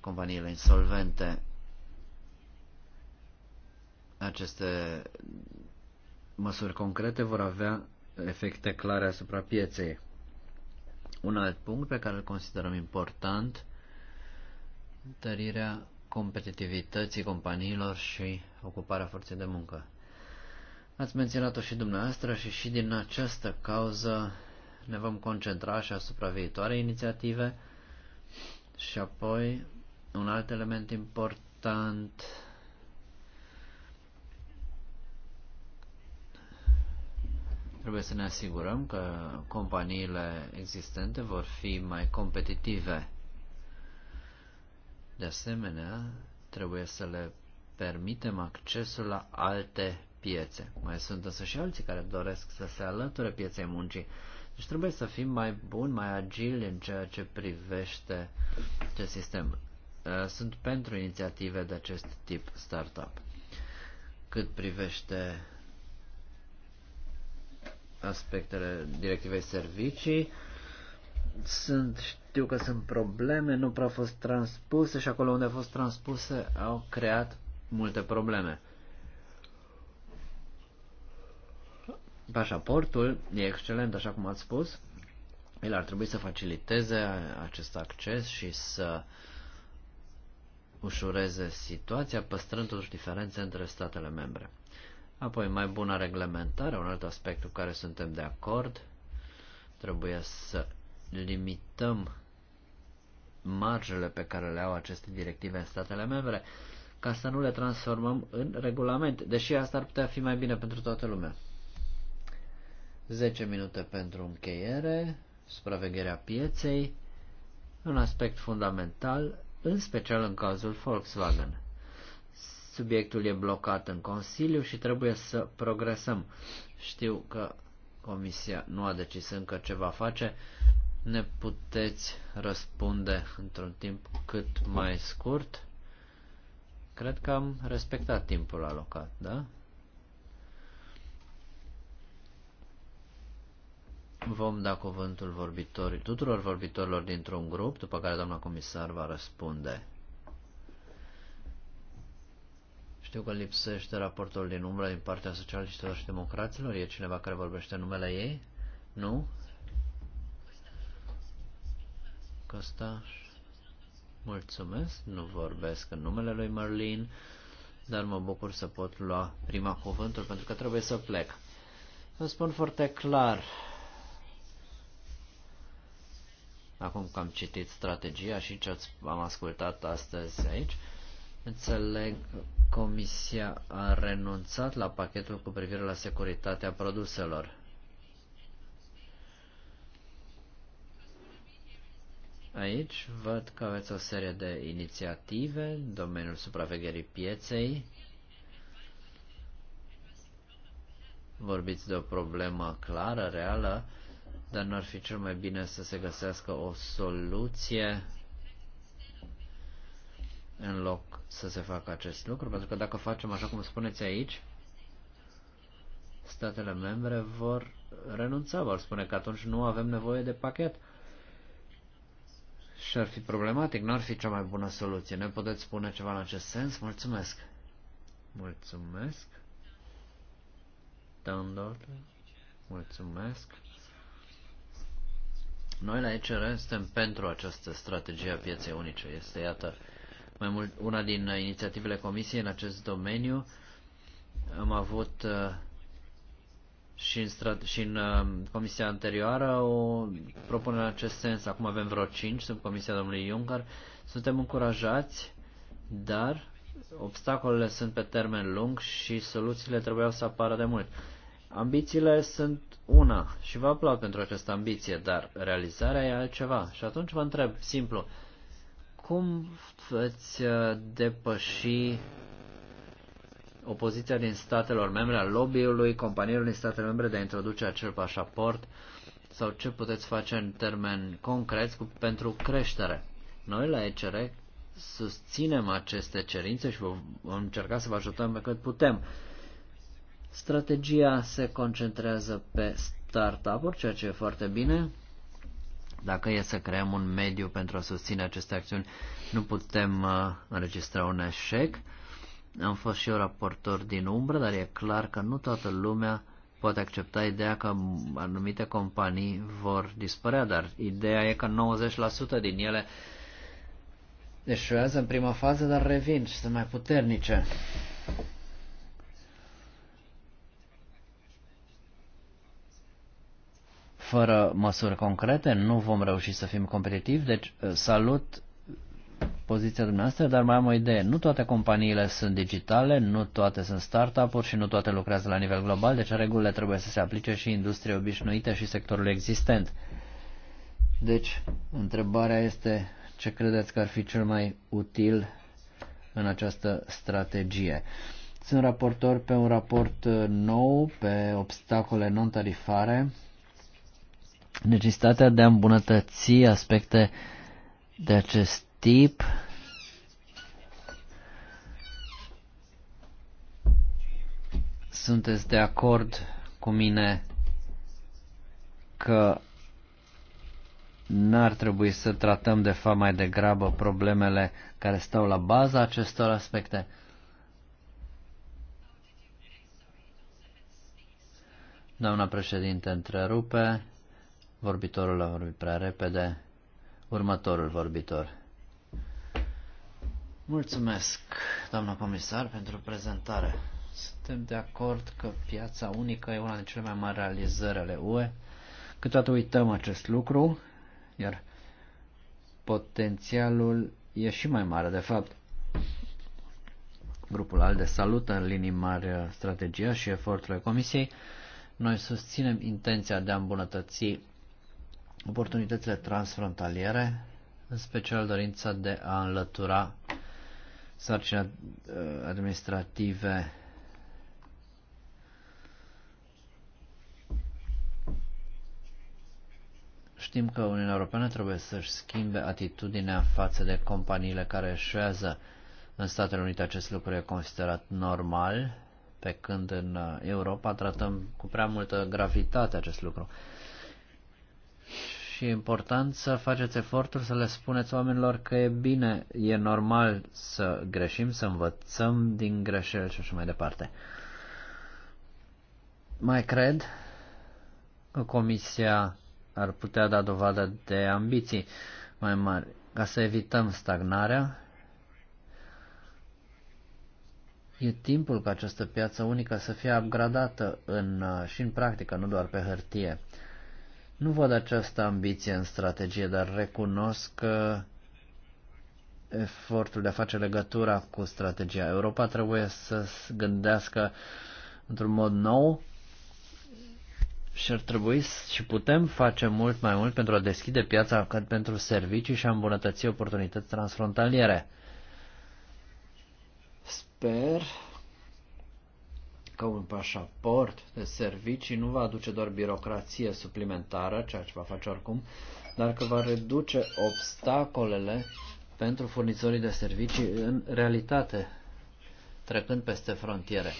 companiile insolvente. Aceste măsuri concrete vor avea efecte clare asupra pieței. Un alt punct pe care îl considerăm important întărirea competitivității companiilor și ocuparea forței de muncă. Ați menționat-o și dumneavoastră și și din această cauză ne vom concentra și asupra viitoarei inițiative și apoi un alt element important trebuie să ne asigurăm că companiile existente vor fi mai competitive de asemenea, trebuie să le permitem accesul la alte piețe. Mai sunt însă și alții care doresc să se alăture pieței muncii. Deci trebuie să fim mai buni, mai agili în ceea ce privește acest sistem. Uh, sunt pentru inițiative de acest tip startup. Cât privește aspectele directivei servicii, sunt, știu că sunt probleme, nu prea au fost transpuse și acolo unde au fost transpuse au creat multe probleme. Pașaportul e excelent, așa cum ați spus. El ar trebui să faciliteze acest acces și să ușureze situația, păstrând totuși diferențe între statele membre. Apoi, mai bună reglementare, un alt aspect cu care suntem de acord, trebuie să limităm marjele pe care le au aceste directive în statele membre ca să nu le transformăm în regulament, deși asta ar putea fi mai bine pentru toată lumea. 10 minute pentru încheiere, supravegherea pieței, un aspect fundamental, în special în cazul Volkswagen. Subiectul e blocat în Consiliu și trebuie să progresăm. Știu că Comisia nu a decis încă ce va face, ne puteți răspunde într-un timp cât mai scurt. Cred că am respectat timpul alocat, da? Vom da cuvântul vorbitorii, tuturor vorbitorilor dintr-un grup, după care doamna comisar va răspunde. Știu că lipsește raportul din umbră din partea socialiștilor și democraților. E cineva care vorbește numele ei? Nu? Costaș. Mulțumesc, nu vorbesc în numele lui Marlin, dar mă bucur să pot lua prima cuvântul pentru că trebuie să plec. Vă spun foarte clar, acum că am citit strategia și ce am ascultat astăzi aici, înțeleg Comisia a renunțat la pachetul cu privire la securitatea produselor. Aici văd că aveți o serie de inițiative în domeniul supravegherii pieței. Vorbiți de o problemă clară, reală, dar n-ar fi cel mai bine să se găsească o soluție în loc să se facă acest lucru, pentru că dacă facem așa cum spuneți aici, statele membre vor renunța, vor spune că atunci nu avem nevoie de pachet și ar fi problematic, nu ar fi cea mai bună soluție. Ne puteți spune ceva în acest sens? Mulțumesc! Mulțumesc! Download. Mulțumesc! Noi la ECR suntem pentru această strategie a pieței unice. Este, iată, mai mult una din inițiativele Comisiei în acest domeniu. Am avut uh, și în, și în uh, comisia anterioară o propunere în acest sens. Acum avem vreo 5 sub comisia domnului Juncker. Suntem încurajați, dar obstacolele sunt pe termen lung și soluțiile trebuiau să apară de mult. Ambițiile sunt una și vă aplaud pentru această ambiție, dar realizarea e altceva. Și atunci vă întreb simplu, cum veți uh, depăși opoziția din statelor membre, a lobby-ului, companiilor din statele membre de a introduce acel pașaport sau ce puteți face în termeni concreți cu, pentru creștere. Noi la ECR susținem aceste cerințe și vom încerca să vă ajutăm pe cât putem. Strategia se concentrează pe startup-uri, ceea ce e foarte bine. Dacă e să creăm un mediu pentru a susține aceste acțiuni, nu putem uh, înregistra un eșec. Am fost și eu raportor din umbră, dar e clar că nu toată lumea poate accepta ideea că anumite companii vor dispărea, dar ideea e că 90% din ele eșuează în prima fază, dar revin și sunt mai puternice. Fără măsuri concrete nu vom reuși să fim competitivi, deci eh, salut poziția dumneavoastră, dar mai am o idee. Nu toate companiile sunt digitale, nu toate sunt startup-uri și nu toate lucrează la nivel global, deci regulile trebuie să se aplice și industriei obișnuite și sectorul existent. Deci, întrebarea este ce credeți că ar fi cel mai util în această strategie. Sunt raportor pe un raport uh, nou pe obstacole non-tarifare, necesitatea de a îmbunătăți aspecte de acest tip sunteți de acord cu mine că n-ar trebui să tratăm de fapt mai degrabă problemele care stau la baza acestor aspecte? Doamna președinte întrerupe, vorbitorul a vorbit prea repede, următorul vorbitor. Mulțumesc, doamnă comisar, pentru prezentare. Suntem de acord că piața unică e una dintre cele mai mari realizări ale UE. Câteodată uităm acest lucru, iar potențialul e și mai mare, de fapt. Grupul ALDE salută în linii mari strategia și eforturile Comisiei. Noi susținem intenția de a îmbunătăți oportunitățile transfrontaliere, în special dorința de a înlătura sarcini uh, administrative Știm că Uniunea Europeană trebuie să-și schimbe atitudinea față de companiile care eșuează. În Statele Unite acest lucru e considerat normal, pe când în uh, Europa tratăm cu prea multă gravitate acest lucru și e important să faceți eforturi să le spuneți oamenilor că e bine, e normal să greșim, să învățăm din greșeli și așa mai departe. Mai cred că Comisia ar putea da dovadă de ambiții mai mari ca să evităm stagnarea. E timpul ca această piață unică să fie upgradată în, și în practică, nu doar pe hârtie. Nu văd această ambiție în strategie, dar recunosc că efortul de a face legătura cu strategia. Europa trebuie să gândească într-un mod nou și ar trebui și putem face mult mai mult pentru a deschide piața cât pentru servicii și a îmbunătăți oportunități transfrontaliere. Sper ca un pașaport de servicii nu va aduce doar birocrație suplimentară, ceea ce va face oricum, dar că va reduce obstacolele pentru furnizorii de servicii în realitate, trecând peste frontiere.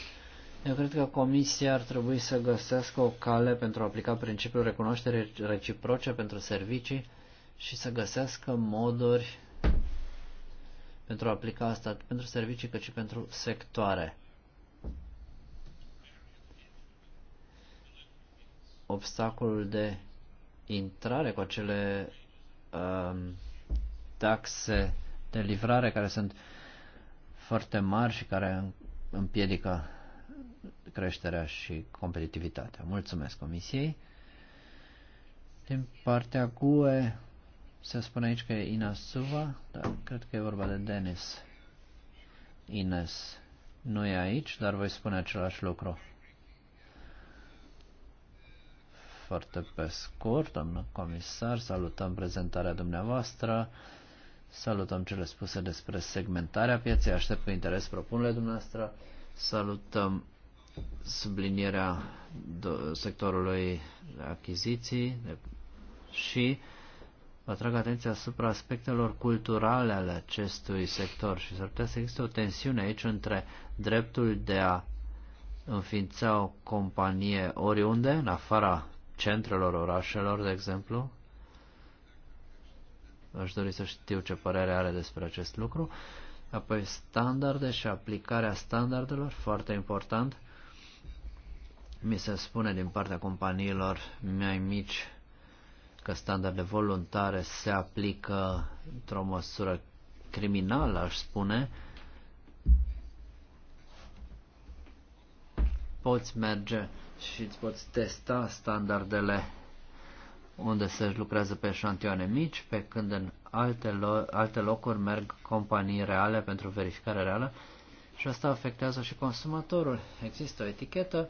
Eu cred că Comisia ar trebui să găsească o cale pentru a aplica principiul recunoașterii reciproce pentru servicii și să găsească moduri pentru a aplica asta pentru servicii cât și pentru sectoare. obstacolul de intrare cu acele um, taxe de livrare care sunt foarte mari și care împiedică creșterea și competitivitatea. Mulțumesc Comisiei. Din partea GUE se spune aici că e Ina Suva, dar cred că e vorba de Denis. Ines nu e aici, dar voi spune același lucru. foarte pe scurt, doamnă comisar, salutăm prezentarea dumneavoastră, salutăm cele spuse despre segmentarea pieței, aștept cu interes propunerile dumneavoastră, salutăm sublinierea sectorului achiziții și atrag atenția asupra aspectelor culturale ale acestui sector și s-ar putea să existe o tensiune aici între dreptul de a înființa o companie oriunde, în afara centrelor orașelor, de exemplu. Aș dori să știu ce părere are despre acest lucru. Apoi standarde și aplicarea standardelor, foarte important. Mi se spune din partea companiilor mai mici că standarde voluntare se aplică într-o măsură criminală, aș spune, poți merge și îți poți testa standardele unde se lucrează pe șantioane mici, pe când în alte, lo- alte locuri merg companii reale pentru verificare reală și asta afectează și consumatorul. Există o etichetă,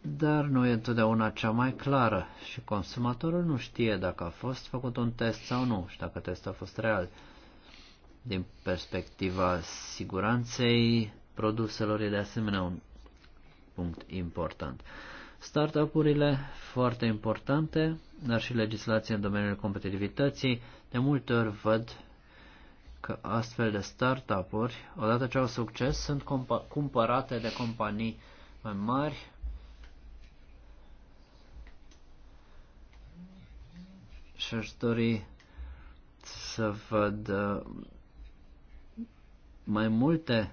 dar nu e întotdeauna cea mai clară și consumatorul nu știe dacă a fost făcut un test sau nu și dacă testul a fost real. Din perspectiva siguranței, produselor e de asemenea un punct important. Startup-urile, foarte importante, dar și legislația în domeniul competitivității, de multe ori văd că astfel de startup-uri, odată ce au succes, sunt cumpărate de companii mai mari și aș dori să văd uh, mai multe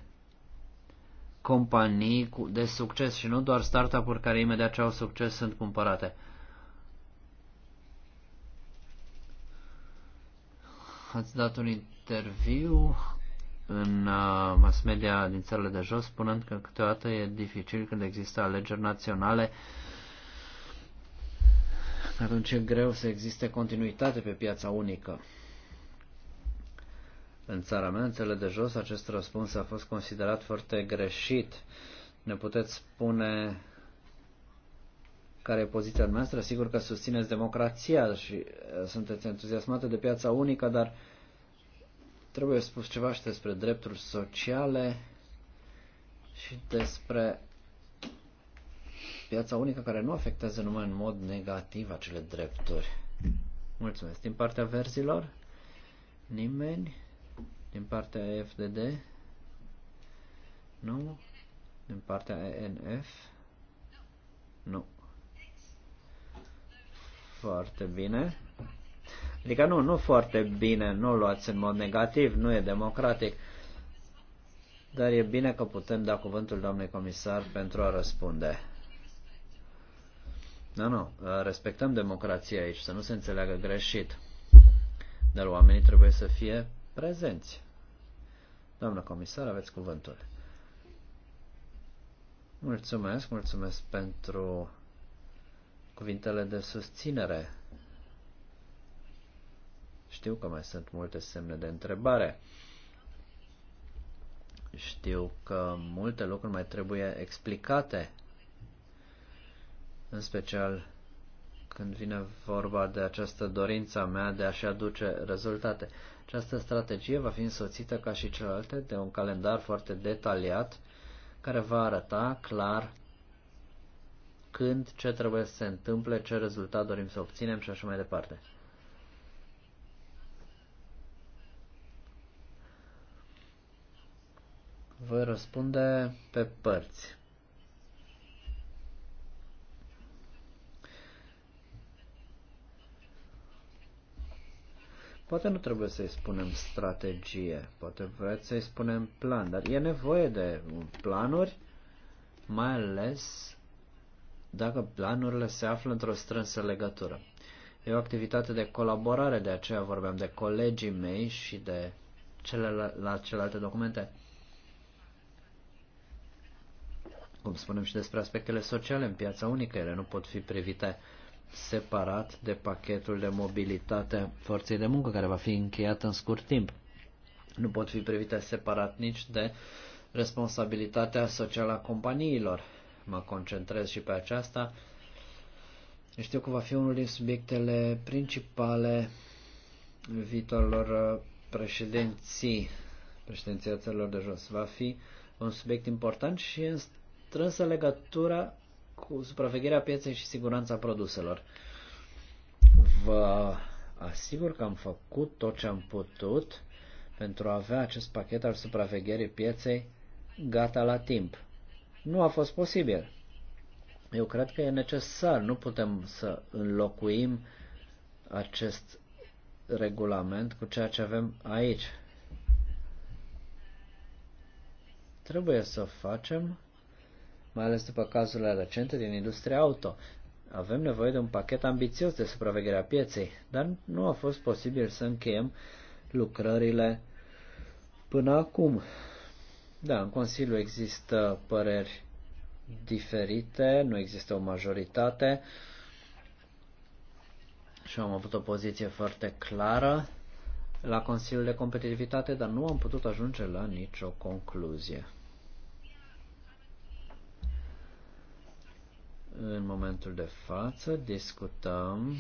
companii de succes și nu doar startup-uri care imediat ce au succes sunt cumpărate. Ați dat un interviu în uh, mass media din țările de jos spunând că câteodată e dificil când există alegeri naționale atunci e greu să existe continuitate pe piața unică. În țara mea, în de jos, acest răspuns a fost considerat foarte greșit. Ne puteți spune care e poziția noastră? Sigur că susțineți democrația și uh, sunteți entuziasmate de piața unică, dar trebuie spus ceva și despre drepturi sociale și despre piața unică care nu afectează numai în mod negativ acele drepturi. Mulțumesc. Din partea verzilor? Nimeni? din partea FDD, nu, din partea ENF, nu. Foarte bine. Adică nu, nu foarte bine, nu luați în mod negativ, nu e democratic, dar e bine că putem da cuvântul domnului comisar pentru a răspunde. Nu, nu, respectăm democrația aici, să nu se înțeleagă greșit. Dar oamenii trebuie să fie prezenți. Doamnă comisar, aveți cuvântul. Mulțumesc, mulțumesc pentru cuvintele de susținere. Știu că mai sunt multe semne de întrebare. Știu că multe lucruri mai trebuie explicate, în special când vine vorba de această dorință mea de a-și aduce rezultate. Această strategie va fi însoțită ca și celelalte de un calendar foarte detaliat care va arăta clar când, ce trebuie să se întâmple, ce rezultat dorim să obținem și așa mai departe. Voi răspunde pe părți. Poate nu trebuie să-i spunem strategie, poate vreți să-i spunem plan, dar e nevoie de planuri, mai ales dacă planurile se află într-o strânsă legătură. E o activitate de colaborare, de aceea vorbeam de colegii mei și de celelalte, celelalte documente. Cum spunem și despre aspectele sociale în piața unică, ele nu pot fi privite separat de pachetul de mobilitate forței de muncă, care va fi încheiat în scurt timp. Nu pot fi privite separat nici de responsabilitatea socială a companiilor. Mă concentrez și pe aceasta. Știu că va fi unul din subiectele principale viitorilor uh, președinții, președinția țărilor de jos. Va fi un subiect important și în strânsă legătura cu supravegherea pieței și siguranța produselor. Vă asigur că am făcut tot ce am putut pentru a avea acest pachet al supravegherii pieței gata la timp. Nu a fost posibil. Eu cred că e necesar, nu putem să înlocuim acest regulament cu ceea ce avem aici. Trebuie să facem mai ales după cazurile recente din industria auto. Avem nevoie de un pachet ambițios de supraveghere a pieței, dar nu a fost posibil să încheiem lucrările până acum. Da, în Consiliu există păreri diferite, nu există o majoritate și am avut o poziție foarte clară la Consiliul de Competitivitate, dar nu am putut ajunge la nicio concluzie. În momentul de față discutăm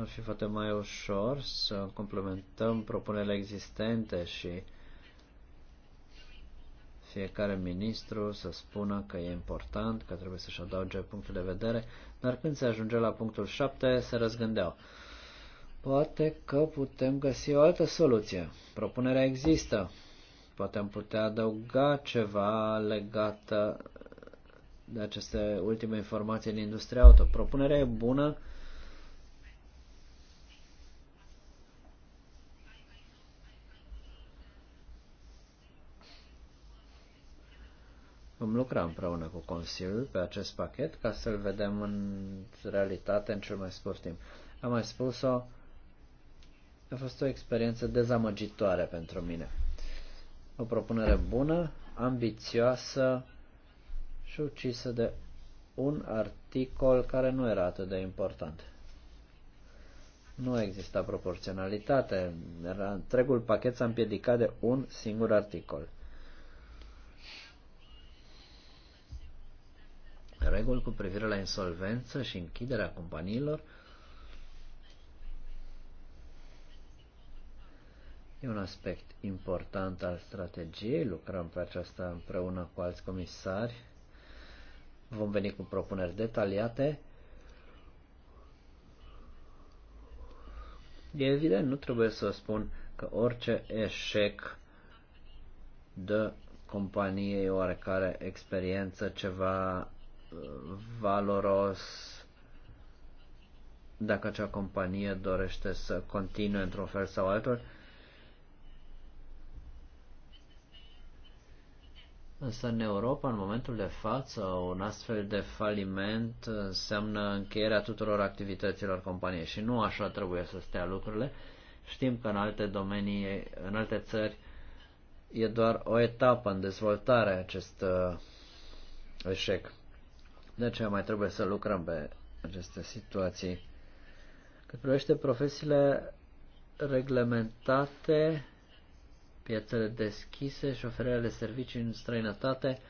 ar fi foarte mai ușor să complementăm propunerile existente și fiecare ministru să spună că e important, că trebuie să-și adauge punctul de vedere, dar când se ajunge la punctul 7 se răzgândeau. Poate că putem găsi o altă soluție. Propunerea există. Poate am putea adăuga ceva legat de aceste ultime informații în industria auto. Propunerea e bună. Vom lucra împreună cu Consiliul pe acest pachet ca să-l vedem în realitate în cel mai scurt timp. Am mai spus-o, a fost o experiență dezamăgitoare pentru mine. O propunere bună, ambițioasă, și ucisă de un articol care nu era atât de important. Nu exista proporționalitate, era, întregul pachet s-a împiedicat de un singur articol. Reguli cu privire la insolvență și închiderea companiilor E un aspect important al strategiei, lucrăm pe aceasta împreună cu alți comisari vom veni cu propuneri detaliate. E evident, nu trebuie să spun că orice eșec dă companiei oarecare experiență, ceva uh, valoros, dacă acea companie dorește să continue într-un fel sau altul, Însă în Europa, în momentul de față, un astfel de faliment înseamnă încheierea tuturor activităților companiei și nu așa trebuie să stea lucrurile. Știm că în alte domenii, în alte țări, e doar o etapă în dezvoltare acest uh, eșec. De aceea mai trebuie să lucrăm pe aceste situații. Cât privește profesiile reglementate, piețele deschise și oferirea de servicii în străinătate.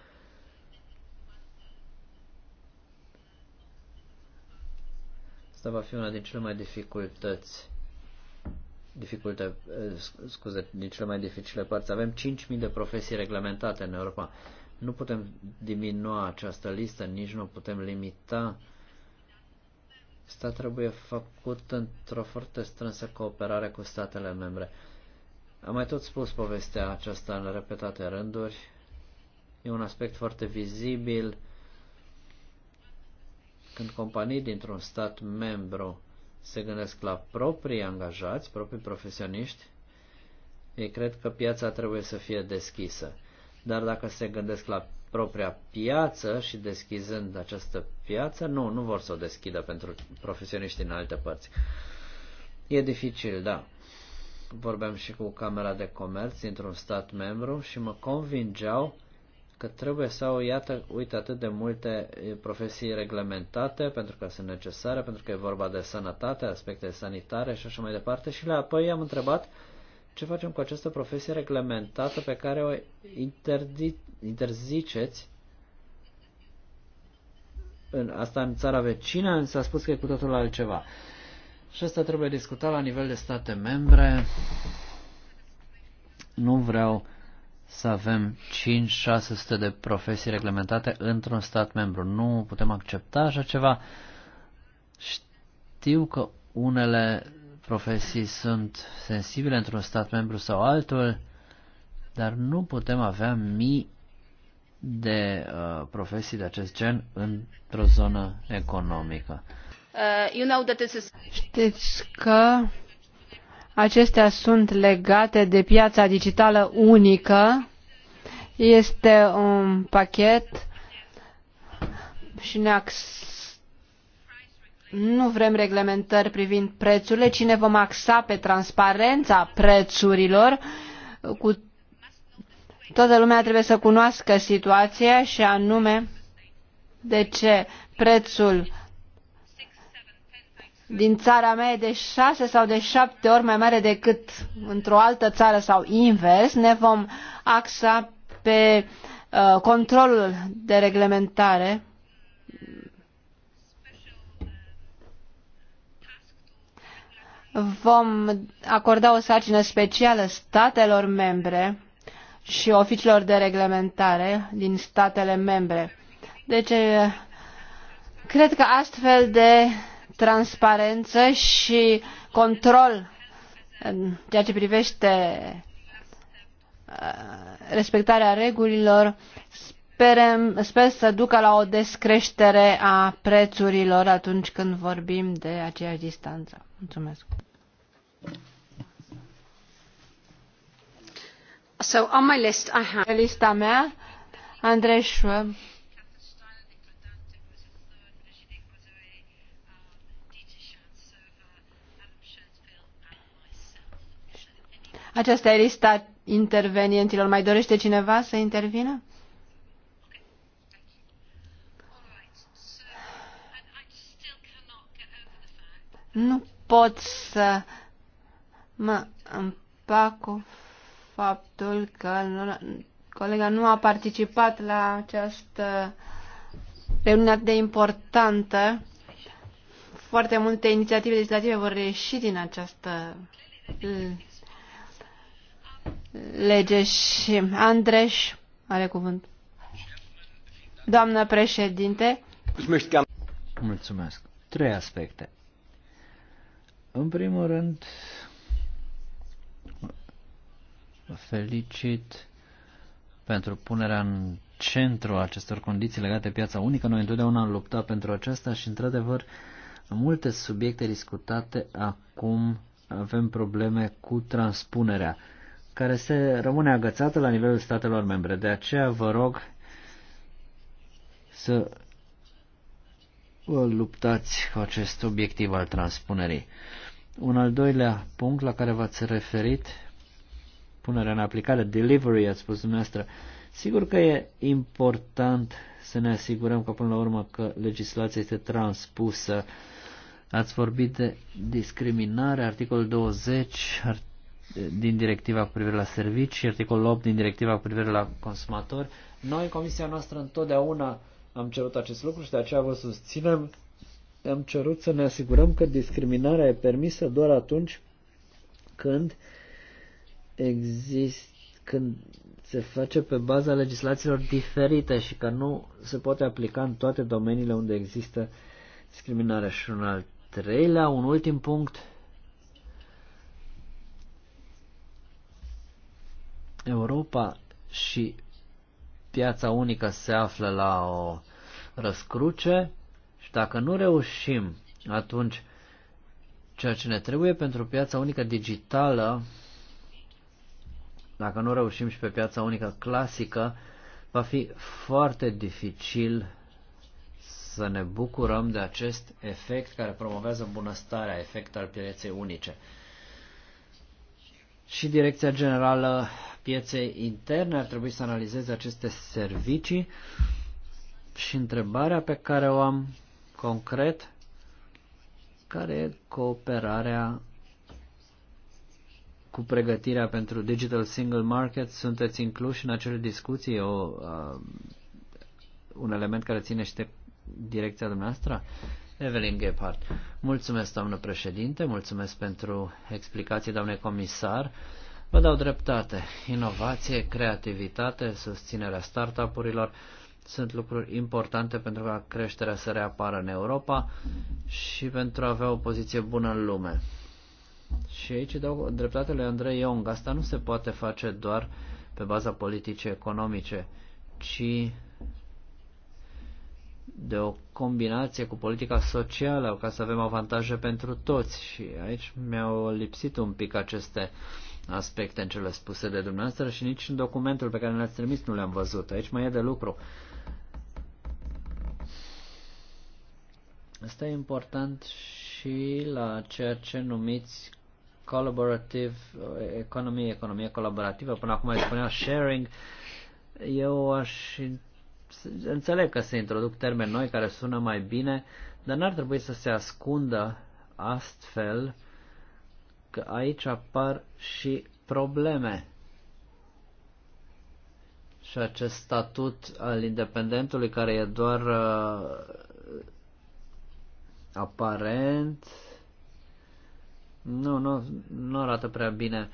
Asta va fi una din cele mai dificultăți dificulte, eh, scuze, din cele mai dificile părți. Avem 5.000 de profesii reglementate în Europa. Nu putem diminua această listă, nici nu putem limita. Asta trebuie făcut într-o foarte strânsă cooperare cu statele membre. Am mai tot spus povestea aceasta în repetate rânduri. E un aspect foarte vizibil când companii dintr-un stat membru se gândesc la proprii angajați, proprii profesioniști, ei cred că piața trebuie să fie deschisă. Dar dacă se gândesc la propria piață și deschizând această piață, nu, nu vor să o deschidă pentru profesioniști din alte părți. E dificil, da vorbeam și cu Camera de Comerț dintr-un stat membru și mă convingeau că trebuie să au, iată, uite, atât de multe profesii reglementate pentru că sunt necesare, pentru că e vorba de sănătate, aspecte sanitare și așa mai departe. Și la apoi am întrebat ce facem cu această profesie reglementată pe care o interziceți în, asta în țara vecină, s-a spus că e cu totul altceva. Și asta trebuie discutat la nivel de state membre. Nu vreau să avem 5-600 de profesii reglementate într-un stat membru. Nu putem accepta așa ceva. Știu că unele profesii sunt sensibile într-un stat membru sau altul, dar nu putem avea mii de uh, profesii de acest gen într-o zonă economică. Uh, Știți că acestea sunt legate de piața digitală unică. Este un pachet și ne nu vrem reglementări privind prețurile, ci ne vom axa pe transparența prețurilor. Cu toată lumea trebuie să cunoască situația și anume de ce prețul din țara mea e de șase sau de șapte ori mai mare decât într-o altă țară sau invers, ne vom axa pe uh, controlul de reglementare vom acorda o sarcină specială statelor membre și oficiilor de reglementare din statele membre. Deci, cred că astfel de transparență și control în ceea ce privește uh, respectarea regulilor, sperem, sper să ducă la o descreștere a prețurilor atunci când vorbim de aceeași distanță. Mulțumesc. So on my list I have... Pe lista mea, Andrei Schwab. Aceasta e lista intervenienților. Mai dorește cineva să intervină? Nu pot să mă împac cu faptul că colega nu a participat la această reuniune atât de importantă. Foarte multe inițiative legislative vor ieși din această lege și Andreș are cuvânt. Doamnă președinte. Mulțumesc. Trei aspecte. În primul rând, felicit pentru punerea în centru acestor condiții legate de piața unică. Noi întotdeauna am luptat pentru aceasta și, într-adevăr, multe subiecte discutate acum avem probleme cu transpunerea care se rămâne agățată la nivelul statelor membre. De aceea vă rog să luptați cu acest obiectiv al transpunerii. Un al doilea punct la care v-ați referit, punerea în aplicare, delivery, ați spus dumneavoastră, sigur că e important să ne asigurăm că până la urmă că legislația este transpusă. Ați vorbit de discriminare, articolul 20, articolul din directiva cu privire la servicii și articolul 8 din directiva cu privire la consumatori. Noi, Comisia noastră, întotdeauna am cerut acest lucru și de aceea vă susținem. Am cerut să ne asigurăm că discriminarea e permisă doar atunci când există când se face pe baza legislațiilor diferite și că nu se poate aplica în toate domeniile unde există discriminare. Și un al treilea, un ultim punct, Europa și piața unică se află la o răscruce și dacă nu reușim, atunci ceea ce ne trebuie pentru piața unică digitală, dacă nu reușim și pe piața unică clasică, va fi foarte dificil să ne bucurăm de acest efect care promovează bunăstarea, efect al pieței unice și Direcția Generală Pieței Interne ar trebui să analizeze aceste servicii și întrebarea pe care o am concret, care e cooperarea cu pregătirea pentru Digital Single Market? Sunteți incluși în acele discuții o, uh, un element care ține și de direcția dumneavoastră? Uh, Evelyn Gephardt. Mulțumesc, doamnă președinte, mulțumesc pentru explicații, doamne comisar. Vă dau dreptate. Inovație, creativitate, susținerea startup-urilor sunt lucruri importante pentru ca creșterea să reapară în Europa și pentru a avea o poziție bună în lume. Și aici dau dreptate lui Andrei Young. Asta nu se poate face doar pe baza politicii economice, ci de o combinație cu politica socială ca să avem avantaje pentru toți și aici mi-au lipsit un pic aceste aspecte în cele spuse de dumneavoastră și nici în documentul pe care le ați trimis nu le-am văzut. Aici mai e de lucru. Asta e important și la ceea ce numiți collaborative economy, economie colaborativă, până acum îi spunea sharing, eu aș Înțeleg că se introduc termeni noi care sună mai bine, dar n-ar trebui să se ascundă astfel că aici apar și probleme. Și acest statut al independentului care e doar uh, aparent nu, nu, nu arată prea bine.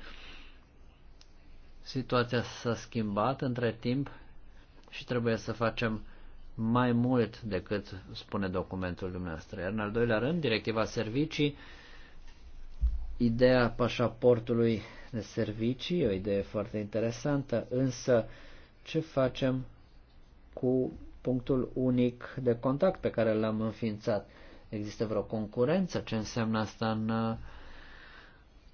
Situația s-a schimbat între timp și trebuie să facem mai mult decât spune documentul dumneavoastră. Iar în al doilea rând, directiva servicii, ideea pașaportului de servicii, o idee foarte interesantă, însă ce facem cu punctul unic de contact pe care l-am înființat? Există vreo concurență? Ce înseamnă asta în uh,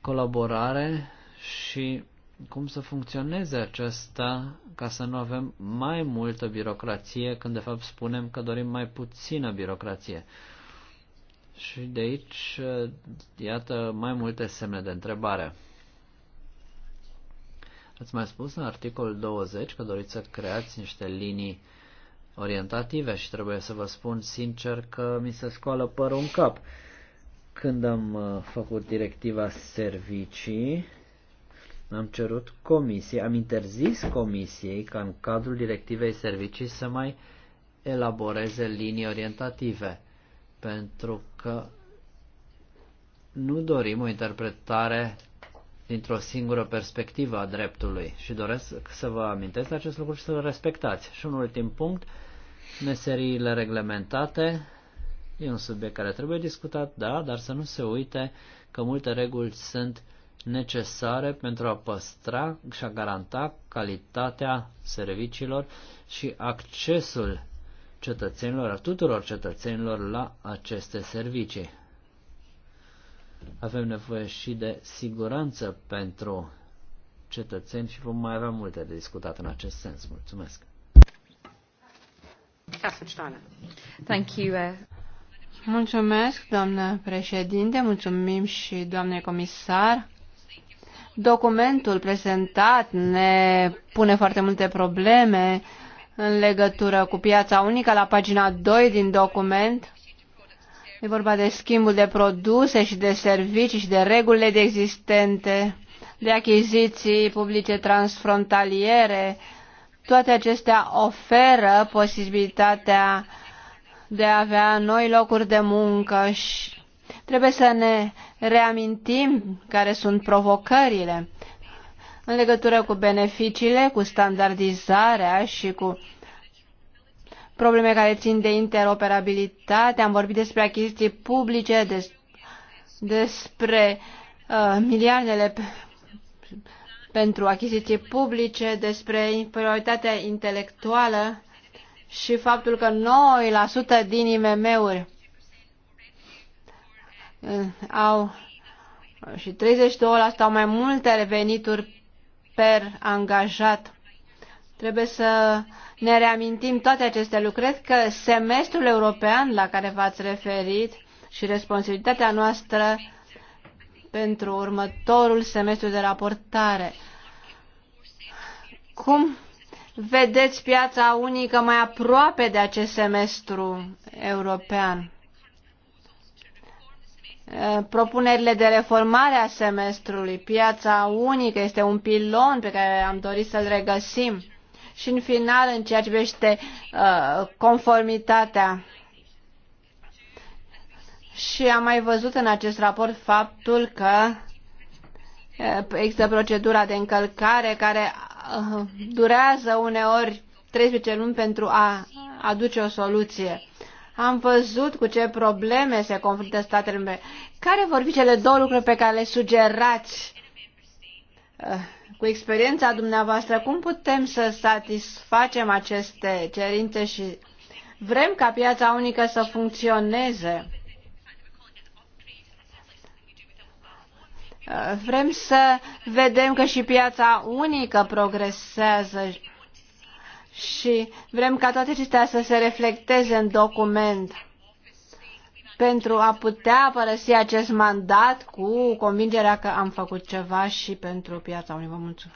colaborare? Și cum să funcționeze acesta ca să nu avem mai multă birocrație când de fapt spunem că dorim mai puțină birocrație. Și de aici, iată, mai multe semne de întrebare. Ați mai spus în articolul 20 că doriți să creați niște linii orientative și trebuie să vă spun sincer că mi se scoală părul în cap. Când am uh, făcut directiva servicii, am cerut comisiei, am interzis comisiei ca în cadrul directivei servicii să mai elaboreze linii orientative, pentru că nu dorim o interpretare dintr-o singură perspectivă a dreptului și doresc să vă amintesc acest lucru și să-l respectați. Și un ultim punct, meseriile reglementate, e un subiect care trebuie discutat, da, dar să nu se uite că multe reguli sunt uh, necesare pentru a păstra și a garanta calitatea serviciilor și accesul cetățenilor, a tuturor cetățenilor la aceste servicii. Avem nevoie și de siguranță pentru cetățeni și vom mai avea multe de discutat în acest sens. Mulțumesc! Thank you. Uh, mulțumesc, doamnă președinte, mulțumim și doamne comisar. Documentul prezentat ne pune foarte multe probleme în legătură cu piața unică la pagina 2 din document. E vorba de schimbul de produse și de servicii și de regulile de existente, de achiziții publice transfrontaliere. Toate acestea oferă posibilitatea de a avea noi locuri de muncă și Trebuie să ne reamintim care sunt provocările în legătură cu beneficiile, cu standardizarea și cu probleme care țin de interoperabilitate. Am vorbit despre achiziții publice, des, despre uh, miliardele pentru achiziții publice, despre prioritatea intelectuală și faptul că 9% din IMM-uri au și 32% au mai multe venituri per angajat. Trebuie să ne reamintim toate aceste lucruri. Cred că semestrul european la care v-ați referit și responsabilitatea noastră pentru următorul semestru de raportare. Cum vedeți piața unică mai aproape de acest semestru european? Eh, propunerile de reformare a semestrului. Piața unică este un pilon pe care am dorit să-l regăsim. Și în final, în ceea ce privește eh, conformitatea și am mai văzut în acest raport faptul că eh, există procedura de încălcare care durează uneori 13 luni pentru a aduce o soluție. Am văzut cu ce probleme se confruntă statele membre. Care vor fi cele două lucruri pe care le sugerați uh, cu experiența dumneavoastră? Cum putem să satisfacem aceste cerințe și vrem ca piața unică să funcționeze? Uh, vrem să vedem că și piața unică progresează și vrem ca toate acestea să se reflecteze în document pentru a putea părăsi acest mandat cu convingerea că am făcut ceva și pentru piața unii. Vă mulțumesc.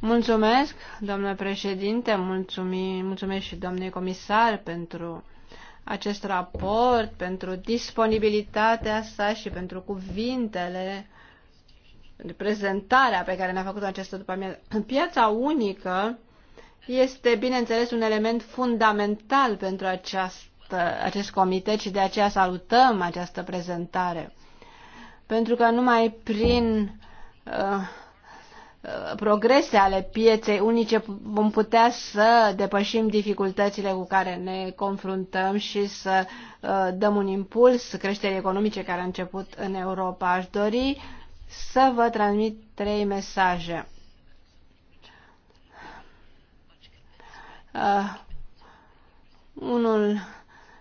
Mulțumesc, domnule președinte, mulțumim, mulțumesc și domnule comisar pentru acest raport, pentru disponibilitatea sa și pentru cuvintele prezentarea pe care ne-a făcut-o această după amiază. Piața unică este, bineînțeles, un element fundamental pentru această, acest comitet și de aceea salutăm această prezentare. Pentru că numai prin uh, uh, progrese ale pieței unice vom putea să depășim dificultățile cu care ne confruntăm și să uh, dăm un impuls creșterii economice care a început în Europa. Aș dori să vă transmit trei mesaje. Uh, unul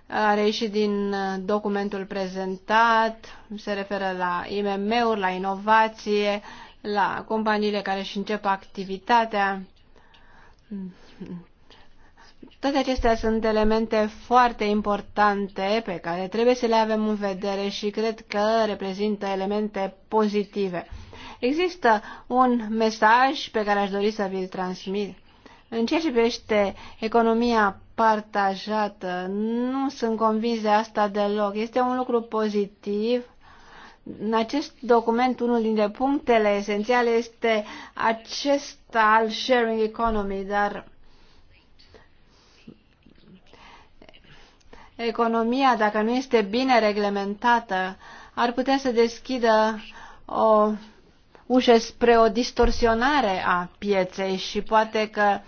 are ieșit din uh, documentul prezentat, se referă la IMM-uri, la inovație, la companiile care își încep activitatea toate acestea sunt elemente foarte importante pe care trebuie să le avem în vedere și cred că reprezintă elemente pozitive. Există un mesaj pe care aș dori să vi-l transmit. În ceea ce privește economia partajată, nu sunt convins de asta deloc. Este un lucru pozitiv. În acest document, unul dintre punctele esențiale este acesta al sharing economy, dar economia, dacă nu este bine reglementată, ar putea să deschidă o ușă spre o distorsionare a pieței și poate că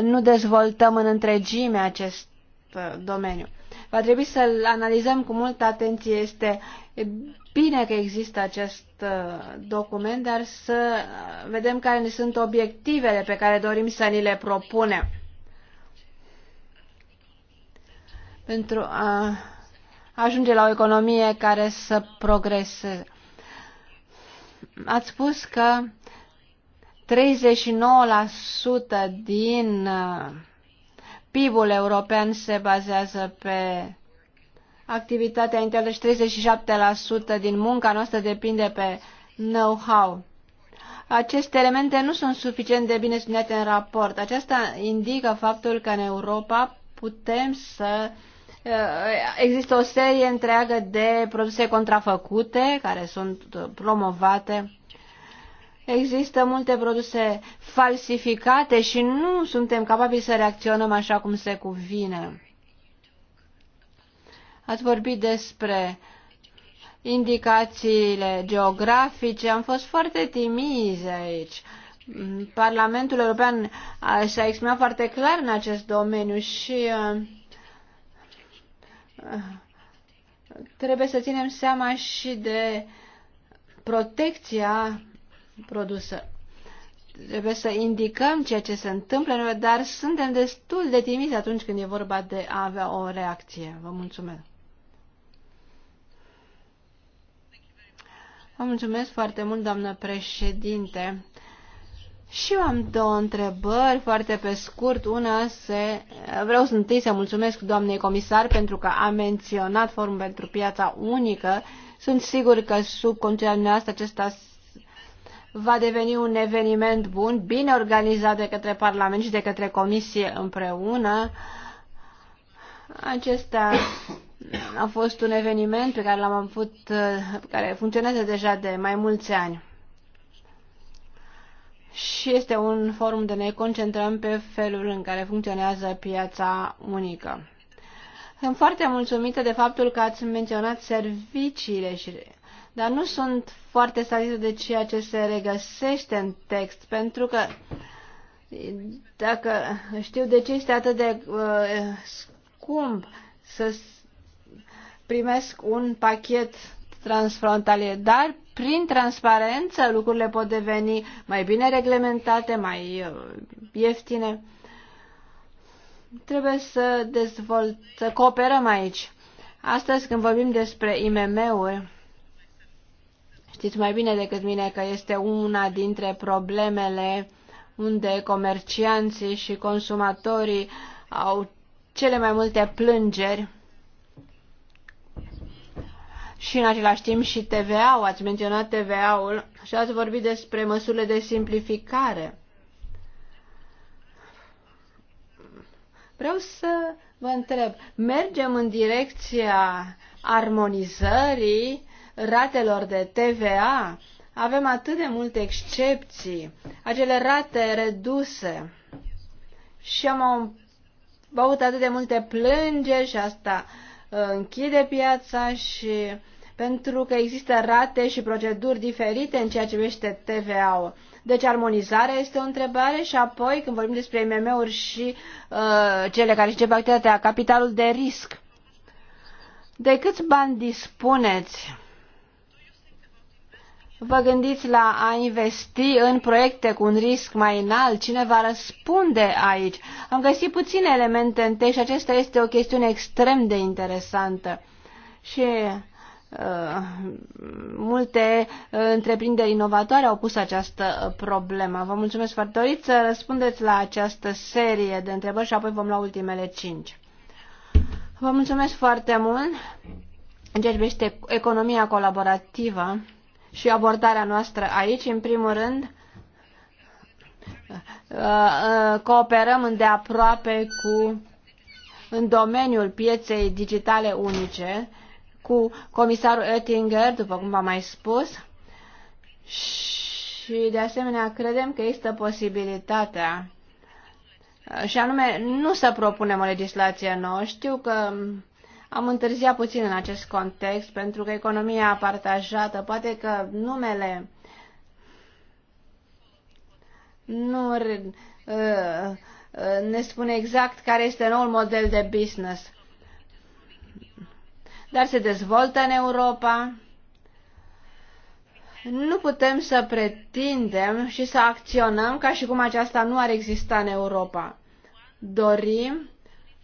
nu dezvoltăm în întregime acest uh, domeniu. Va trebui să-l analizăm cu multă atenție. Este bine că există acest uh, document, dar să vedem care ne sunt obiectivele pe care dorim să ni le propunem. pentru a ajunge la o economie care să progreseze. Ați spus că 39% din uh, PIB-ul european se bazează pe activitatea internă și 37% din munca noastră depinde pe know-how. Aceste elemente nu sunt suficient de bine studiate în raport. Aceasta indică faptul că în Europa putem să uh, Uh, există o serie întreagă de produse contrafăcute care sunt uh, promovate. Există multe produse falsificate și nu suntem capabili să reacționăm așa cum se cuvine. Ați vorbit despre indicațiile geografice. Am fost foarte timizi aici. Parlamentul European uh, s-a exprimat foarte clar în acest domeniu și uh, Trebuie să ținem seama și de protecția produsă. Trebuie să indicăm ceea ce se întâmplă, dar suntem destul de timizi atunci când e vorba de a avea o reacție. Vă mulțumesc! Vă mulțumesc foarte mult, doamnă președinte. Și eu am două întrebări foarte pe scurt. Una se... Vreau să întâi să mulțumesc doamnei comisar pentru că a menționat formul pentru piața unică. Sunt sigur că sub conducerea noastră acesta va deveni un eveniment bun, bine organizat de către Parlament și de către Comisie împreună. Acesta a fost un eveniment pe care l-am avut, care funcționează deja de mai mulți ani și este un forum de ne concentrăm pe felul în care funcționează piața unică. Sunt foarte mulțumită de faptul că ați menționat serviciile, și, dar nu sunt foarte satisfăcută de ceea ce se regăsește în text, pentru că dacă știu de ce este atât de uh, scump să primesc un pachet transfrontalier, dar prin transparență lucrurile pot deveni mai bine reglementate, mai uh, ieftine. Trebuie să dezvolt, să cooperăm aici. Astăzi când vorbim despre IMM-uri, știți mai bine decât mine că este una dintre problemele unde comercianții și consumatorii au cele mai multe plângeri și în același timp și TVA-ul, ați menționat TVA-ul și ați vorbit despre măsurile de simplificare. Vreau să vă întreb, mergem în direcția armonizării ratelor de TVA? Avem atât de multe excepții, acele rate reduse și am avut atât de multe plângeri și asta închide piața și pentru că există rate și proceduri diferite în ceea ce privește TVA-ul. Deci armonizarea este o întrebare și apoi când vorbim despre mm uri și uh, cele care încep activitatea, capitalul de risc. De câți bani dispuneți vă gândiți la a investi în proiecte cu un risc mai înalt? Cine va răspunde aici? Am găsit puține elemente în text și acesta este o chestiune extrem de interesantă. Și uh, multe uh, întreprinderi inovatoare au pus această uh, problemă. Vă mulțumesc foarte mult să răspundeți la această serie de întrebări și apoi vom lua ultimele cinci. Vă mulțumesc foarte mult în ceea ce economia colaborativă și abordarea noastră aici. În primul rând, uh, uh, cooperăm îndeaproape cu în domeniul pieței digitale unice cu comisarul Oettinger, după cum v-am mai spus, și de asemenea credem că există posibilitatea uh, și anume nu să propunem o legislație nouă. Știu că am întârziat puțin în acest context pentru că economia partajată, poate că numele nu uh, uh, ne spune exact care este noul model de business. Dar se dezvoltă în Europa. Nu putem să pretindem și să acționăm ca și cum aceasta nu ar exista în Europa. Dorim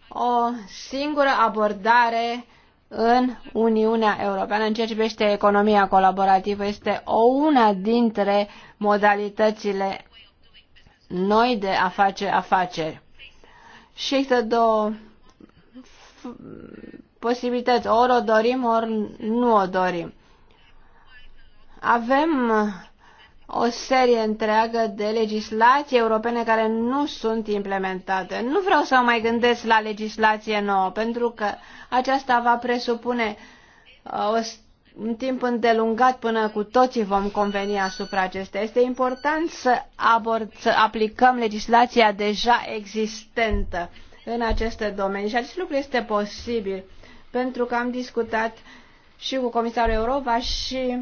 o singură abordare în Uniunea Europeană în ceea ce privește economia colaborativă. Este o una dintre modalitățile noi de a face afaceri. Și există două posibilități. Ori o dorim, ori nu o dorim. Avem o serie întreagă de legislații europene care nu sunt implementate. Nu vreau să mai gândesc la legislație nouă, pentru că aceasta va presupune uh, o, un timp îndelungat până cu toții vom conveni asupra acestea. Este important să, abord, să aplicăm legislația deja existentă în aceste domenii și acest lucru este posibil pentru că am discutat și cu Comisarul Europa și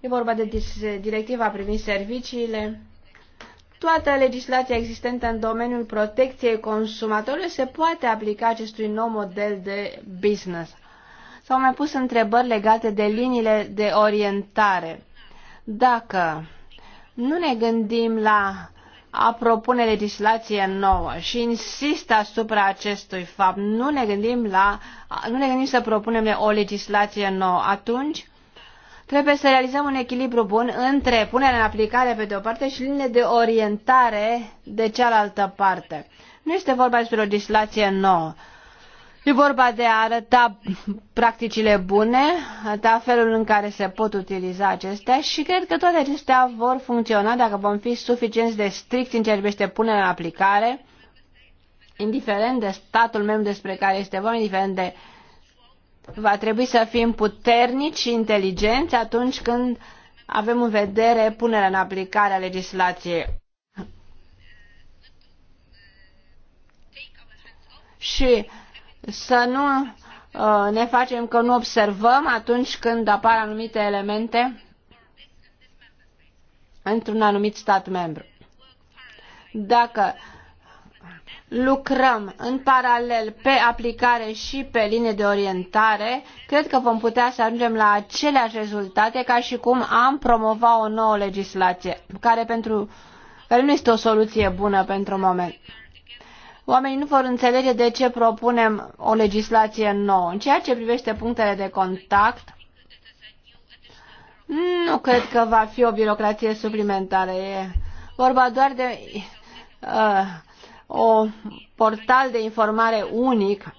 E vorba de directiva privind serviciile. Toată legislația existentă în domeniul protecției consumatorilor se poate aplica acestui nou model de business. S-au mai pus întrebări legate de liniile de orientare. Dacă nu ne gândim la a propune legislație nouă și insist asupra acestui fapt, nu ne gândim, la, nu ne gândim să propunem o legislație nouă, atunci Trebuie să realizăm un echilibru bun între punerea în aplicare pe de o parte și linie de orientare de cealaltă parte. Nu este vorba despre o legislație nouă. E vorba de a arăta practicile bune, arăta felul în care se pot utiliza acestea și cred că toate acestea vor funcționa dacă vom fi suficienți de strict în ceea ce privește punerea în aplicare, indiferent de statul membru despre care este vorba, indiferent de uh, Va trebui să fim puternici și inteligenți atunci când avem în vedere punerea în aplicare a legislației. Și să nu uh, ne facem că nu observăm atunci când apar anumite elemente într-un anumit stat membru. Dacă lucrăm în paralel pe aplicare și pe linie de orientare, cred că vom putea să ajungem la aceleași rezultate ca și cum am promova o nouă legislație, care, pentru, care nu este o soluție bună pentru moment. Oamenii nu vor înțelege de ce propunem o legislație nouă. În ceea ce privește punctele de contact, nu cred că va fi o birocrație suplimentară. E vorba doar de uh, o portal de informare unic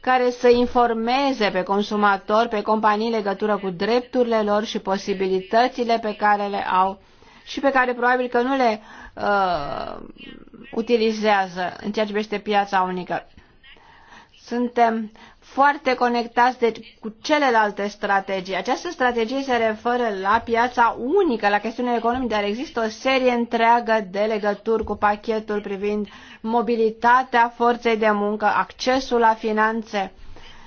care să informeze pe consumator, pe companii legătură cu drepturile lor și posibilitățile pe care le au și pe care probabil că nu le uh, utilizează în ceea ce privește piața unică. Suntem foarte conectați de, deci, cu celelalte strategii. Această strategie se referă la piața unică, la chestiunea economică, dar există o serie întreagă de legături cu pachetul privind mobilitatea forței de muncă, accesul la finanțe.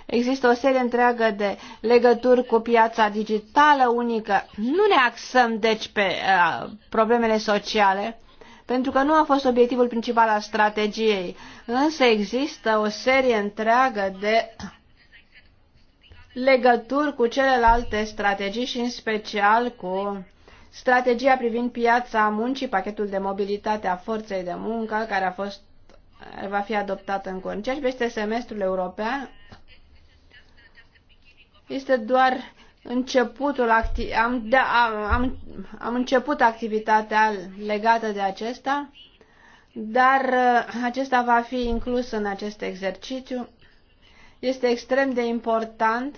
Există o serie întreagă de legături cu piața digitală unică. Nu ne axăm, deci, pe uh, problemele sociale, pentru că nu a fost obiectivul principal al strategiei. Însă există o serie întreagă de legături cu celelalte strategii și în special cu strategia privind piața muncii, pachetul de mobilitate a forței de muncă care a fost va fi adoptat în curând. Ceea ce este semestrul european este doar începutul acti- am, da, am, am început activitatea legată de acesta, dar uh, acesta va fi inclus în acest exercițiu. Este extrem de important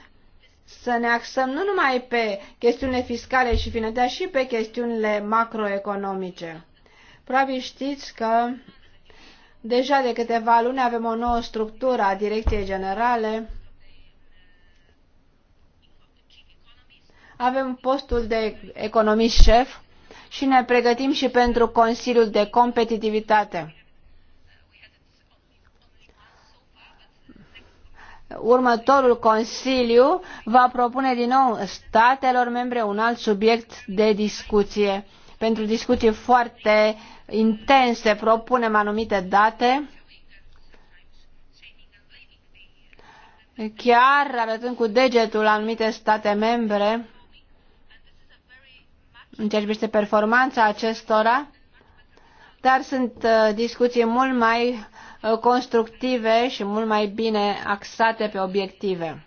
să ne axăm nu numai pe chestiunile fiscale și finanțe, dar și pe chestiunile macroeconomice. Probabil știți că deja de câteva luni avem o nouă structură a Direcției Generale Avem postul de economist șef și ne pregătim și pentru Consiliul de Competitivitate. Următorul Consiliu va propune din nou statelor membre un alt subiect de discuție. Pentru discuții foarte intense propunem anumite date chiar arătând cu degetul anumite state membre în ceea ce privește performanța acestora, dar sunt uh, discuții mult mai uh, constructive și mult mai bine axate pe obiective.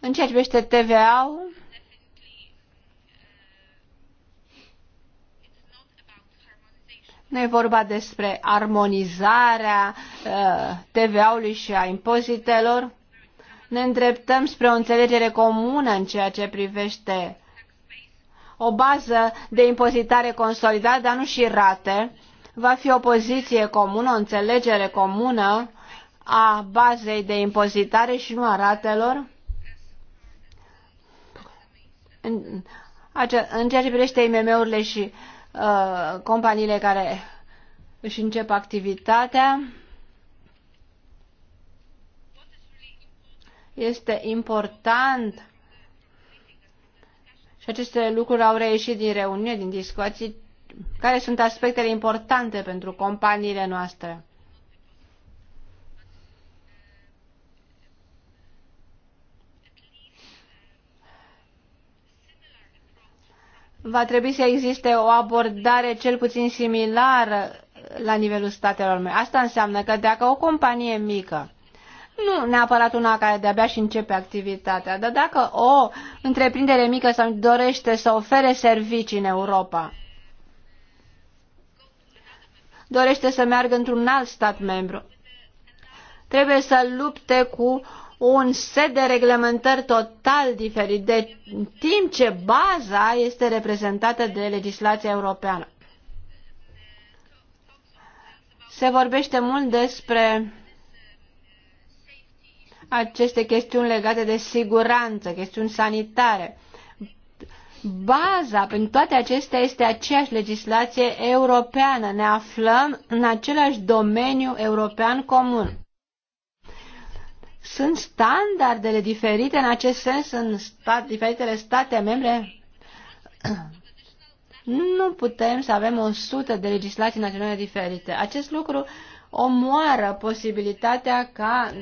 În ceea ce privește TVA-ul, nu e vorba despre armonizarea uh, TVA-ului și a impozitelor, ne îndreptăm spre o înțelegere comună în ceea ce privește o bază de impozitare consolidată, dar nu și rate. Va fi o poziție comună, o înțelegere comună a bazei de impozitare și nu a ratelor. În ceea ce privește IMM-urile și uh, companiile care își încep activitatea, Este important și aceste lucruri au reieșit din reuniune, din discuții, care sunt aspectele importante pentru companiile noastre. Va trebui să existe o abordare cel puțin similară la nivelul statelor mele. Asta înseamnă că dacă o companie mică nu neapărat una care de-abia și începe activitatea, dar dacă o întreprindere mică sau dorește să ofere servicii în Europa, dorește să meargă într-un alt stat membru, trebuie să lupte cu un set de reglementări total diferit, de timp ce baza este reprezentată de legislația europeană. Se vorbește mult despre aceste chestiuni legate de siguranță, chestiuni sanitare. Baza pentru toate acestea este aceeași legislație europeană. Ne aflăm în același domeniu european comun. Sunt standardele diferite în acest sens în stat, diferitele state membre? Nu putem să avem o sută de legislații naționale diferite. Acest lucru uh, omoară posibilitatea ca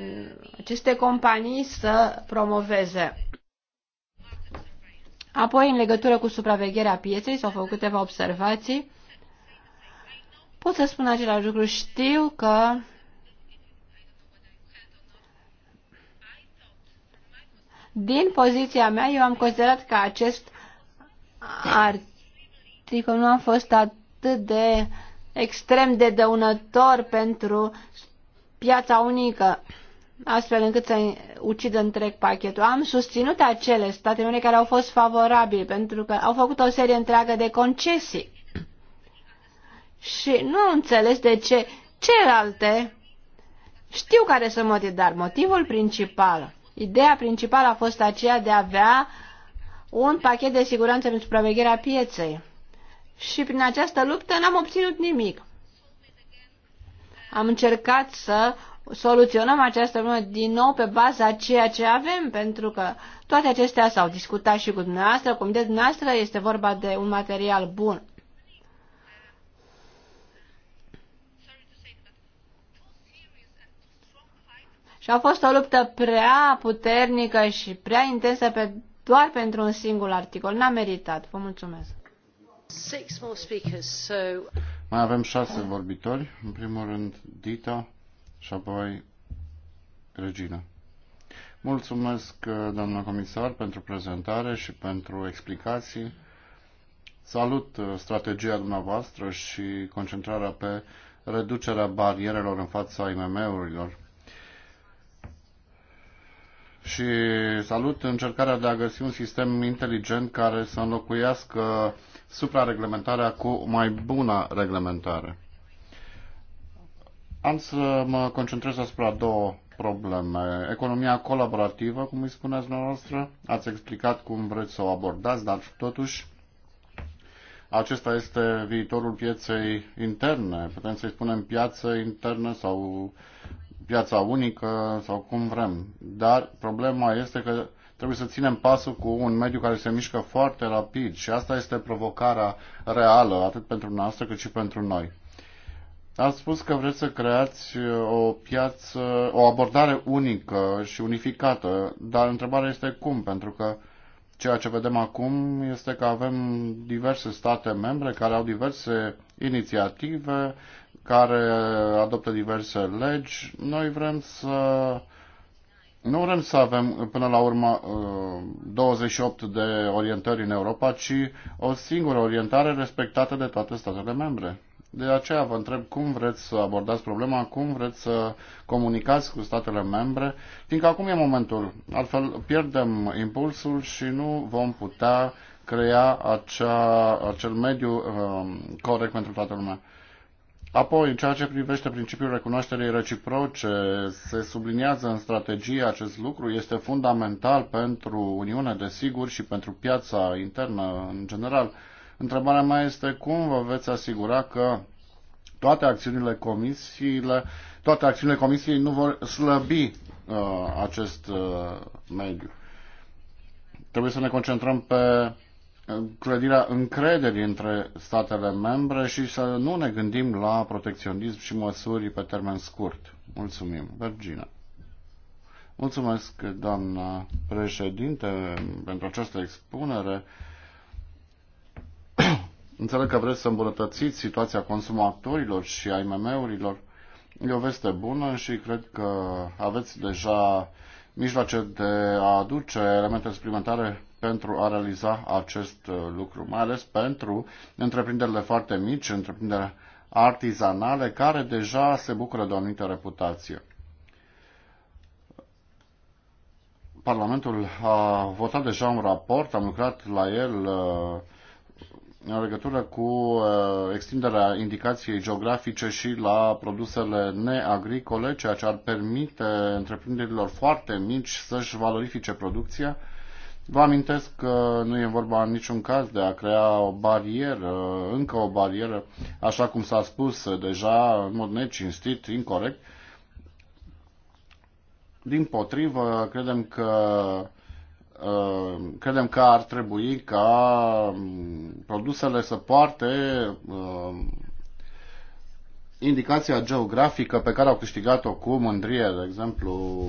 aceste companii să promoveze. Apoi, în legătură cu supravegherea pieței, s-au făcut câteva observații. Pot să spun același lucru. Știu că din poziția mea, eu am considerat că acest articol nu a fost atât de extrem de dăunător pentru piața unică, astfel încât să ucidă întreg pachetul. Am susținut acele state membre care au fost favorabile, pentru că au făcut o serie întreagă de concesii. Și nu înțeles de ce celelalte știu care sunt motivul, dar motivul principal, ideea principală a fost aceea de a avea un pachet de siguranță pentru supravegherea pieței și prin această luptă n-am obținut nimic. Am încercat să soluționăm această problemă din nou pe baza ceea ce avem, pentru că toate acestea s-au discutat și cu dumneavoastră, cu de dumneavoastră este vorba de un material bun. Și a fost o luptă prea puternică și prea intensă pe, doar pentru un singur articol. N-a meritat. Vă mulțumesc. Mai avem șase vorbitori. În primul rând Dita și apoi Regina. Mulțumesc, doamna comisar, pentru prezentare și pentru explicații. Salut uh, strategia dumneavoastră și concentrarea pe reducerea barierelor în fața IMM-urilor. Și salut încercarea de a găsi un sistem inteligent care să înlocuiască suprareglementarea cu mai bună reglementare. Am să mă concentrez asupra două probleme. Economia colaborativă, cum îi spuneți dumneavoastră, ați explicat cum vreți să o abordați, dar totuși acesta este viitorul pieței interne. Putem să-i spunem piață internă sau piața unică sau cum vrem. Dar problema este că Trebuie să ținem pasul cu un mediu care se mișcă foarte rapid și asta este provocarea reală, atât pentru noastră cât și pentru noi. Ați spus că vreți să creați uh, o piață, o abordare unică și unificată, dar întrebarea este cum, pentru că ceea ce vedem acum este că avem diverse state membre care au diverse inițiative, care adoptă diverse legi. Noi vrem să nu vrem să avem până la urmă 28 uh, de orientări în Europa, ci o singură orientare respectată de toate statele membre. De aceea vă întreb cum vreți să abordați problema, cum vreți să comunicați cu statele membre, fiindcă acum e momentul. Altfel pierdem impulsul și nu vom putea crea acea, acel mediu uh, corect pentru toată lumea. Apoi, în ceea ce privește principiul recunoașterii reciproce, se subliniază în strategie acest lucru, este fundamental pentru Uniune, desigur, și pentru piața internă în general. Întrebarea mea este cum vă veți asigura că toate acțiunile comisiile, toate acțiunile comisiei nu vor slăbi uh, acest uh, mediu. Trebuie să ne concentrăm pe clădirea încrederii între statele membre și să nu ne gândim la protecționism și măsuri pe termen scurt. Mulțumim. Virginia. Mulțumesc, doamna președinte, pentru această expunere. *coughs* Înțeleg că vreți să îmbunătățiți situația consumatorilor și a IMM-urilor. E o veste bună și cred că aveți deja mijloace de a aduce elemente suplimentare pentru a realiza acest uh, lucru, mai ales pentru întreprinderile foarte mici, întreprinderi artizanale, care deja se bucură de o anumită reputație. Parlamentul a votat deja un raport, am lucrat la el uh, în legătură cu uh, extinderea indicației geografice și la produsele neagricole, ceea ce ar permite întreprinderilor foarte mici să-și valorifice producția Vă amintesc că nu e vorba în niciun caz de a crea o barieră, încă o barieră, așa cum s-a spus deja în mod necinstit, incorrect. Din potrivă, credem că uh, credem că ar trebui ca um, produsele să poarte um, indicația geografică pe care au câștigat-o cu mândrie, de exemplu,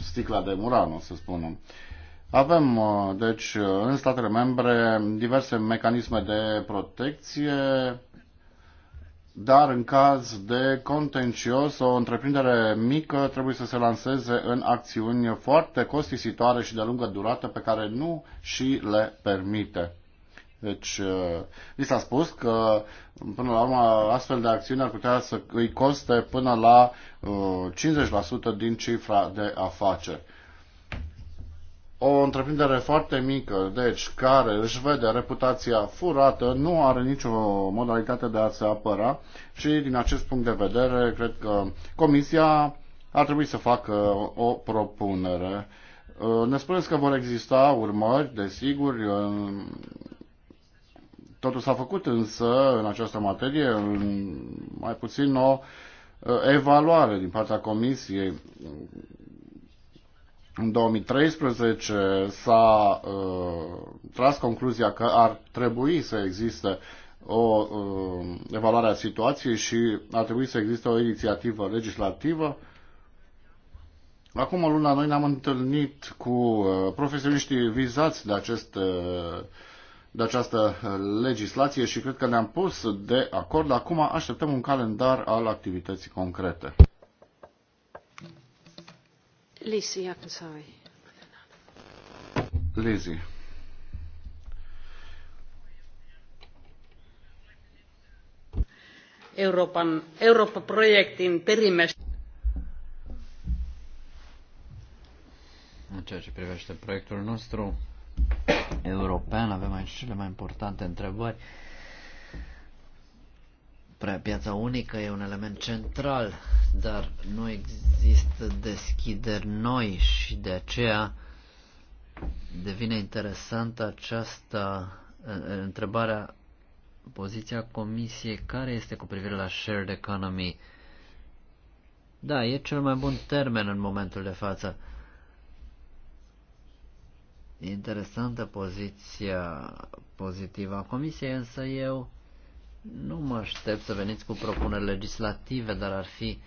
sticla de Murano, să spunem. Avem, uh, deci, uh, în statele membre diverse mecanisme de protecție, dar în caz de contencios, o întreprindere mică trebuie să se lanseze în acțiuni foarte costisitoare și de lungă durată pe care nu și le permite. Deci, mi uh, s-a spus că, până la urmă, astfel de acțiuni ar putea să îi coste până la 50% din cifra de afaceri o întreprindere foarte mică, deci care își vede reputația furată, nu are nicio modalitate de a se apăra și din acest punct de vedere cred că Comisia ar trebui să facă o propunere. Uh, ne spuneți că vor exista urmări, desigur, totul s-a făcut însă în această materie, mai puțin o uh, evaluare din partea Comisiei în 2013 s-a uh, tras concluzia că ar trebui să existe o uh, evaluare a situației și ar trebui să existe o inițiativă legislativă. Acum o lună noi ne-am întâlnit cu uh, profesioniștii vizați de, acest, uh, de această legislație și cred că ne-am pus de acord. Acum așteptăm un calendar al activității concrete. Lizzie, I'm sorry. Lizzie. Euroopan, Eurooppa-projektin perimästä. În ceea ce privește proiectul nostru european, avem aici cele mai importante întrebări. Piața unică e un element central, dar nu există deschideri noi și de aceea devine interesantă această întrebarea, poziția Comisiei, care este cu privire la shared economy? Da, e cel mai bun termen în momentul de față. interesantă poziția pozitivă a Comisiei, însă eu nu mă aștept să veniți cu propuneri legislative, dar ar fi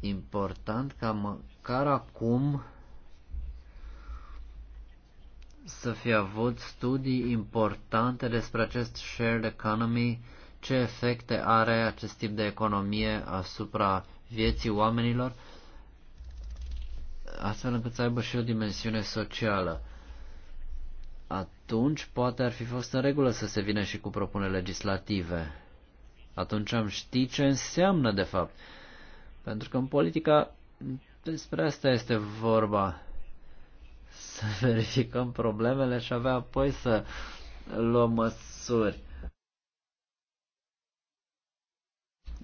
important ca măcar acum să fi avut studii importante despre acest shared economy, ce efecte are acest tip de economie asupra vieții oamenilor, astfel încât să aibă și o dimensiune socială atunci poate ar fi fost în regulă să se vină și cu propuneri legislative. Atunci am ști ce înseamnă, de fapt. Pentru că în politica despre asta este vorba. *laughs* Să verificăm problemele și avea apoi să luăm măsuri.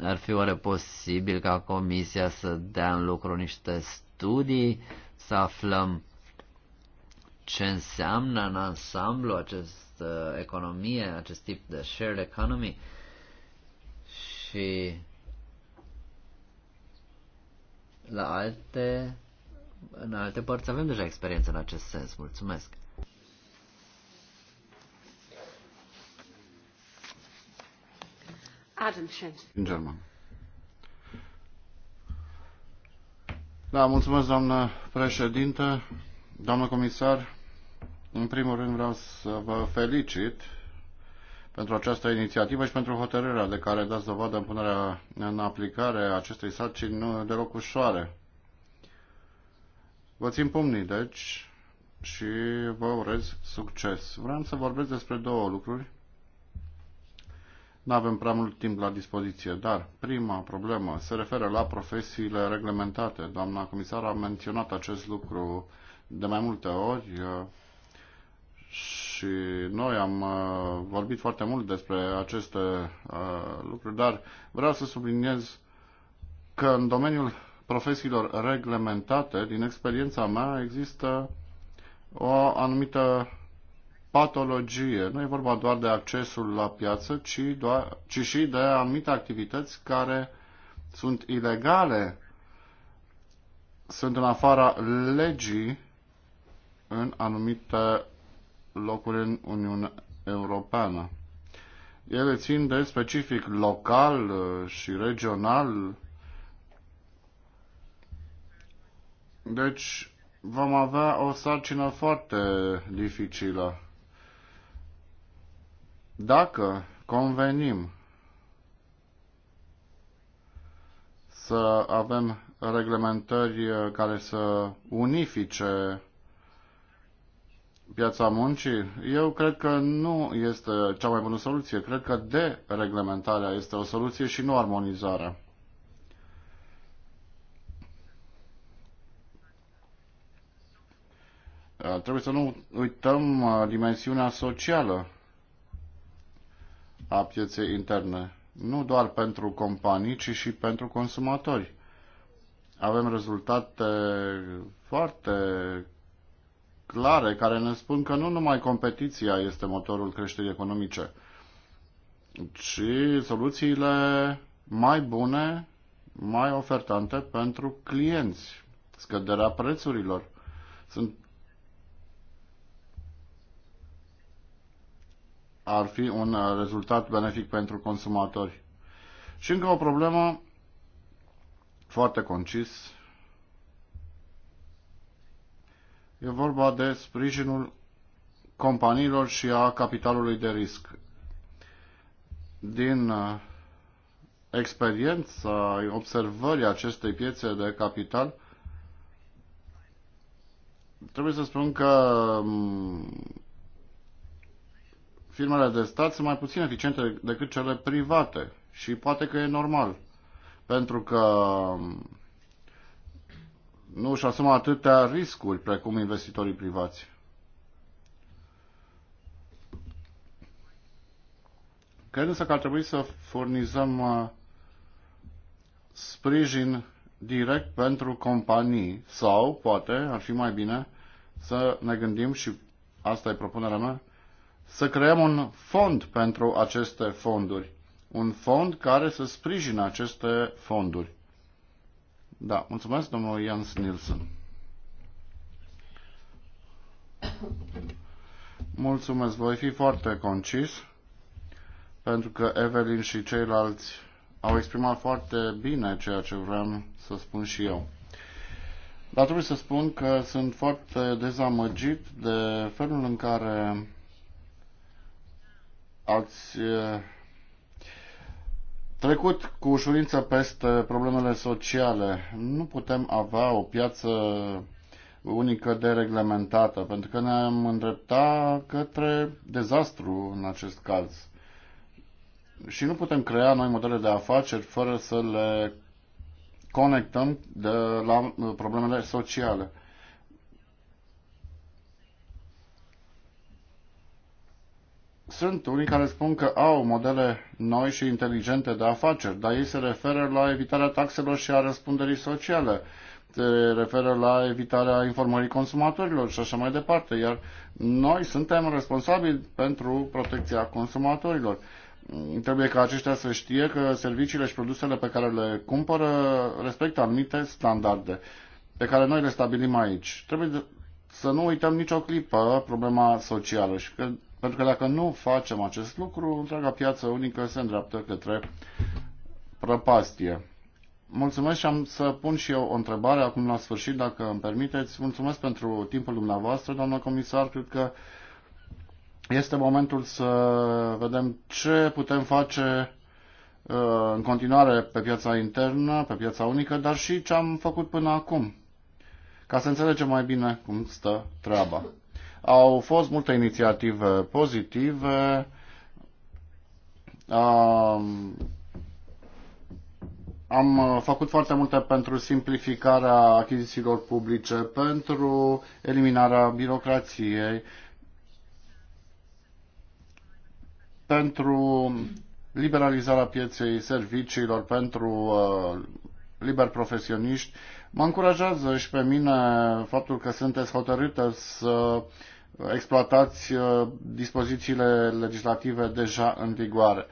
Ar fi oare posibil ca comisia să dea în lucru niște studii, să aflăm ce înseamnă în ansamblu această uh, economie, acest tip de shared economy și la alte, în alte părți avem deja experiență în acest sens. Mulțumesc! Adam Schrems. În german. Da, mulțumesc, doamnă președintă, doamnă comisar, în primul rând vreau să vă felicit pentru această inițiativă și pentru hotărârea de care dați dovadă în punerea în aplicare a acestei sarcini nu deloc ușoare. Vă țin pumnii, deci, și vă urez succes. Vreau să vorbesc despre două lucruri. Nu avem prea mult timp la dispoziție, dar prima problemă se referă la profesiile reglementate. Doamna comisar a menționat acest lucru de mai multe ori și noi am uh, vorbit foarte mult despre aceste uh, lucruri, dar vreau să subliniez că în domeniul profesiilor reglementate, din experiența mea, există o anumită patologie. Nu e vorba doar de accesul la piață, ci, doar, ci și de anumite activități care sunt ilegale, sunt în afara legii în anumite locuri în Uniunea Europeană. Ele țin de specific local uh, și regional. Deci vom avea o sarcină foarte dificilă. Dacă convenim să avem reglementări uh, care să unifice piața muncii, eu cred că nu este cea mai bună soluție. Cred că dereglementarea este o soluție și nu armonizarea. Uh, trebuie să nu uităm uh, dimensiunea socială a pieței interne, nu doar pentru companii, ci și pentru consumatori. Avem rezultate foarte clare care ne spun că nu numai competiția este motorul creșterii economice, ci soluțiile mai bune, mai ofertante pentru clienți, scăderea prețurilor. Sunt ar fi un uh, rezultat benefic pentru consumatori. Și încă o problemă foarte concis E vorba de sprijinul companiilor și a capitalului de risc. Din uh, experiența observării acestei piețe de capital, trebuie să spun că mm, firmele de stat sunt mai puțin eficiente decât cele private și poate că e normal, pentru că mm, nu își asumă atâtea riscuri precum investitorii privați. Cred însă că ar trebui să furnizăm uh, sprijin direct pentru companii sau, poate, ar fi mai bine să ne gândim și asta e propunerea mea, să creăm un fond pentru aceste fonduri. Un fond care să sprijine aceste fonduri. Da, mulțumesc, domnul Jans Nielsen. Mulțumesc, voi fi foarte concis, pentru că Evelyn și ceilalți au exprimat foarte bine ceea ce vreau să spun și eu. Dar trebuie să spun că sunt foarte dezamăgit de felul în care ați eh, trecut cu ușurință peste problemele sociale. Nu putem avea o piață unică de reglementată, pentru că ne-am îndrepta către dezastru în acest caz. Și nu putem crea noi modele de afaceri fără să le conectăm de la problemele sociale. sunt unii care spun că au modele noi și inteligente de afaceri, dar ei se referă la evitarea taxelor și a răspunderii sociale, se referă la evitarea informării consumatorilor și așa mai departe, iar noi suntem responsabili pentru protecția consumatorilor. Trebuie ca aceștia să știe că serviciile și produsele pe care le cumpără respectă anumite standarde pe care noi le stabilim aici. Trebuie să nu uităm nicio clipă problema socială și că pentru că dacă nu facem acest lucru, întreaga piață unică se îndreaptă către prăpastie. Mulțumesc și am să pun și eu o întrebare acum la sfârșit, dacă îmi permiteți. Mulțumesc pentru timpul dumneavoastră, doamnă comisar. Cred că este momentul să vedem ce putem face uh, în continuare pe piața internă, pe piața unică, dar și ce am făcut până acum, ca să înțelegem mai bine cum stă treaba. Au fost multe inițiative pozitive. Am făcut foarte multe pentru simplificarea achizițiilor publice, pentru eliminarea birocrației, pentru liberalizarea pieței serviciilor, pentru uh, liber profesioniști. Mă încurajează și pe mine faptul că sunteți hotărâtă să exploatați uh, dispozițiile legislative deja în vigoare.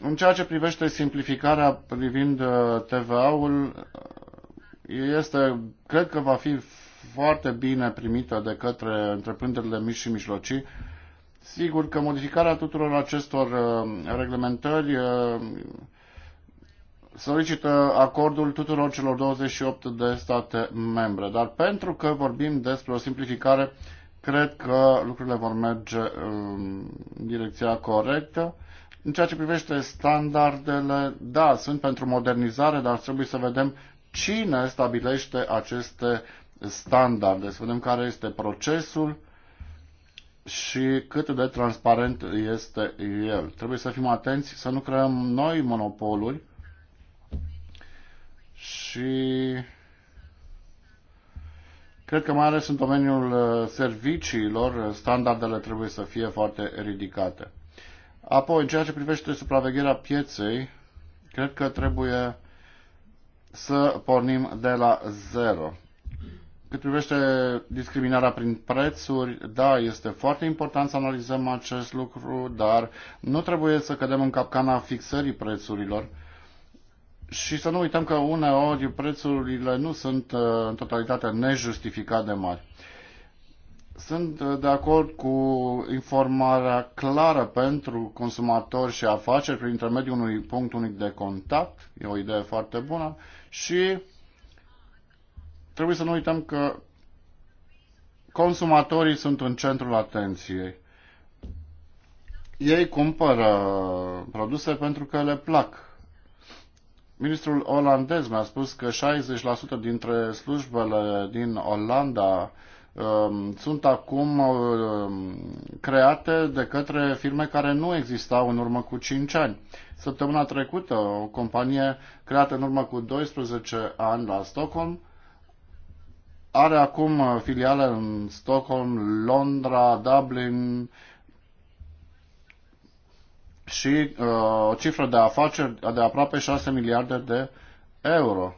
În ceea ce privește simplificarea privind uh, TVA-ul, uh, este, cred că va fi foarte bine primită de către întreprinderile mici și mijlocii. Sigur că modificarea tuturor acestor reglementări solicită acordul tuturor celor 28 de state membre. Dar pentru că vorbim despre o simplificare Cred că lucrurile vor merge um, în direcția corectă. În ceea ce privește standardele, da, sunt pentru modernizare, dar trebuie să vedem cine stabilește aceste standarde, să vedem care este procesul și cât de transparent este el. Trebuie să fim atenți să nu creăm noi monopoluri și Cred că mai ales în domeniul uh, serviciilor, uh, standardele trebuie să fie foarte ridicate. Apoi, în ceea ce privește supravegherea pieței, cred că trebuie să pornim de la zero. Cât privește discriminarea prin prețuri, da, este foarte important să analizăm acest lucru, dar nu trebuie să cădem în capcana fixării prețurilor și să nu uităm că uneori prețurile nu sunt uh, în totalitate nejustificat de mari. Sunt uh, de acord cu informarea clară pentru consumatori și afaceri prin intermediul unui punct unic de contact. E o idee foarte bună. Și trebuie să nu uităm că consumatorii sunt în centrul atenției. Ei cumpără produse pentru că le plac Ministrul olandez mi-a spus că 60% dintre slujbele din Olanda um, sunt acum um, create de către firme care nu existau în urmă cu 5 ani. Săptămâna trecută, o companie creată în urmă cu 12 ani la Stockholm are acum filiale în Stockholm, Londra, Dublin, și uh, o cifră de afaceri de aproape 6 miliarde de euro.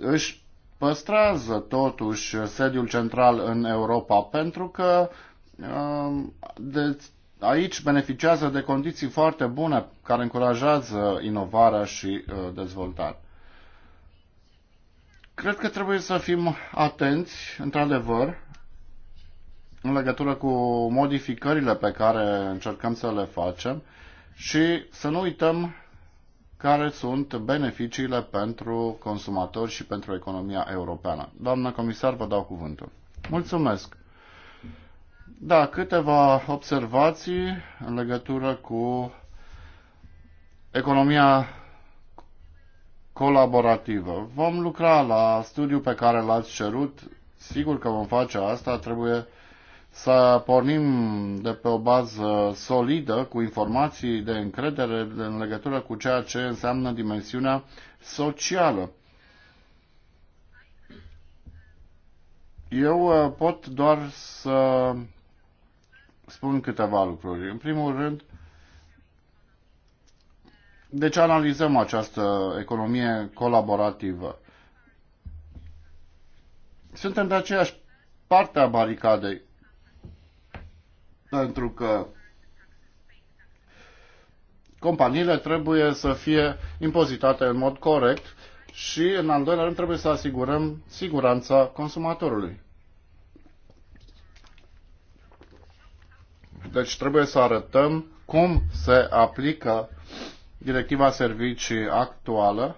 Își păstrează totuși sediul central în Europa pentru că uh, de, aici beneficiază de condiții foarte bune care încurajează inovarea și uh, dezvoltarea. Cred că trebuie să fim atenți, într-adevăr, în legătură cu modificările pe care încercăm să le facem și să nu uităm care sunt beneficiile pentru consumatori și pentru economia europeană. Doamna comisar, vă dau cuvântul. Mulțumesc! Da, câteva observații în legătură cu economia colaborativă. Vom lucra la studiul pe care l-ați cerut. Sigur că vom face asta, trebuie să pornim de pe o bază solidă, cu informații de încredere în legătură cu ceea ce înseamnă dimensiunea socială. Eu uh, pot doar să spun câteva lucruri. În primul rând, de ce analizăm această economie colaborativă? Suntem de aceeași parte a baricadei pentru că companiile trebuie să fie impozitate în mod corect și, în al doilea rând, trebuie să asigurăm siguranța consumatorului. Deci trebuie să arătăm cum se aplică directiva servicii actuală,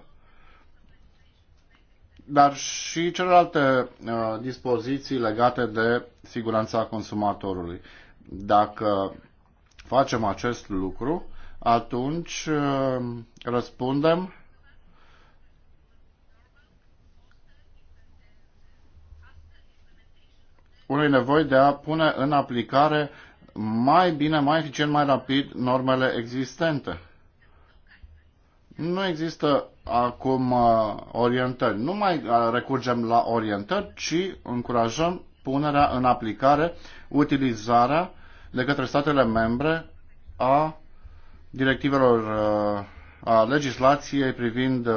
dar și celelalte uh, dispoziții legate de siguranța consumatorului. Dacă facem acest lucru, atunci uh, răspundem unei nevoi de a pune în aplicare mai bine, mai eficient, mai rapid normele existente. Nu există acum uh, orientări. Nu mai uh, recurgem la orientări, ci încurajăm punerea în aplicare, utilizarea de către statele membre a directivelor uh, a legislației privind uh,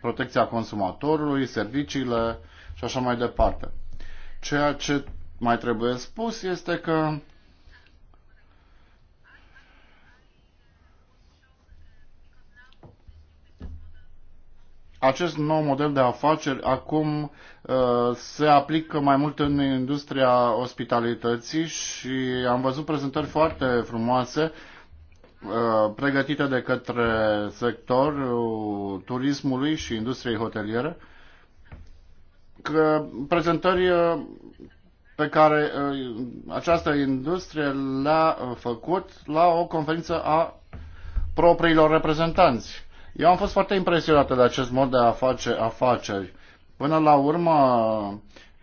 protecția consumatorului, serviciile și așa mai departe. Ceea ce mai trebuie spus este că acest nou model de afaceri acum uh, se aplică mai mult în industria ospitalității și am văzut prezentări foarte frumoase uh, pregătite de către sectorul turismului și industriei hoteliere, că prezentări uh, pe care această industrie le-a făcut la o conferință a propriilor reprezentanți. Eu am fost foarte impresionată de acest mod de a face afaceri. Până la urmă,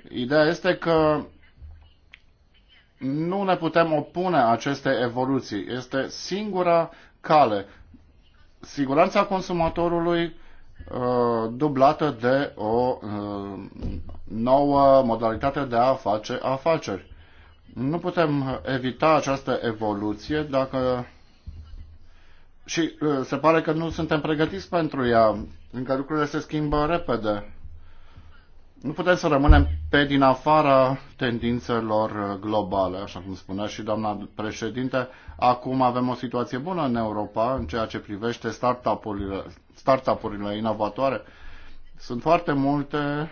ideea este că nu ne putem opune aceste evoluții. Este singura cale. Siguranța consumatorului uh, dublată de o uh, nouă modalitate de a face afaceri. Nu putem evita această evoluție dacă și uh, se pare că nu suntem pregătiți pentru ea, încă lucrurile se schimbă repede. Nu putem să rămânem pe din afara tendințelor uh, globale, așa cum spunea și doamna președinte. Acum avem o situație bună în Europa în ceea ce privește startup-urile, startup-urile inovatoare. Sunt foarte multe,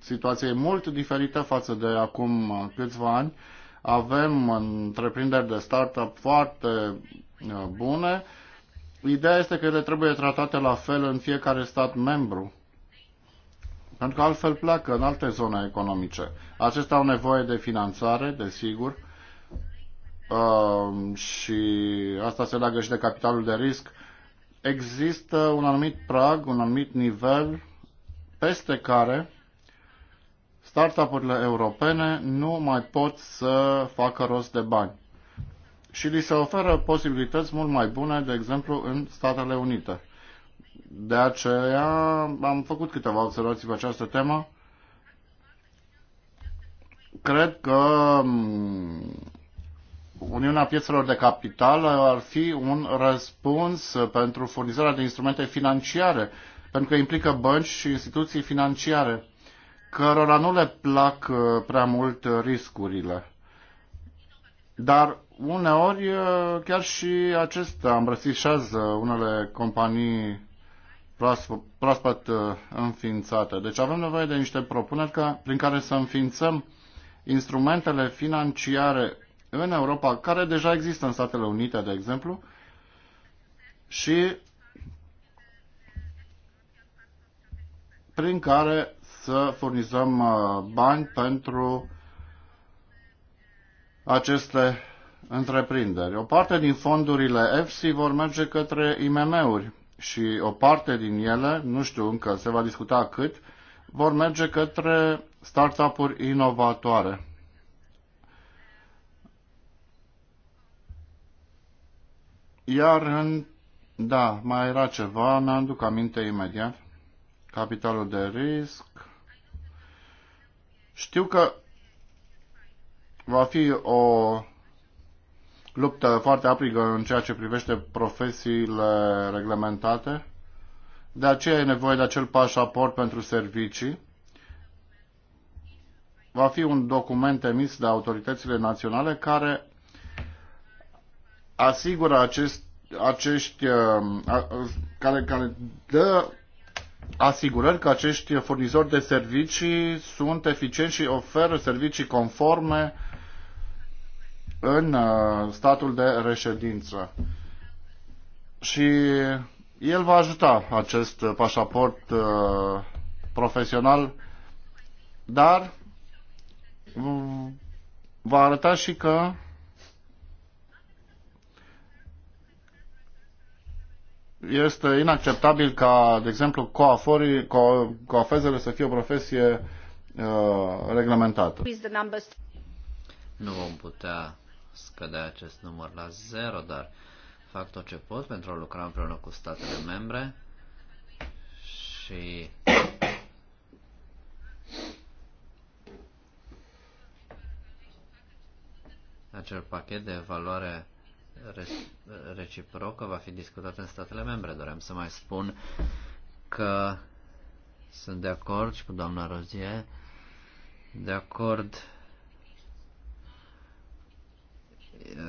situație mult diferită față de acum uh, câțiva ani. Avem întreprinderi de startup foarte Uh, bune. Ideea este că ele trebuie tratate la fel în fiecare stat membru. Pentru că altfel pleacă în alte zone economice. Acestea au nevoie de finanțare, desigur, uh, și asta se leagă și de capitalul de risc. Există un anumit prag, un anumit nivel peste care startup-urile europene nu mai pot să facă rost de bani și li se oferă posibilități mult mai bune, de exemplu, în Statele Unite. De aceea am făcut câteva observații pe această temă. Cred că mm, Uniunea Piețelor de Capital ar fi un răspuns pentru furnizarea de instrumente financiare, pentru că implică bănci și instituții financiare, cărora nu le plac uh, prea mult riscurile. Dar uneori uh, chiar și acestea îmbrățișează unele companii proaspăt uh, înființate. Deci avem nevoie de niște propuneri ca, prin care să înființăm instrumentele financiare în Europa, care deja există în Statele Unite, de exemplu, și prin care să furnizăm uh, bani pentru aceste întreprinderi. O parte din fondurile EFSI vor merge către IMM-uri și o parte din ele, nu știu încă, se va discuta cât, vor merge către startup-uri inovatoare. Iar în... Da, mai era ceva, mi-aduc aminte imediat. Capitalul de risc. Știu că va fi o luptă foarte aprigă în ceea ce privește profesiile reglementate. De aceea e nevoie de acel pașaport pentru servicii. Va fi un document emis de autoritățile naționale care asigură acest, acești, um, care, care dă asigurări că acești furnizori de servicii sunt eficienți și oferă servicii conforme în uh, statul de reședință. Și el va ajuta acest uh, pașaport uh, profesional, dar va arăta și că este inacceptabil ca, de exemplu, coaforii, co coafezele să fie o profesie uh, reglementată. Nu vom putea scădea acest număr la zero, dar fac tot ce pot pentru a lucra împreună cu statele membre și acel pachet de evaluare reciprocă va fi discutat în statele membre. Doream să mai spun că sunt de acord și cu doamna Rozie, de acord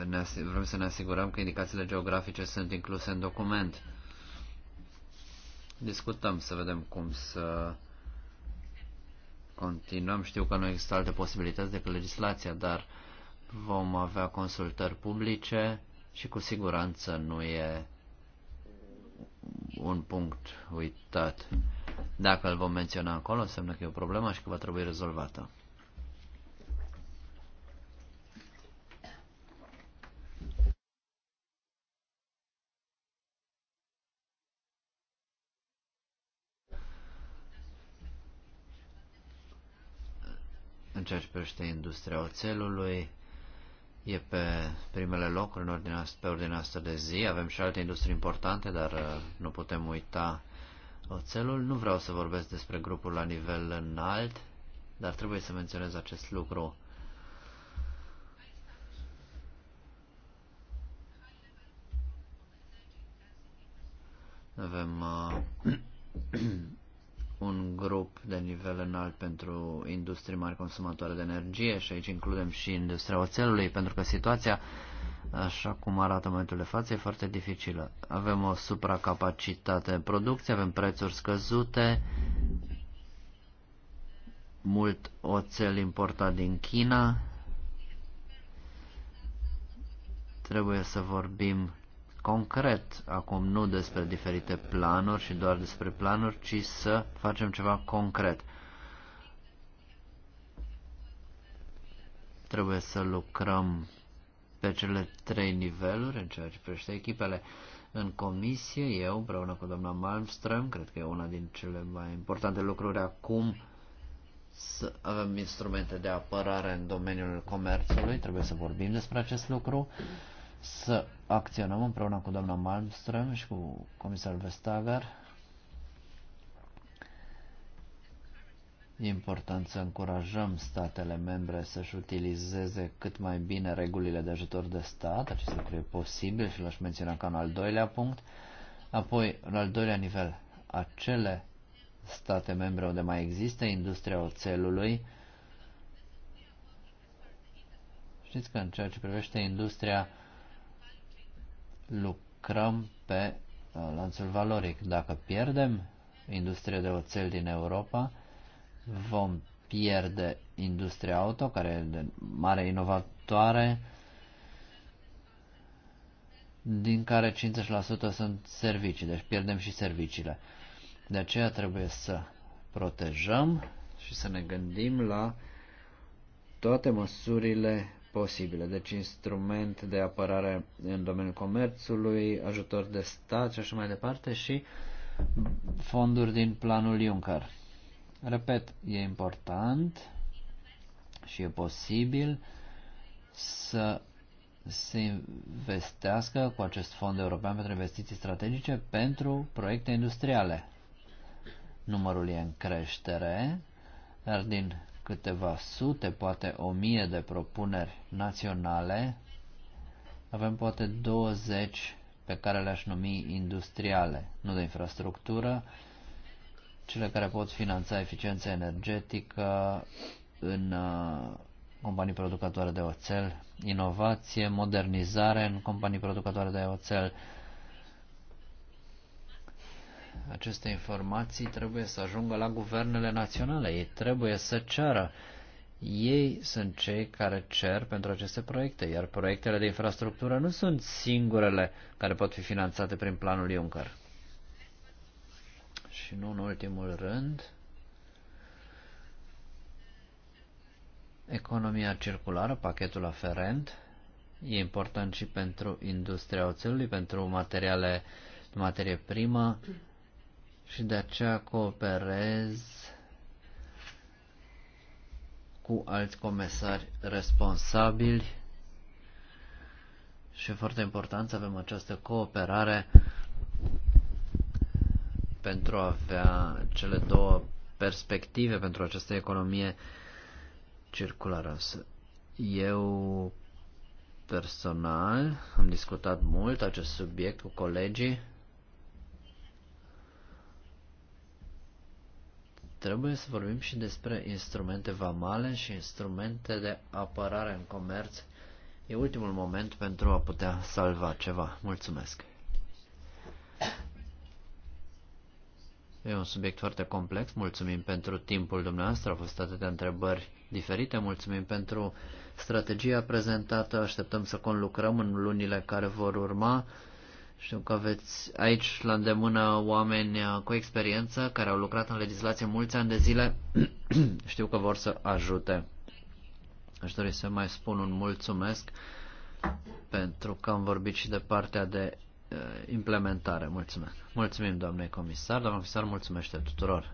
ne vrem să ne asigurăm că indicațiile geografice sunt incluse în document. Discutăm să vedem cum să continuăm. Știu că nu există alte posibilități decât legislația, dar vom avea consultări publice și cu siguranță nu e un punct uitat. Dacă îl vom menționa acolo, înseamnă că e o problemă și că va trebui rezolvată. ceea ce privește industria oțelului, e pe primele locuri în ordinea, pe ordinea asta de zi. Avem și alte industrie importante, dar uh, nu putem uita oțelul. Nu vreau să vorbesc despre grupul la nivel înalt, dar trebuie să menționez acest lucru. Avem uh, *clears throat* un grup de nivel înalt pentru industrie mari consumatoare de energie și aici includem și industria oțelului, pentru că situația, așa cum arată momentul de față, e foarte dificilă. Avem o supracapacitate de producție, avem prețuri scăzute, mult oțel importat din China. Trebuie să vorbim concret acum, nu despre diferite planuri și doar despre planuri, ci să facem ceva concret. Trebuie să lucrăm pe cele trei niveluri în ceea ce privește echipele. În comisie, eu, împreună cu doamna Malmström, cred că e una din cele mai importante lucruri acum, să avem instrumente de apărare în domeniul comerțului, trebuie să vorbim despre acest lucru. Uh, să acționăm împreună cu doamna Malmström și cu comisarul Vestager. E important să încurajăm statele membre să-și utilizeze cât mai bine regulile de ajutor de stat, acest lucru e posibil și l-aș menționa ca în al doilea punct. Apoi, în al doilea nivel, acele state membre unde mai există industria oțelului, știți că în ceea ce privește industria lucrăm pe uh, lanțul valoric. Dacă pierdem industria de oțel din Europa, vom pierde industria auto, care e de mare inovatoare, din care 50% sunt servicii, deci pierdem și serviciile. De aceea trebuie să protejăm și să ne gândim la toate măsurile posibile. Deci instrument de apărare în domeniul comerțului, ajutor de stat și așa mai departe și fonduri din planul Juncker. Repet, e important și e posibil să se investească cu acest fond european pentru investiții strategice pentru proiecte industriale. Numărul e în creștere, dar din câteva sute, poate o mie de propuneri naționale, avem poate 20 pe care le-aș numi industriale, nu de infrastructură, cele care pot finanța eficiența energetică în uh, companii producătoare de oțel, inovație, modernizare în companii producătoare de oțel, aceste informații trebuie să ajungă la guvernele naționale. Ei trebuie să ceară. Ei sunt cei care cer pentru aceste proiecte, iar proiectele de infrastructură nu sunt singurele care pot fi finanțate prin planul Juncker. Și nu în ultimul rând, economia circulară, pachetul aferent, e important și pentru industria oțelului, pentru materiale, materie primă, și de aceea cooperez cu alți comisari responsabili și e foarte important să avem această cooperare pentru a avea cele două perspective pentru această economie circulară. Eu personal am discutat mult acest subiect cu colegii Trebuie să vorbim și despre instrumente vamale și instrumente de apărare în comerț. E ultimul moment pentru a putea salva ceva. Mulțumesc! E un subiect foarte complex. Mulțumim pentru timpul dumneavoastră. Au fost atâtea întrebări diferite. Mulțumim pentru strategia prezentată. Așteptăm să conlucrăm în lunile care vor urma. Știu că aveți aici la îndemână oameni uh, cu experiență care au lucrat în legislație mulți ani de zile. *clears throat* Știu că vor să ajute. Aș dori să mai spun un mulțumesc pentru că am vorbit și de partea de uh, implementare. Mulțumesc. Mulțumim, doamne comisar. Doamne comisar, mulțumește tuturor.